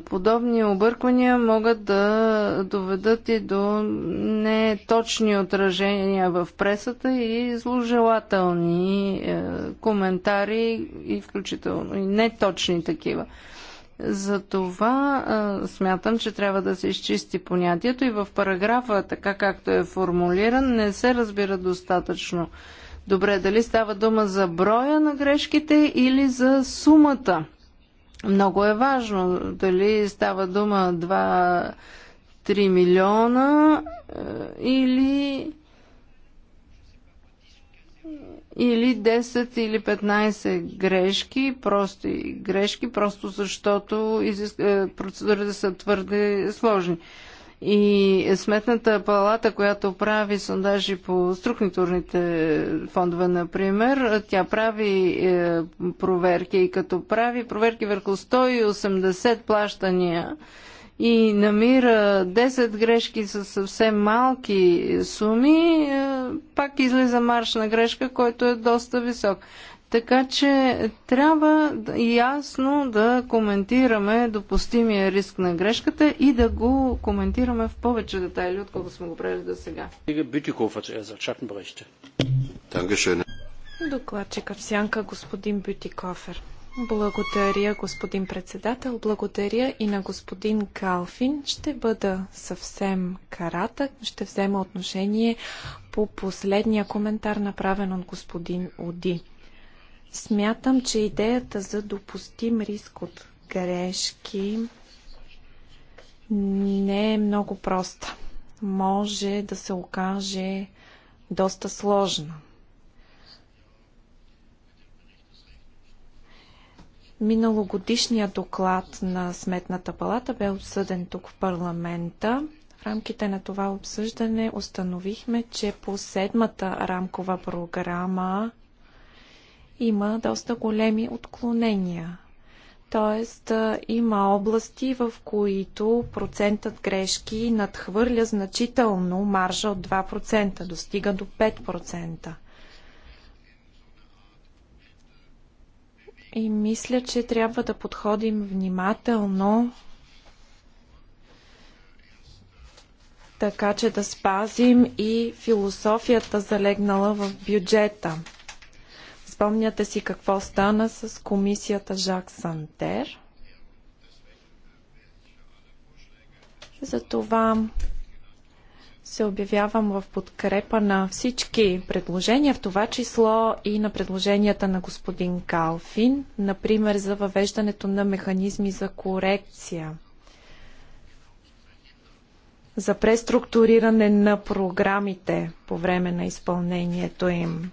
Подобни обърквания могат да доведат и до неточни отражения в пресата и зложелателни е, коментари, и включително и неточни такива. Затова е, смятам, че трябва да се изчисти понятието и в параграфа, така както е формулиран, не се разбира достатъчно добре дали става дума за броя на грешките или за сумата много е важно дали става дума 2-3 милиона е, или или 10 или 15 грешки, прости грешки, просто защото е, процедурите са твърде сложни. И сметната палата, която прави сондажи по структурните фондове, например, тя прави е, проверки и като прави проверки върху 180 плащания и намира 10 грешки с съвсем малки суми, е, пак излиза марш на грешка, който е доста висок. Така че трябва ясно да коментираме допустимия риск на грешката и да го коментираме в повече детайли, отколкото сме го правили до сега. Е Докладчика в сянка господин Бютикофер. Благодаря, господин председател. Благодаря и на господин Калфин. Ще бъда съвсем карата. Ще взема отношение по последния коментар, направен от господин Оди. Смятам, че идеята за допустим риск от грешки не е много проста. Може да се окаже доста сложна. Миналогодишният доклад на Сметната палата бе обсъден тук в парламента. В рамките на това обсъждане установихме, че по седмата рамкова програма има доста големи отклонения. Тоест има области, в които процентът грешки надхвърля значително маржа от 2%, достига до 5%. И мисля, че трябва да подходим внимателно, така че да спазим и философията залегнала в бюджета – Спомняте си какво стана с комисията Жак Сантер. Затова се обявявам в подкрепа на всички предложения, в това число и на предложенията на господин Калфин, например за въвеждането на механизми за корекция, за преструктуриране на програмите по време на изпълнението им.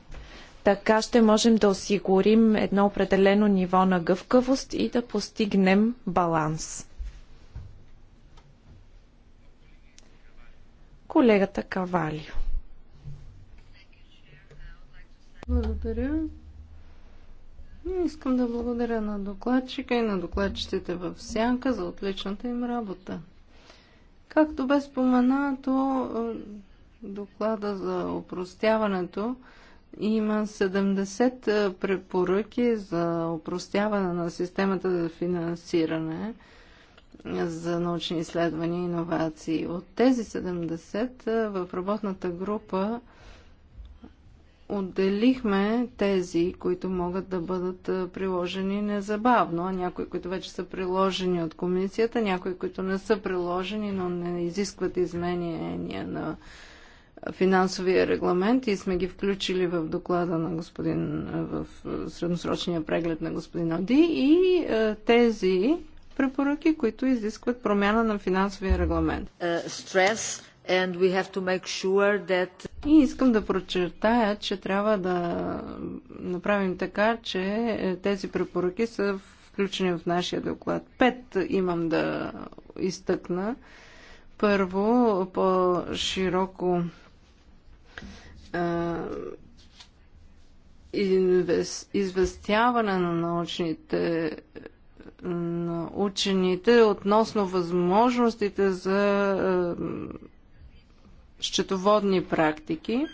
Така ще можем да осигурим едно определено ниво на гъвкавост и да постигнем баланс. Колегата Кавалио. Благодаря. Искам да благодаря на докладчика и на докладчиците в Сянка за отличната им работа. Както бе споменато, доклада за опростяването има 70 препоръки за упростяване на системата за финансиране за научни изследвания и иновации. От тези 70 в работната група отделихме тези, които могат да бъдат приложени незабавно, а някои, които вече са приложени от комисията, някои, които не са приложени, но не изискват изменения на финансовия регламент и сме ги включили в доклада на господин, в средносрочния преглед на господин Оди и е, тези препоръки, които изискват промяна на финансовия регламент. Стрес and we have to make sure that... И искам да прочертая, че трябва да направим така, че е, тези препоръки са включени в нашия доклад. Пет имам да изтъкна. Първо, по-широко известяване на научните на учените относно възможностите за счетоводни практики.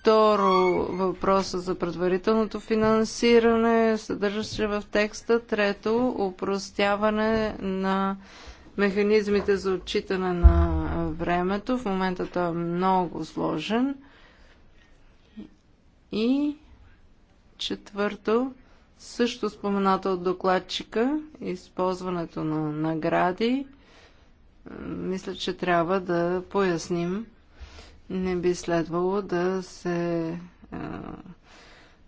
Второ, въпроса за предварителното финансиране, съдържа се в текста. Трето, упростяване на механизмите за отчитане на времето. В момента той е много сложен. И четвърто, също спомената от докладчика, използването на награди. Мисля, че трябва да поясним. Не би следвало да се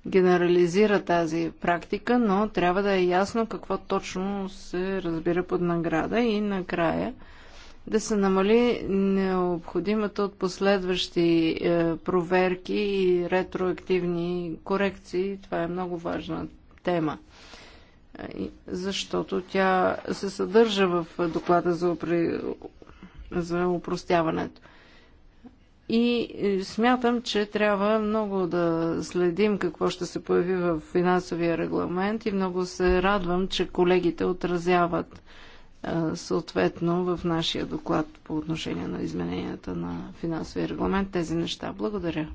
генерализира тази практика, но трябва да е ясно какво точно се разбира под награда и накрая да се намали необходимата от последващи е, проверки и ретроактивни корекции. Това е много важна тема, е, защото тя се съдържа в доклада за, опри... за упростяването. И е, смятам, че трябва много да следим какво ще се появи в финансовия регламент и много се радвам, че колегите отразяват е, съответно в нашия доклад по отношение на измененията на финансовия регламент тези неща. Благодаря.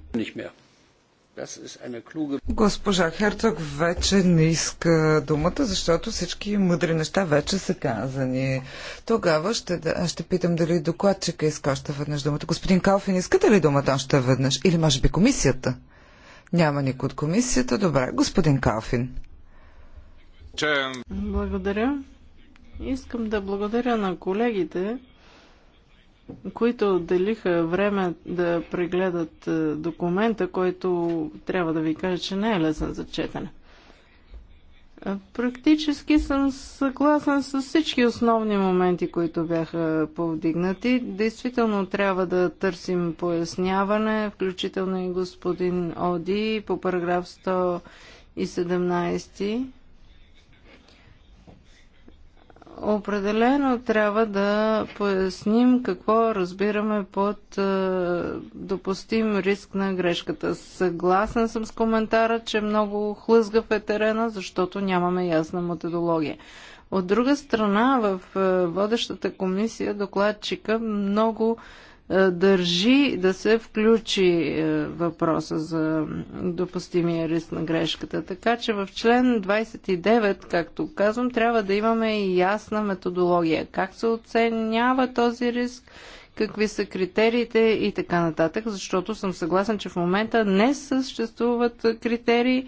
Госпожа Херцог вече не иска думата, защото всички мъдри неща вече са казани. Тогава ще, да, ще питам дали докладчика иска още веднъж думата. Господин Калфин, искате ли думата още веднъж? Или може би комисията? Няма никой от комисията. Добре, господин Калфин. Благодаря. Искам да благодаря на колегите, които отделиха време да прегледат е, документа, който трябва да ви кажа, че не е лесен за четене. Е, практически съм съгласен с всички основни моменти, които бяха повдигнати. Действително трябва да търсим поясняване, включително и господин Оди по параграф 117. Определено трябва да поясним какво разбираме под е, допустим риск на грешката. Съгласен съм с коментара, че много хлъзгав е терена, защото нямаме ясна методология. От друга страна, в е, водещата комисия докладчика много е, държи да се включи е, въпроса за допустимия риск на грешката. Така че в член 29, както казвам, трябва да имаме и ясна методология. Как се оценява този риск, какви са критериите и така нататък, защото съм съгласен, че в момента не съществуват критерии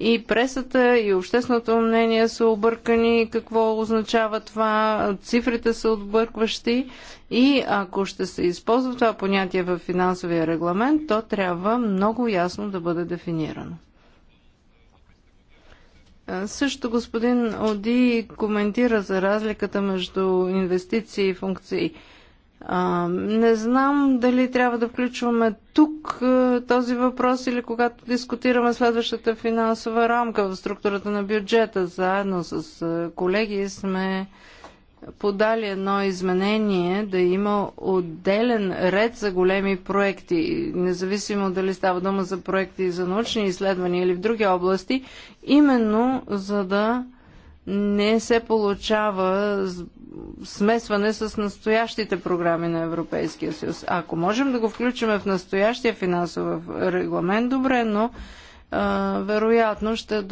и пресата, и общественото мнение са объркани, какво означава това, цифрите са объркващи и ако ще се използва това понятие в финансовия регламент, то трябва много ясно да бъде дефинирано. Също господин Оди коментира за разликата между инвестиции и функции. А, не знам дали трябва да включваме тук а, този въпрос или когато дискутираме следващата финансова рамка в структурата на бюджета. Заедно с а, колеги сме подали едно изменение да има отделен ред за големи проекти, независимо дали става дума за проекти за научни изследвания или в други области, именно за да не се получава смесване с настоящите програми на Европейския съюз. Ако можем да го включим в настоящия финансов регламент, добре, но а, вероятно ще,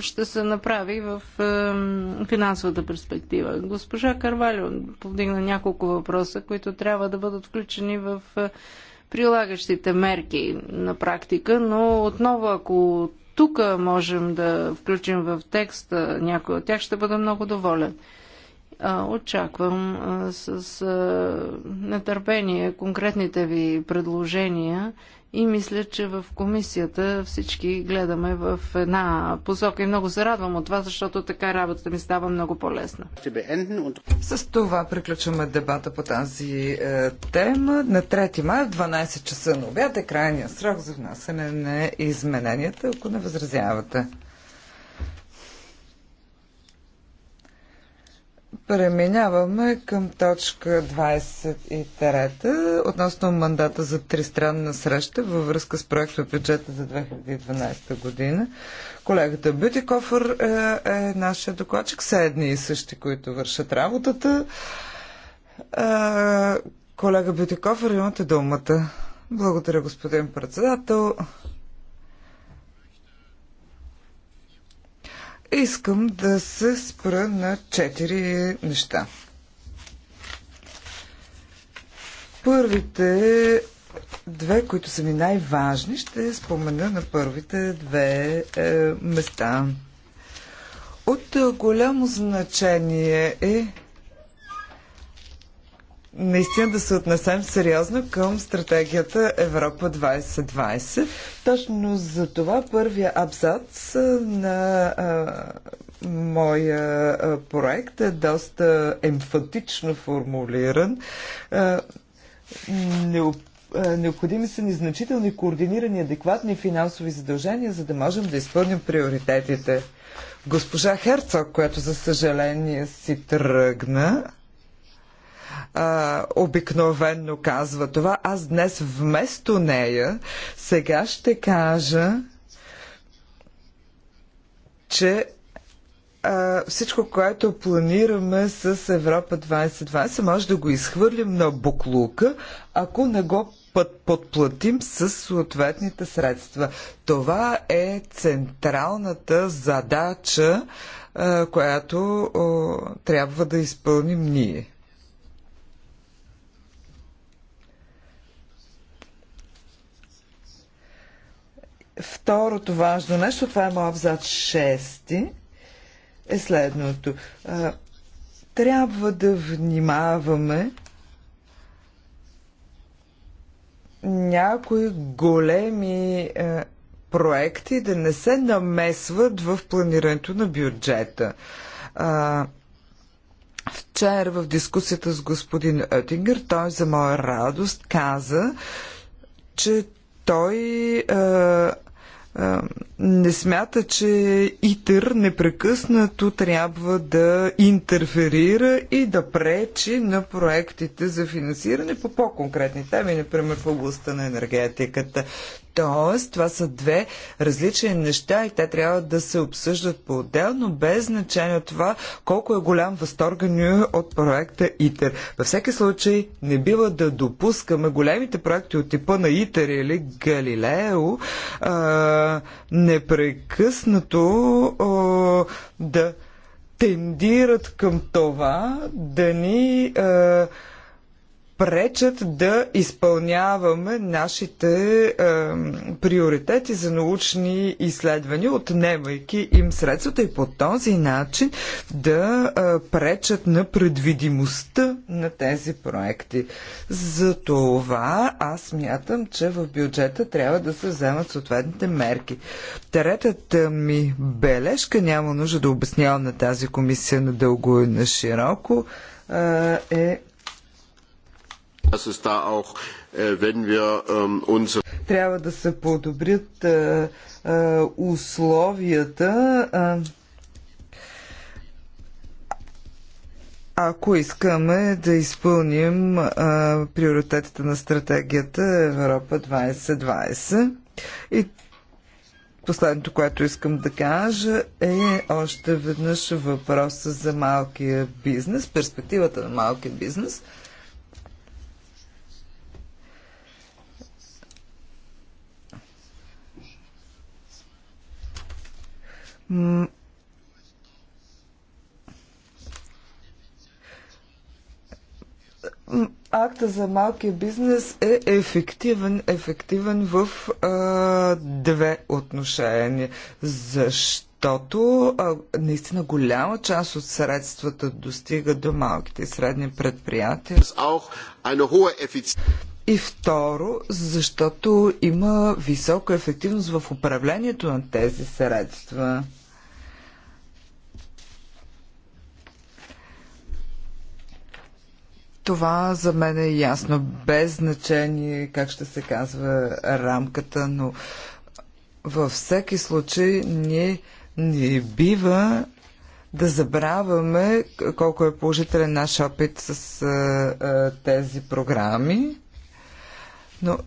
ще се направи в а, финансовата перспектива. Госпожа Карвалио повдигна няколко въпроса, които трябва да бъдат включени в а, е, прилагащите мерки на практика, но отново, ако тук можем да включим в текста някой от тях, ще бъда много доволен. Очаквам с нетърпение конкретните ви предложения и мисля, че в комисията всички гледаме в една посока и много се радвам от това, защото така работата ми става много по-лесна. С това приключваме дебата по тази е, тема. На 3 май в 12 часа на обяд е крайния срок за внасяне на измененията, ако не възразявате. Преминаваме към точка 23 относно мандата за тристранна среща във връзка с проекта бюджета за 2012 година. Колегата Бютикофър е, е нашия докладчик, са едни и същи, които вършат работата. Е, колега Бютикофър, имате думата. Благодаря, господин председател. Искам да се спра на четири неща. Първите две, които са ми най-важни, ще спомена на първите две е, места. От голямо значение е наистина да се отнесем сериозно към стратегията Европа 2020. Точно за това първия абзац на а, моя а, проект е доста емфатично формулиран. А, необходими са ни значителни, координирани, адекватни финансови задължения, за да можем да изпълним приоритетите. Госпожа Херцог, която за съжаление си тръгна, а, обикновенно казва това. Аз днес вместо нея сега ще кажа, че а, всичко, което планираме с Европа 2020, може да го изхвърлим на буклука, ако не го подплатим с съответните средства. Това е централната задача, която трябва да изпълним ние. Второто важно нещо, това е моят абзац 6, е следното. Трябва да внимаваме някои големи проекти да не се намесват в планирането на бюджета. А, вчера в дискусията с господин Оттингер той за моя радост каза, че той а, не смята, че ИТЕР непрекъснато трябва да интерферира и да пречи на проектите за финансиране по по-конкретни теми, например в областта на енергетиката. Тоест, това са две различни неща и те трябва да се обсъждат по-отделно, без значение от това колко е голям възторга ни е от проекта ИТЕР. Във всеки случай не бива да допускаме големите проекти от типа на ИТЕР или Галилео а, непрекъснато а, да тендират към това да ни а, пречат да изпълняваме нашите е, приоритети за научни изследвания, отнемайки им средствата и по този начин да е, пречат на предвидимостта на тези проекти. За това аз мятам, че в бюджета трябва да се вземат съответните мерки. Третата ми бележка, няма нужда да обяснявам на тази комисия надълго и на широко, е, е Äh, ähm, Трябва да се подобрят е, е, условията. Е, ако искаме да изпълним приоритетите на стратегията Европа 2020. И последното, което искам да кажа е още веднъж въпроса за малкия бизнес, перспективата на малкия бизнес – акта за малкия бизнес е ефективен, ефективен в а, две отношения. Защото а, наистина голяма част от средствата достига до малките и средни предприятия. И второ, защото има висока ефективност в управлението на тези средства. Това за мен е ясно, без значение как ще се казва рамката, но във всеки случай ние не бива да забравяме колко е положителен наш опит с а, а, тези програми. Но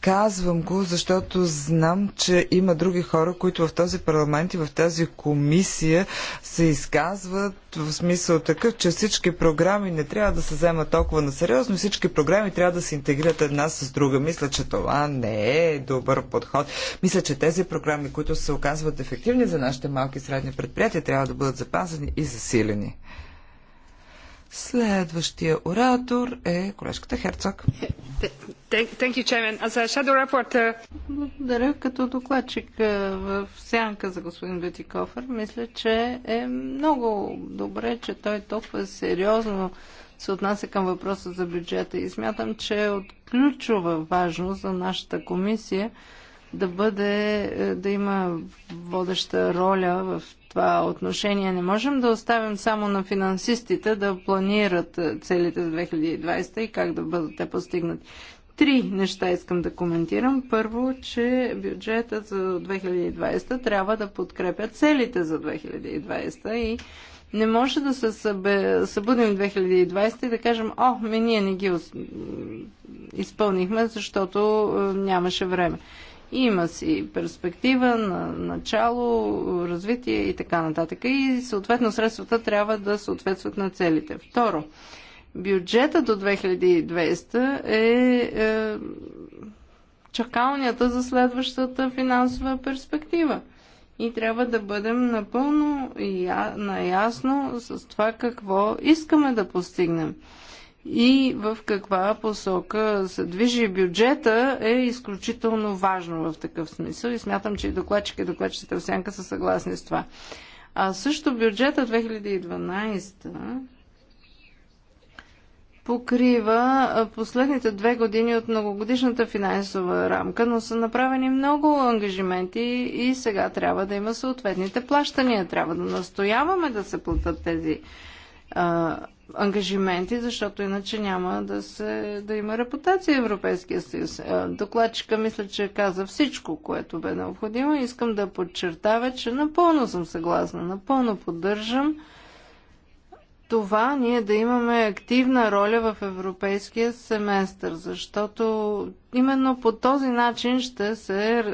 казвам го, защото знам, че има други хора, които в този парламент и в тази комисия се изказват в смисъл такъв, че всички програми не трябва да се вземат толкова на сериозно, всички програми трябва да се интегрират една с друга. Мисля, че това не е добър подход. Мисля, че тези програми, които се оказват ефективни за нашите малки и средни предприятия, трябва да бъдат запазени и засилени. Следващия оратор е колежката Херцог. Благодаря. Като докладчик е, в сянка за господин Бетикофер, мисля, че е много добре, че той толкова сериозно се отнася към въпроса за бюджета и смятам, че е от ключова важност за нашата комисия да бъде, е, да има водеща роля в това отношение. Не можем да оставим само на финансистите да планират е, целите за 2020 и как да бъдат те постигнати. Три неща искам да коментирам. Първо, че бюджетът за 2020 трябва да подкрепя целите за 2020 и не може да се събудим 2020 и да кажем, о, ми ние не ги изпълнихме, защото е, нямаше време. Има си перспектива на начало, развитие и така нататък. И съответно средствата трябва да съответстват на целите. Второ, бюджета до 2200 е, е чакалнята за следващата финансова перспектива. И трябва да бъдем напълно и наясно с това какво искаме да постигнем и в каква посока се движи бюджета е изключително важно в такъв смисъл и смятам, че и докладчик и докладчицата в сянка са съгласни с това. А също бюджета 2012 покрива последните две години от многогодишната финансова рамка, но са направени много ангажименти и сега трябва да има съответните плащания. Трябва да настояваме да се платят тези а, ангажименти, защото иначе няма да, се, да има репутация Европейския съюз. Докладчика мисля, че каза всичко, което бе необходимо. Искам да подчертава, че напълно съм съгласна, напълно поддържам това ние да имаме активна роля в европейския семестър, защото именно по този начин ще се е,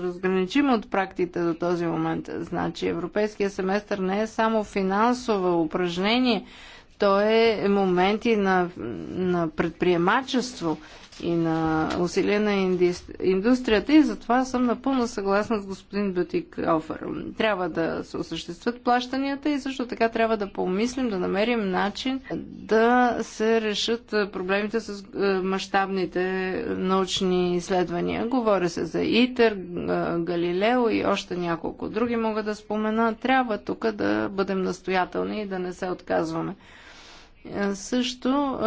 разграничим от практиките до този момент. Значи европейския семестър не е само финансово упражнение, то е и на, на предприемачество и на усилия на индустрията и затова съм напълно съгласна с господин Бютик Офер. Трябва да се осъществят плащанията и също така трябва да помислим, да намерим начин да се решат проблемите с е, мащабните научни изследвания. Говоря се за ИТЕР, е, Галилео и още няколко други мога да спомена. Трябва тук да бъдем настоятелни и да не се отказваме. Също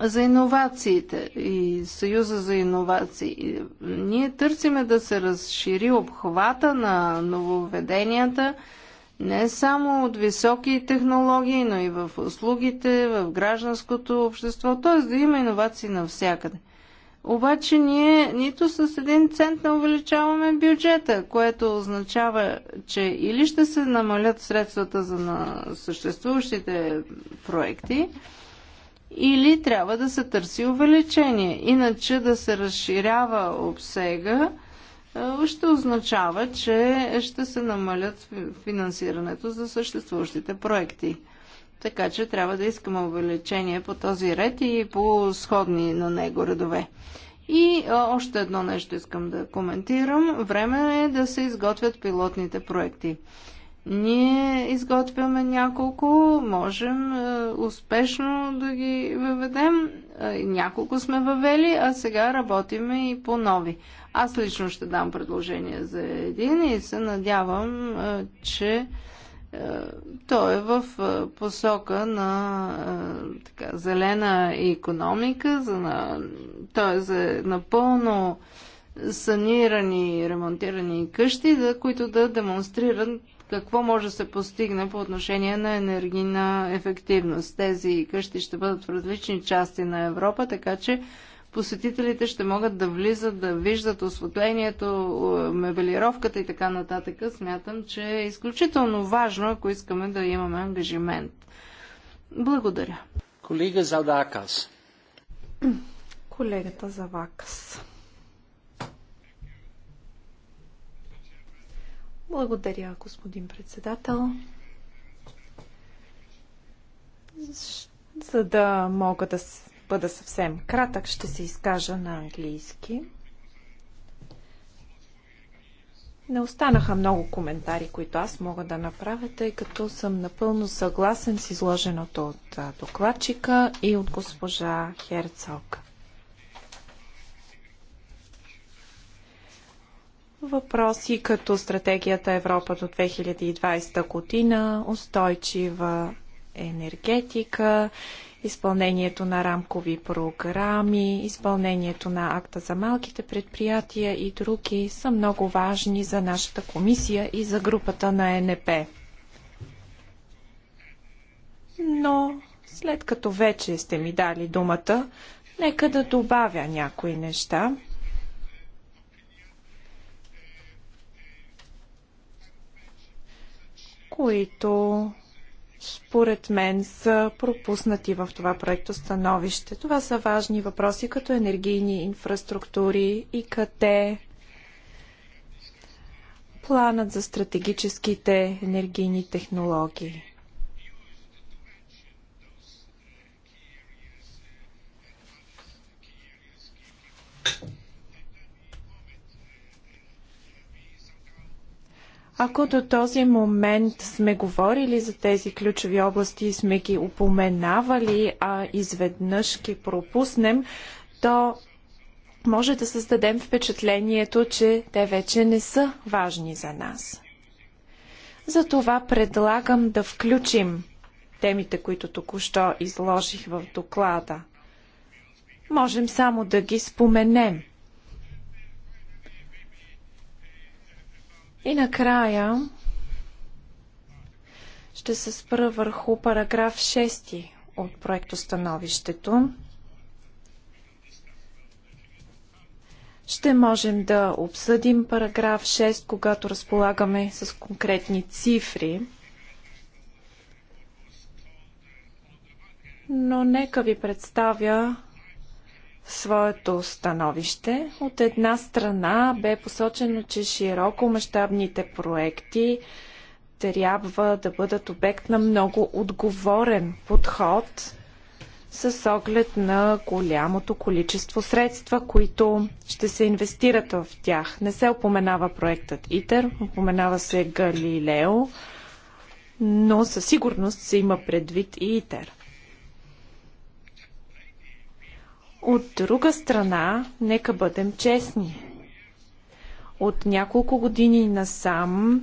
за иновациите и Съюза за иновации. Ние търсиме да се разшири обхвата на нововведенията не само от високи технологии, но и в услугите, в гражданското общество, т.е. да има иновации навсякъде. Обаче ние нито с един цент не увеличаваме бюджета, което означава, че или ще се намалят средствата за на съществуващите проекти, или трябва да се търси увеличение. Иначе да се разширява обсега е, ще означава, че ще се намалят финансирането за съществуващите проекти. Така че трябва да искаме увеличение по този ред и по сходни на него редове. И още едно нещо искам да коментирам. Време е да се изготвят пилотните проекти. Ние изготвяме няколко, можем успешно да ги въведем. няколко сме въвели, а сега работиме и по нови. Аз лично ще дам предложение за един и се надявам, че е, то е в е, посока на е, така, зелена економика, за на, т.е. за напълно санирани и ремонтирани къщи, за които да демонстрират какво може да се постигне по отношение на енергийна ефективност. Тези къщи ще бъдат в различни части на Европа, така че посетителите ще могат да влизат, да виждат осветлението, е, мебелировката и така нататък. Смятам, че е изключително важно, ако искаме да имаме ангажимент. Благодаря. Колега Завакас. Колегата Завакас. Благодаря, господин председател. За да мога да бъда съвсем кратък, ще се изкажа на английски. Не останаха много коментари, които аз мога да направя, тъй като съм напълно съгласен с изложеното от докладчика и от госпожа Херцог. Въпроси като стратегията Европа до 2020 година, устойчива енергетика изпълнението на рамкови програми, изпълнението на акта за малките предприятия и други са много важни за нашата комисия и за групата на е НП. Но след като вече сте ми дали думата, нека да добавя някои неща. които според мен са пропуснати в това проекто становище. Това са важни въпроси като енергийни инфраструктури и къде планът за стратегическите енергийни технологии. Ако до този момент сме говорили за тези ключови области и сме ги упоменавали, а изведнъж ги пропуснем, то може да създадем впечатлението, че те вече не са важни за нас. Затова предлагам да включим темите, които току-що изложих в доклада. Можем само да ги споменем – И накрая ще се спра върху параграф 6 от проектостановището. Ще можем да обсъдим параграф 6, когато разполагаме с конкретни цифри. Но нека ви представя своето становище. От една страна бе посочено, че широко мащабните проекти трябва да бъдат обект на много отговорен подход с оглед на голямото количество средства, които ще се инвестират в тях. Не се опоменава проектът ИТЕР, упоменава се Галилео, но със сигурност се има предвид и ИТЕР. От друга страна, нека бъдем честни. От няколко години насам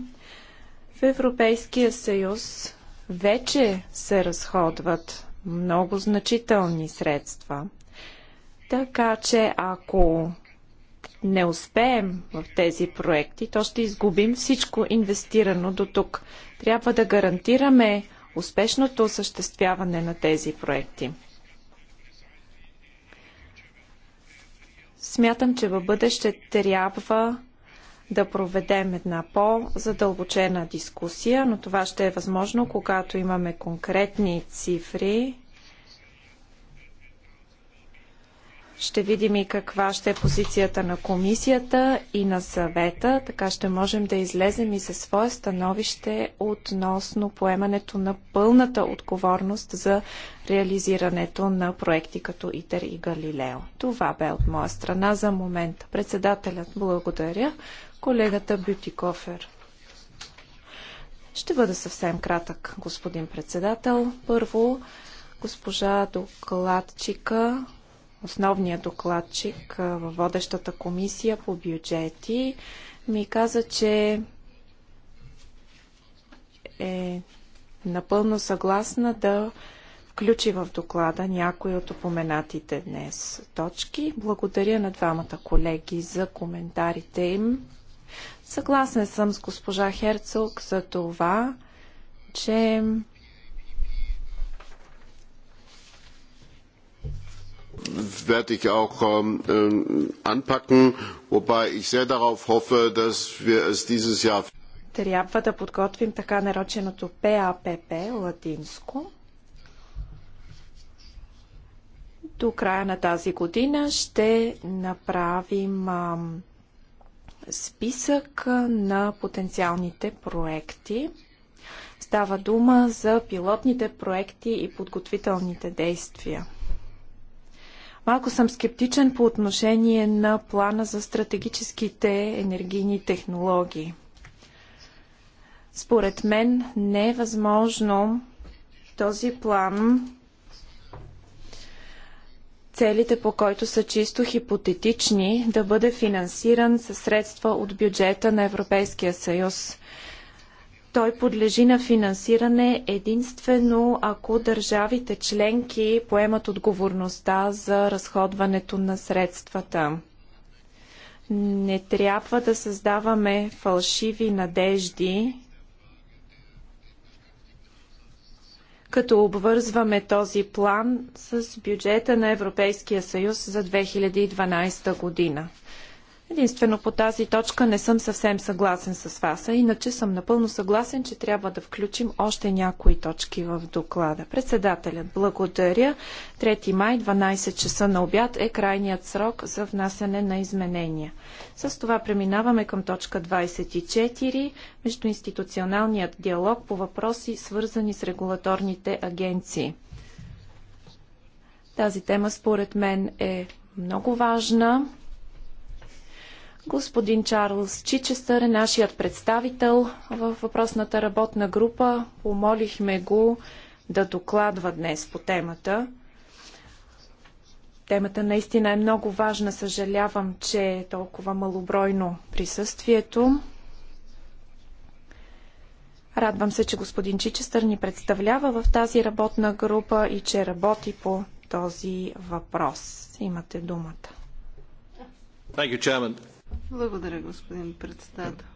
в Европейския съюз вече се разходват много значителни средства. Така че ако не успеем в тези проекти, то ще изгубим всичко инвестирано до тук. Трябва да гарантираме успешното осъществяване на тези проекти. Смятам, че във бъдеще трябва да проведем една по-задълбочена дискусия, но това ще е възможно, когато имаме конкретни цифри Ще видим и каква ще е позицията на комисията и на съвета, така ще можем да излезем и със свое становище относно поемането на пълната отговорност за реализирането на проекти като ИТЕР и Галилео. Това бе от моя страна за момента. Председателят благодаря, колегата Бютикофер. Ще бъда съвсем кратък, господин председател. Първо, госпожа докладчика основният докладчик във водещата комисия по бюджети, ми каза, че е напълно съгласна да включи в доклада някои от упоменатите днес точки. Благодаря на двамата колеги за коментарите им. Съгласен съм с госпожа Херцог за това, че werde ich auch ähm, ähm, anpacken, wobei ich sehr darauf hoffe, dass wir es dieses Jahr. Трябва да подготвим така нареченото ПАПП латинско. До края на тази година ще направим списък на потенциалните проекти. Става дума за пилотните проекти и подготвителните действия. Малко съм скептичен по отношение на плана за стратегическите енергийни технологии. Според мен не е възможно този план целите по който са чисто хипотетични да бъде финансиран със средства от бюджета на Европейския съюз. Той подлежи на финансиране единствено ако държавите членки поемат отговорността за разходването на средствата. Не трябва да създаваме фалшиви надежди, като обвързваме този план с бюджета на Европейския съюз за 2012 година. Единствено по тази точка не съм съвсем съгласен с вас, а иначе съм напълно съгласен, че трябва да включим още някои точки в доклада. Председателят, благодаря. 3 май, 12 часа на обяд е крайният срок за внасяне на изменения. С това преминаваме към точка 24, междуинституционалният диалог по въпроси, свързани с регулаторните агенции. Тази тема според мен е много важна. Господин Чарлз Чичестър е нашият представител в въпросната работна група. Помолихме го да докладва днес по темата. Темата наистина е много важна. Съжалявам, че е толкова малобройно присъствието. Радвам се, че господин Чичестър ни представлява в тази работна група и че работи по този въпрос. Имате думата. Thank you, благодаря, господин председател.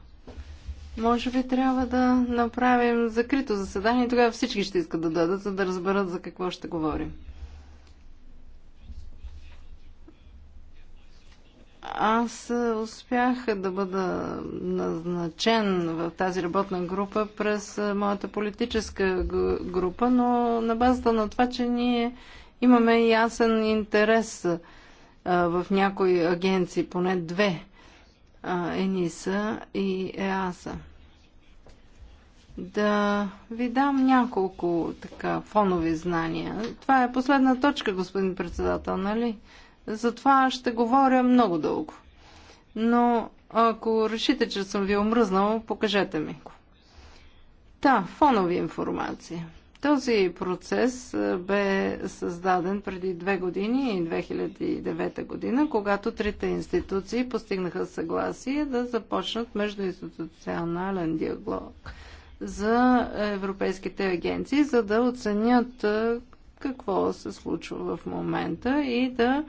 Може би трябва да направим закрито заседание, и тогава всички ще искат да дадат, за да разберат за какво ще говорим. Аз успях да бъда назначен в тази работна група през моята политическа група, но на базата на това, че ние имаме ясен интерес в някои агенции, поне две ЕНИСА и ЕАСА. Да ви дам няколко така фонови знания. Това е последна точка, господин председател, нали? Затова ще говоря много дълго. Но ако решите, че съм ви омръзнал, покажете ми го. Та, фонови информация – този процес бе създаден преди две години и 2009 година, когато трите институции постигнаха съгласие да започнат междуинституционален диалог за европейските агенции, за да оценят какво се случва в момента и да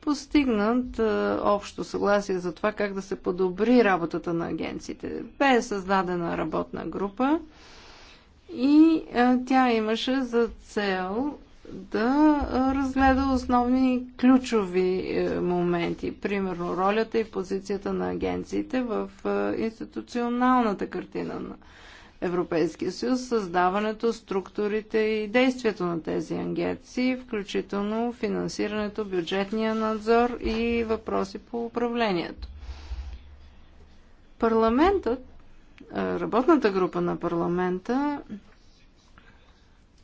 постигнат общо съгласие за това как да се подобри работата на агенциите. Бе е създадена работна група, и а, е, тя имаше за цел да е, разгледа основни ключови е, моменти, примерно ролята и позицията на агенциите в институционалната картина на Европейския съюз, създаването, структурите и действието на тези агенции, включително финансирането, бюджетния надзор и въпроси по управлението. Парламентът Работната група на парламента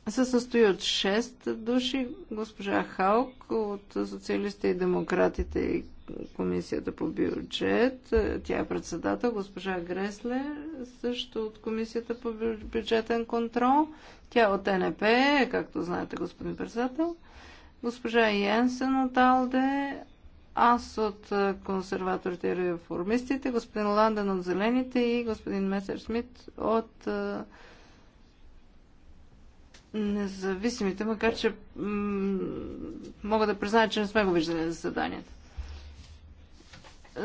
се състои от 6 души. Госпожа Халк от Социалистите и демократите и Комисията по бюджет. Тя е председател. Госпожа Гресле също от Комисията по бюджетен контрол. Тя е от НП, както знаете, господин председател. Госпожа Йенсен от АЛДЕ, аз от е, консерваторите и реформистите, господин Ландън от Зелените и господин Месер Смит от е, независимите, макар че мога да призная, че не сме го виждали за заседанието.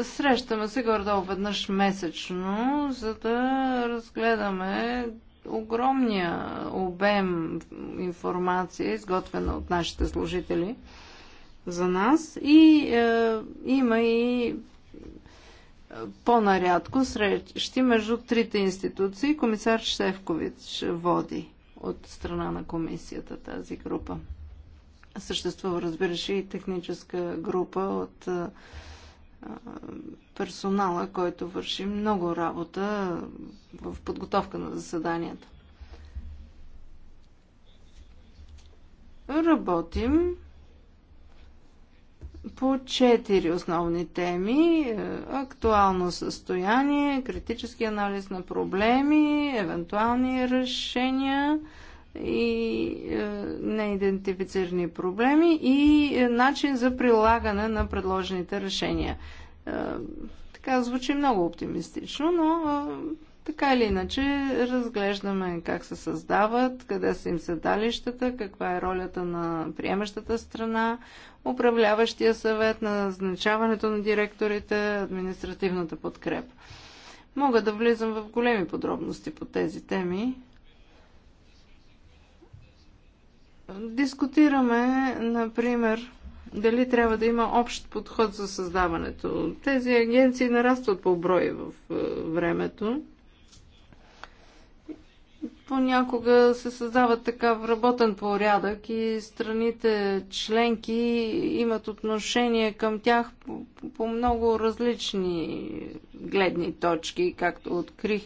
Срещаме се гордо веднъж месечно, за да разгледаме огромния обем информация, изготвена от нашите служители – за нас и е, има и е, по-нарядко срещи между трите институции. Комисар Шефкович води от страна на комисията тази група. Съществува, разбира се, и техническа група от е, персонала, който върши много работа в подготовка на заседанията. Работим по четири основни теми актуално състояние, критически анализ на проблеми, евентуални решения и е, неидентифицирани проблеми и е, начин за прилагане на предложените решения. Е, така звучи много оптимистично, но така или иначе, разглеждаме как се създават, къде са им седалищата, каква е ролята на приемащата страна, управляващия съвет, назначаването на директорите, административната подкрепа. Мога да влизам в големи подробности по тези теми. Дискутираме, например, дали трябва да има общ подход за създаването. Тези агенции нарастват по брой в е, времето понякога се създава така работен порядък и страните членки имат отношение към тях по, по много различни гледни точки, както открих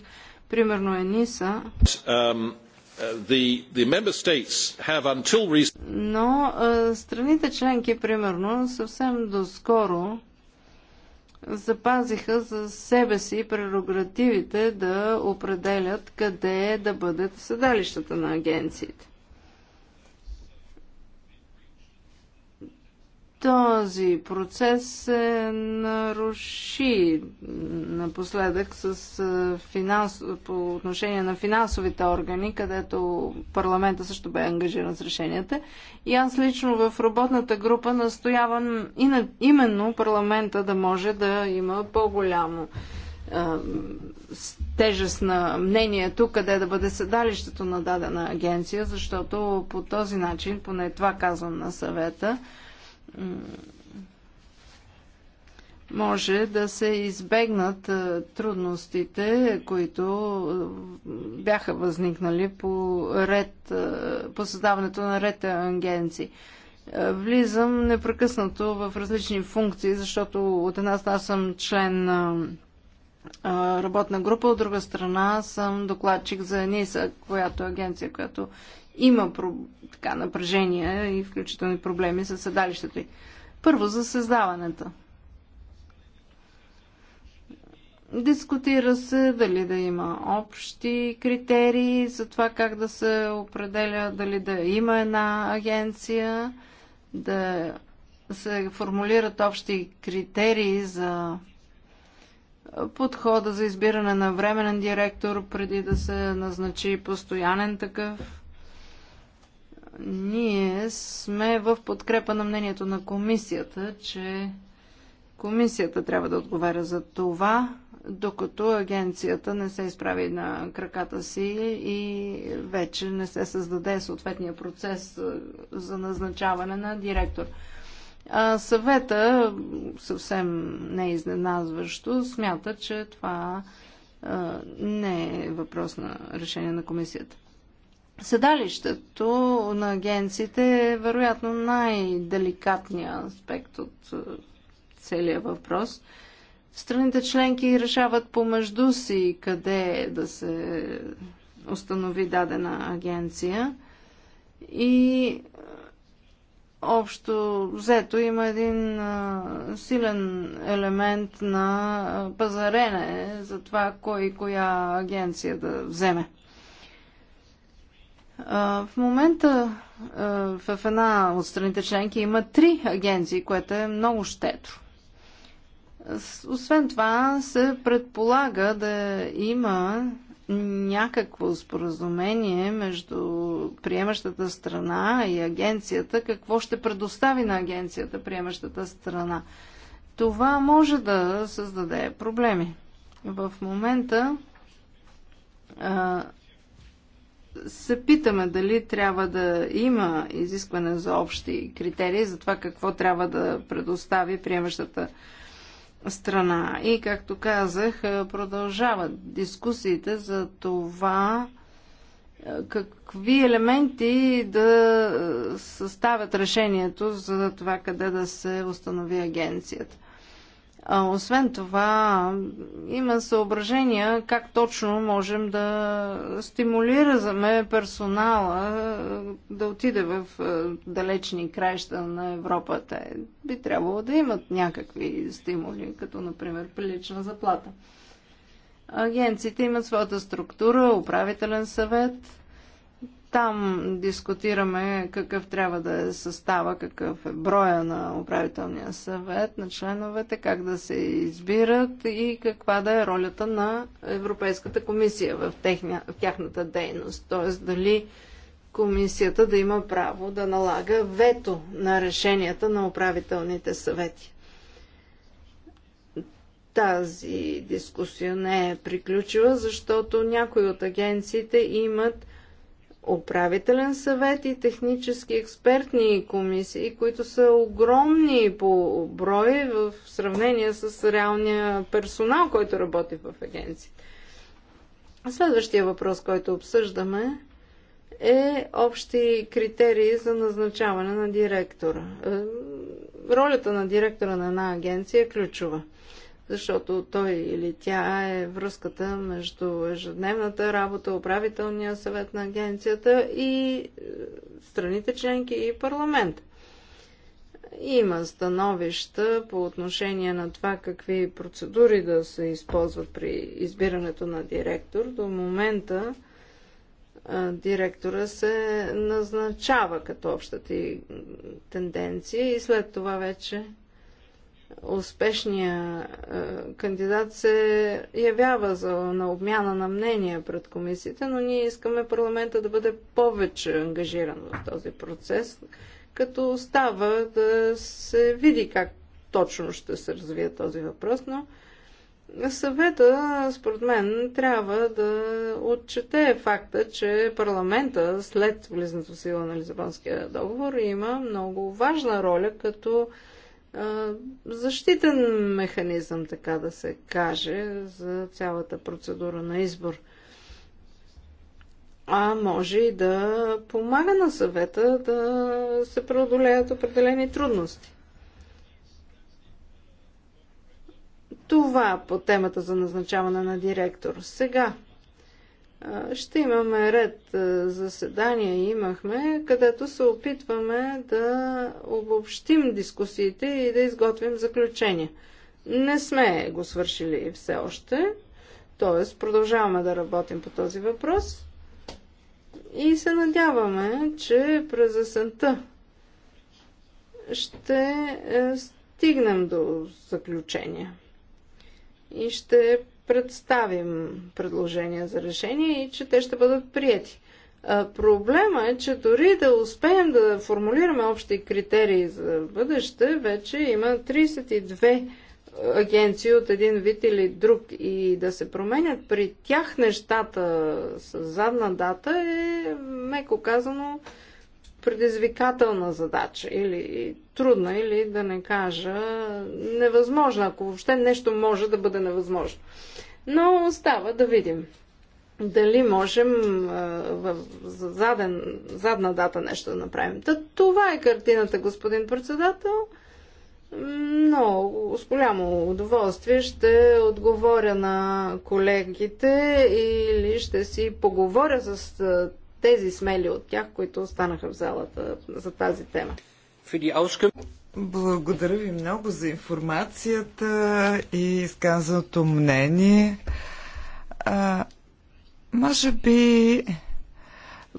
примерно ЕНИСА. Um, Но страните членки, примерно, съвсем доскоро запазиха за себе си прерогативите да определят къде да бъдат седалищата на агенциите. Този процес се наруши напоследък с финанс... по отношение на финансовите органи, където парламента също бе ангажиран с решенията. И аз лично в работната група настоявам и на... именно парламента да може да има по-голямо тежест на мнението, къде да бъде седалището на дадена агенция, защото по този начин, поне това казвам на съвета, може да се избегнат трудностите, които бяха възникнали по, ред, по създаването на ред агенции. Влизам непрекъснато в различни функции, защото от една страна съм член на работна група, от друга страна съм докладчик за ЕНИСА, която е агенция, която има така, напрежения и включителни проблеми с седалището й. Първо за създаването. Дискутира се дали да има общи критерии за това как да се определя, дали да има една агенция, да се формулират общи критерии за подхода за избиране на временен директор преди да се назначи постоянен такъв. Ние сме в подкрепа на мнението на комисията, че комисията трябва да отговаря за това, докато агенцията не се изправи на краката си и вече не се създаде съответния процес е, за назначаване на директор. А съвета, съвсем не изненазващо, смята, че това е, не е въпрос на решение на комисията. Седалището на агенциите е вероятно най-деликатният аспект от е, целият въпрос. Страните членки решават помежду си къде да се установи дадена агенция и е, общо взето има един е, силен елемент на пазарене за това кой и коя агенция да вземе. В момента в една от страните членки има три агенции, което е много щедро. Освен това се предполага да има някакво споразумение между приемащата страна и агенцията, какво ще предостави на агенцията приемащата страна. Това може да създаде проблеми. В момента се питаме дали трябва да има изискване за общи критерии за това какво трябва да предостави приемащата страна. И, както казах, продължават дискусиите за това е, какви елементи да съставят решението за това къде да се установи агенцията. Освен това, има съображения как точно можем да стимулираме персонала да отиде в далечни краища на Европа. Те би трябвало да имат някакви стимули, като например прилична заплата. Агенциите имат своята структура, управителен съвет – там дискутираме какъв трябва да е състава, какъв е броя на управителния съвет, на членовете, как да се избират и каква да е ролята на Европейската комисия в, техня, в тяхната дейност. Тоест дали комисията да има право да налага вето на решенията на управителните съвети. Тази дискусия не е приключила, защото някои от агенциите имат управителен съвет и технически експертни комисии, които са огромни по брой в сравнение с реалния персонал, който работи в агенцията. Следващия въпрос, който обсъждаме, е общи критерии за назначаване на директора. Е, ролята на директора на една агенция е ключова – защото той или тя е връзката между ежедневната работа, управителния съвет на агенцията и е, страните членки и парламент. Има становища по отношение на това какви процедури да се използват при избирането на директор. До момента е, директора се назначава като общата тенденция и след това вече успешния е, кандидат се явява за, на обмяна на мнения пред комисията, но ние искаме парламента да бъде повече ангажиран в този процес, като остава да се види как точно ще се развие този въпрос, но съвета, според мен, трябва да отчете факта, че парламента след влизането сила на Лизабонския договор има много важна роля като защитен механизъм, така да се каже, за цялата процедура на избор. А може и да помага на съвета да се преодолеят определени трудности. Това по темата за назначаване на директор. Сега ще имаме ред заседания, имахме, където се опитваме да обобщим дискусиите и да изготвим заключения. Не сме го свършили все още, т.е. продължаваме да работим по този въпрос и се надяваме, че през есента ще е, стигнем до заключения и ще представим предложения за решение и че те ще бъдат прияти. Проблема е, че дори да успеем да формулираме общи критерии за бъдеще, вече има 32 агенции от един вид или друг и да се променят при тях нещата с задна дата е, меко казано, предизвикателна задача или трудна, или да не кажа невъзможна, ако въобще нещо може да бъде невъзможно. Но остава да видим дали можем в заден, задна дата нещо да направим. Та, това е картината, господин председател. Много, с голямо удоволствие ще отговоря на колегите или ще си поговоря с тези смели от тях, които останаха в залата за тази тема. Благодаря ви много за информацията и изказаното мнение. А, може би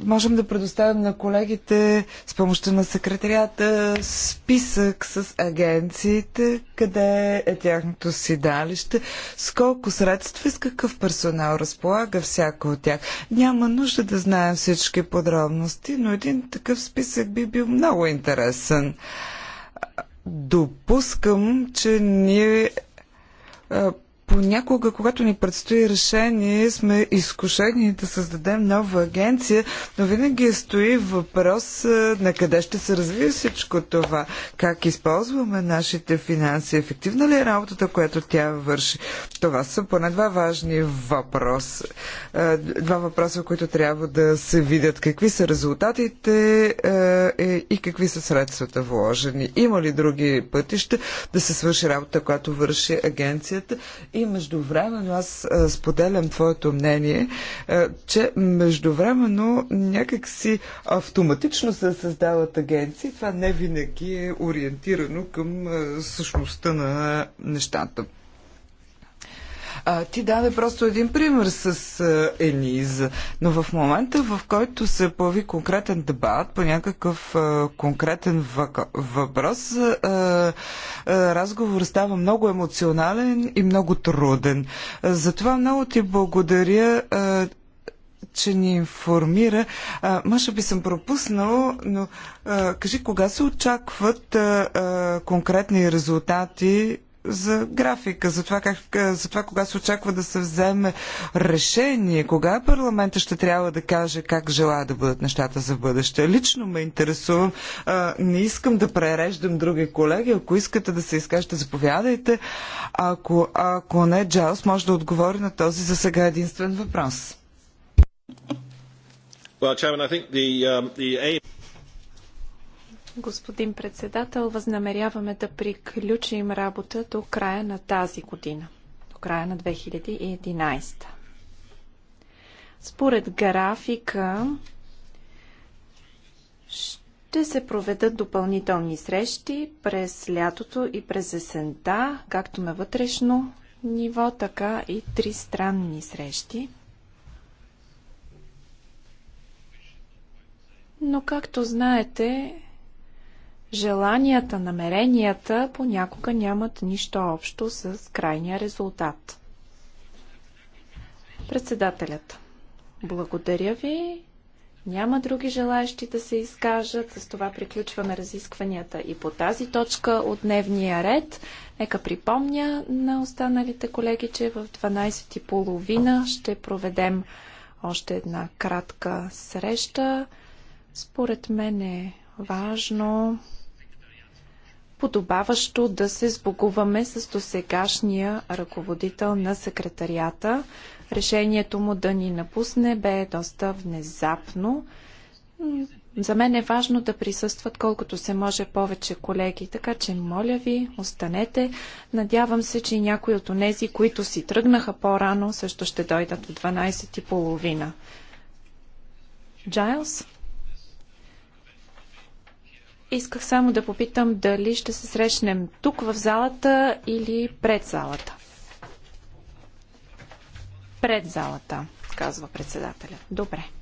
можем да предоставим на колегите с помощта на секретарията списък с агенциите, къде е тяхното седалище, с колко средства и с какъв персонал разполага всяка от тях. Няма нужда да знаем всички подробности, но един такъв списък би бил много интересен. Допускам, че ние Понякога, когато ни предстои решение, сме изкушени да създадем нова агенция, но винаги стои въпрос е, на къде ще се развие всичко това, как използваме нашите финанси, ефективна ли е работата, която тя върши. Това са поне два важни въпроса. Е, два въпроса, които трябва да се видят. Какви са резултатите е, и какви са средствата вложени? Има ли други пътища да се свърши работа, която върши агенцията? И междувременно аз споделям твоето мнение, че междувременно някакси автоматично се създават агенции. Това не винаги е ориентирано към същността на нещата. А, ти даде просто един пример с а, Ениза, но в момента, в който се появи конкретен дебат по някакъв а, конкретен въпрос, а, а, разговор става много емоционален и много труден. А, затова много ти благодаря. А, че ни информира. А, може би съм пропуснал, но а, кажи кога се очакват а, а, конкретни резултати за графика, за това, как, за това кога се очаква да се вземе решение, кога парламента ще трябва да каже как желая да бъдат нещата за бъдеще. Лично ме интересувам. Не искам да пререждам други колеги. Ако искате да се изкажете, заповядайте. Ако, ако не, Джаус може да отговори на този за сега единствен въпрос. Well, Chairman, I think the, um, the aim... Господин председател, възнамеряваме да приключим работа до края на тази година, до края на 2011. Според графика ще се проведат допълнителни срещи през лятото и през есента, както на вътрешно ниво, така и три странни срещи. Но както знаете, желанията, намеренията понякога нямат нищо общо с крайния резултат. Председателят. Благодаря ви. Няма други желаящи да се изкажат. С това приключваме разискванията и по тази точка от дневния ред. Нека припомня на останалите колеги, че в 12.30 ще проведем още една кратка среща. Според мен е важно подобаващо да се сбогуваме с досегашния ръководител на секретарията. Решението му да ни напусне бе доста внезапно. За мен е важно да присъстват колкото се може повече колеги, така че моля ви, останете. Надявам се, че някои от онези, които си тръгнаха по-рано, също ще дойдат в 12.30. Джайлс? Исках само да попитам дали ще се срещнем тук в залата или пред залата. Пред залата, казва председателя. Добре.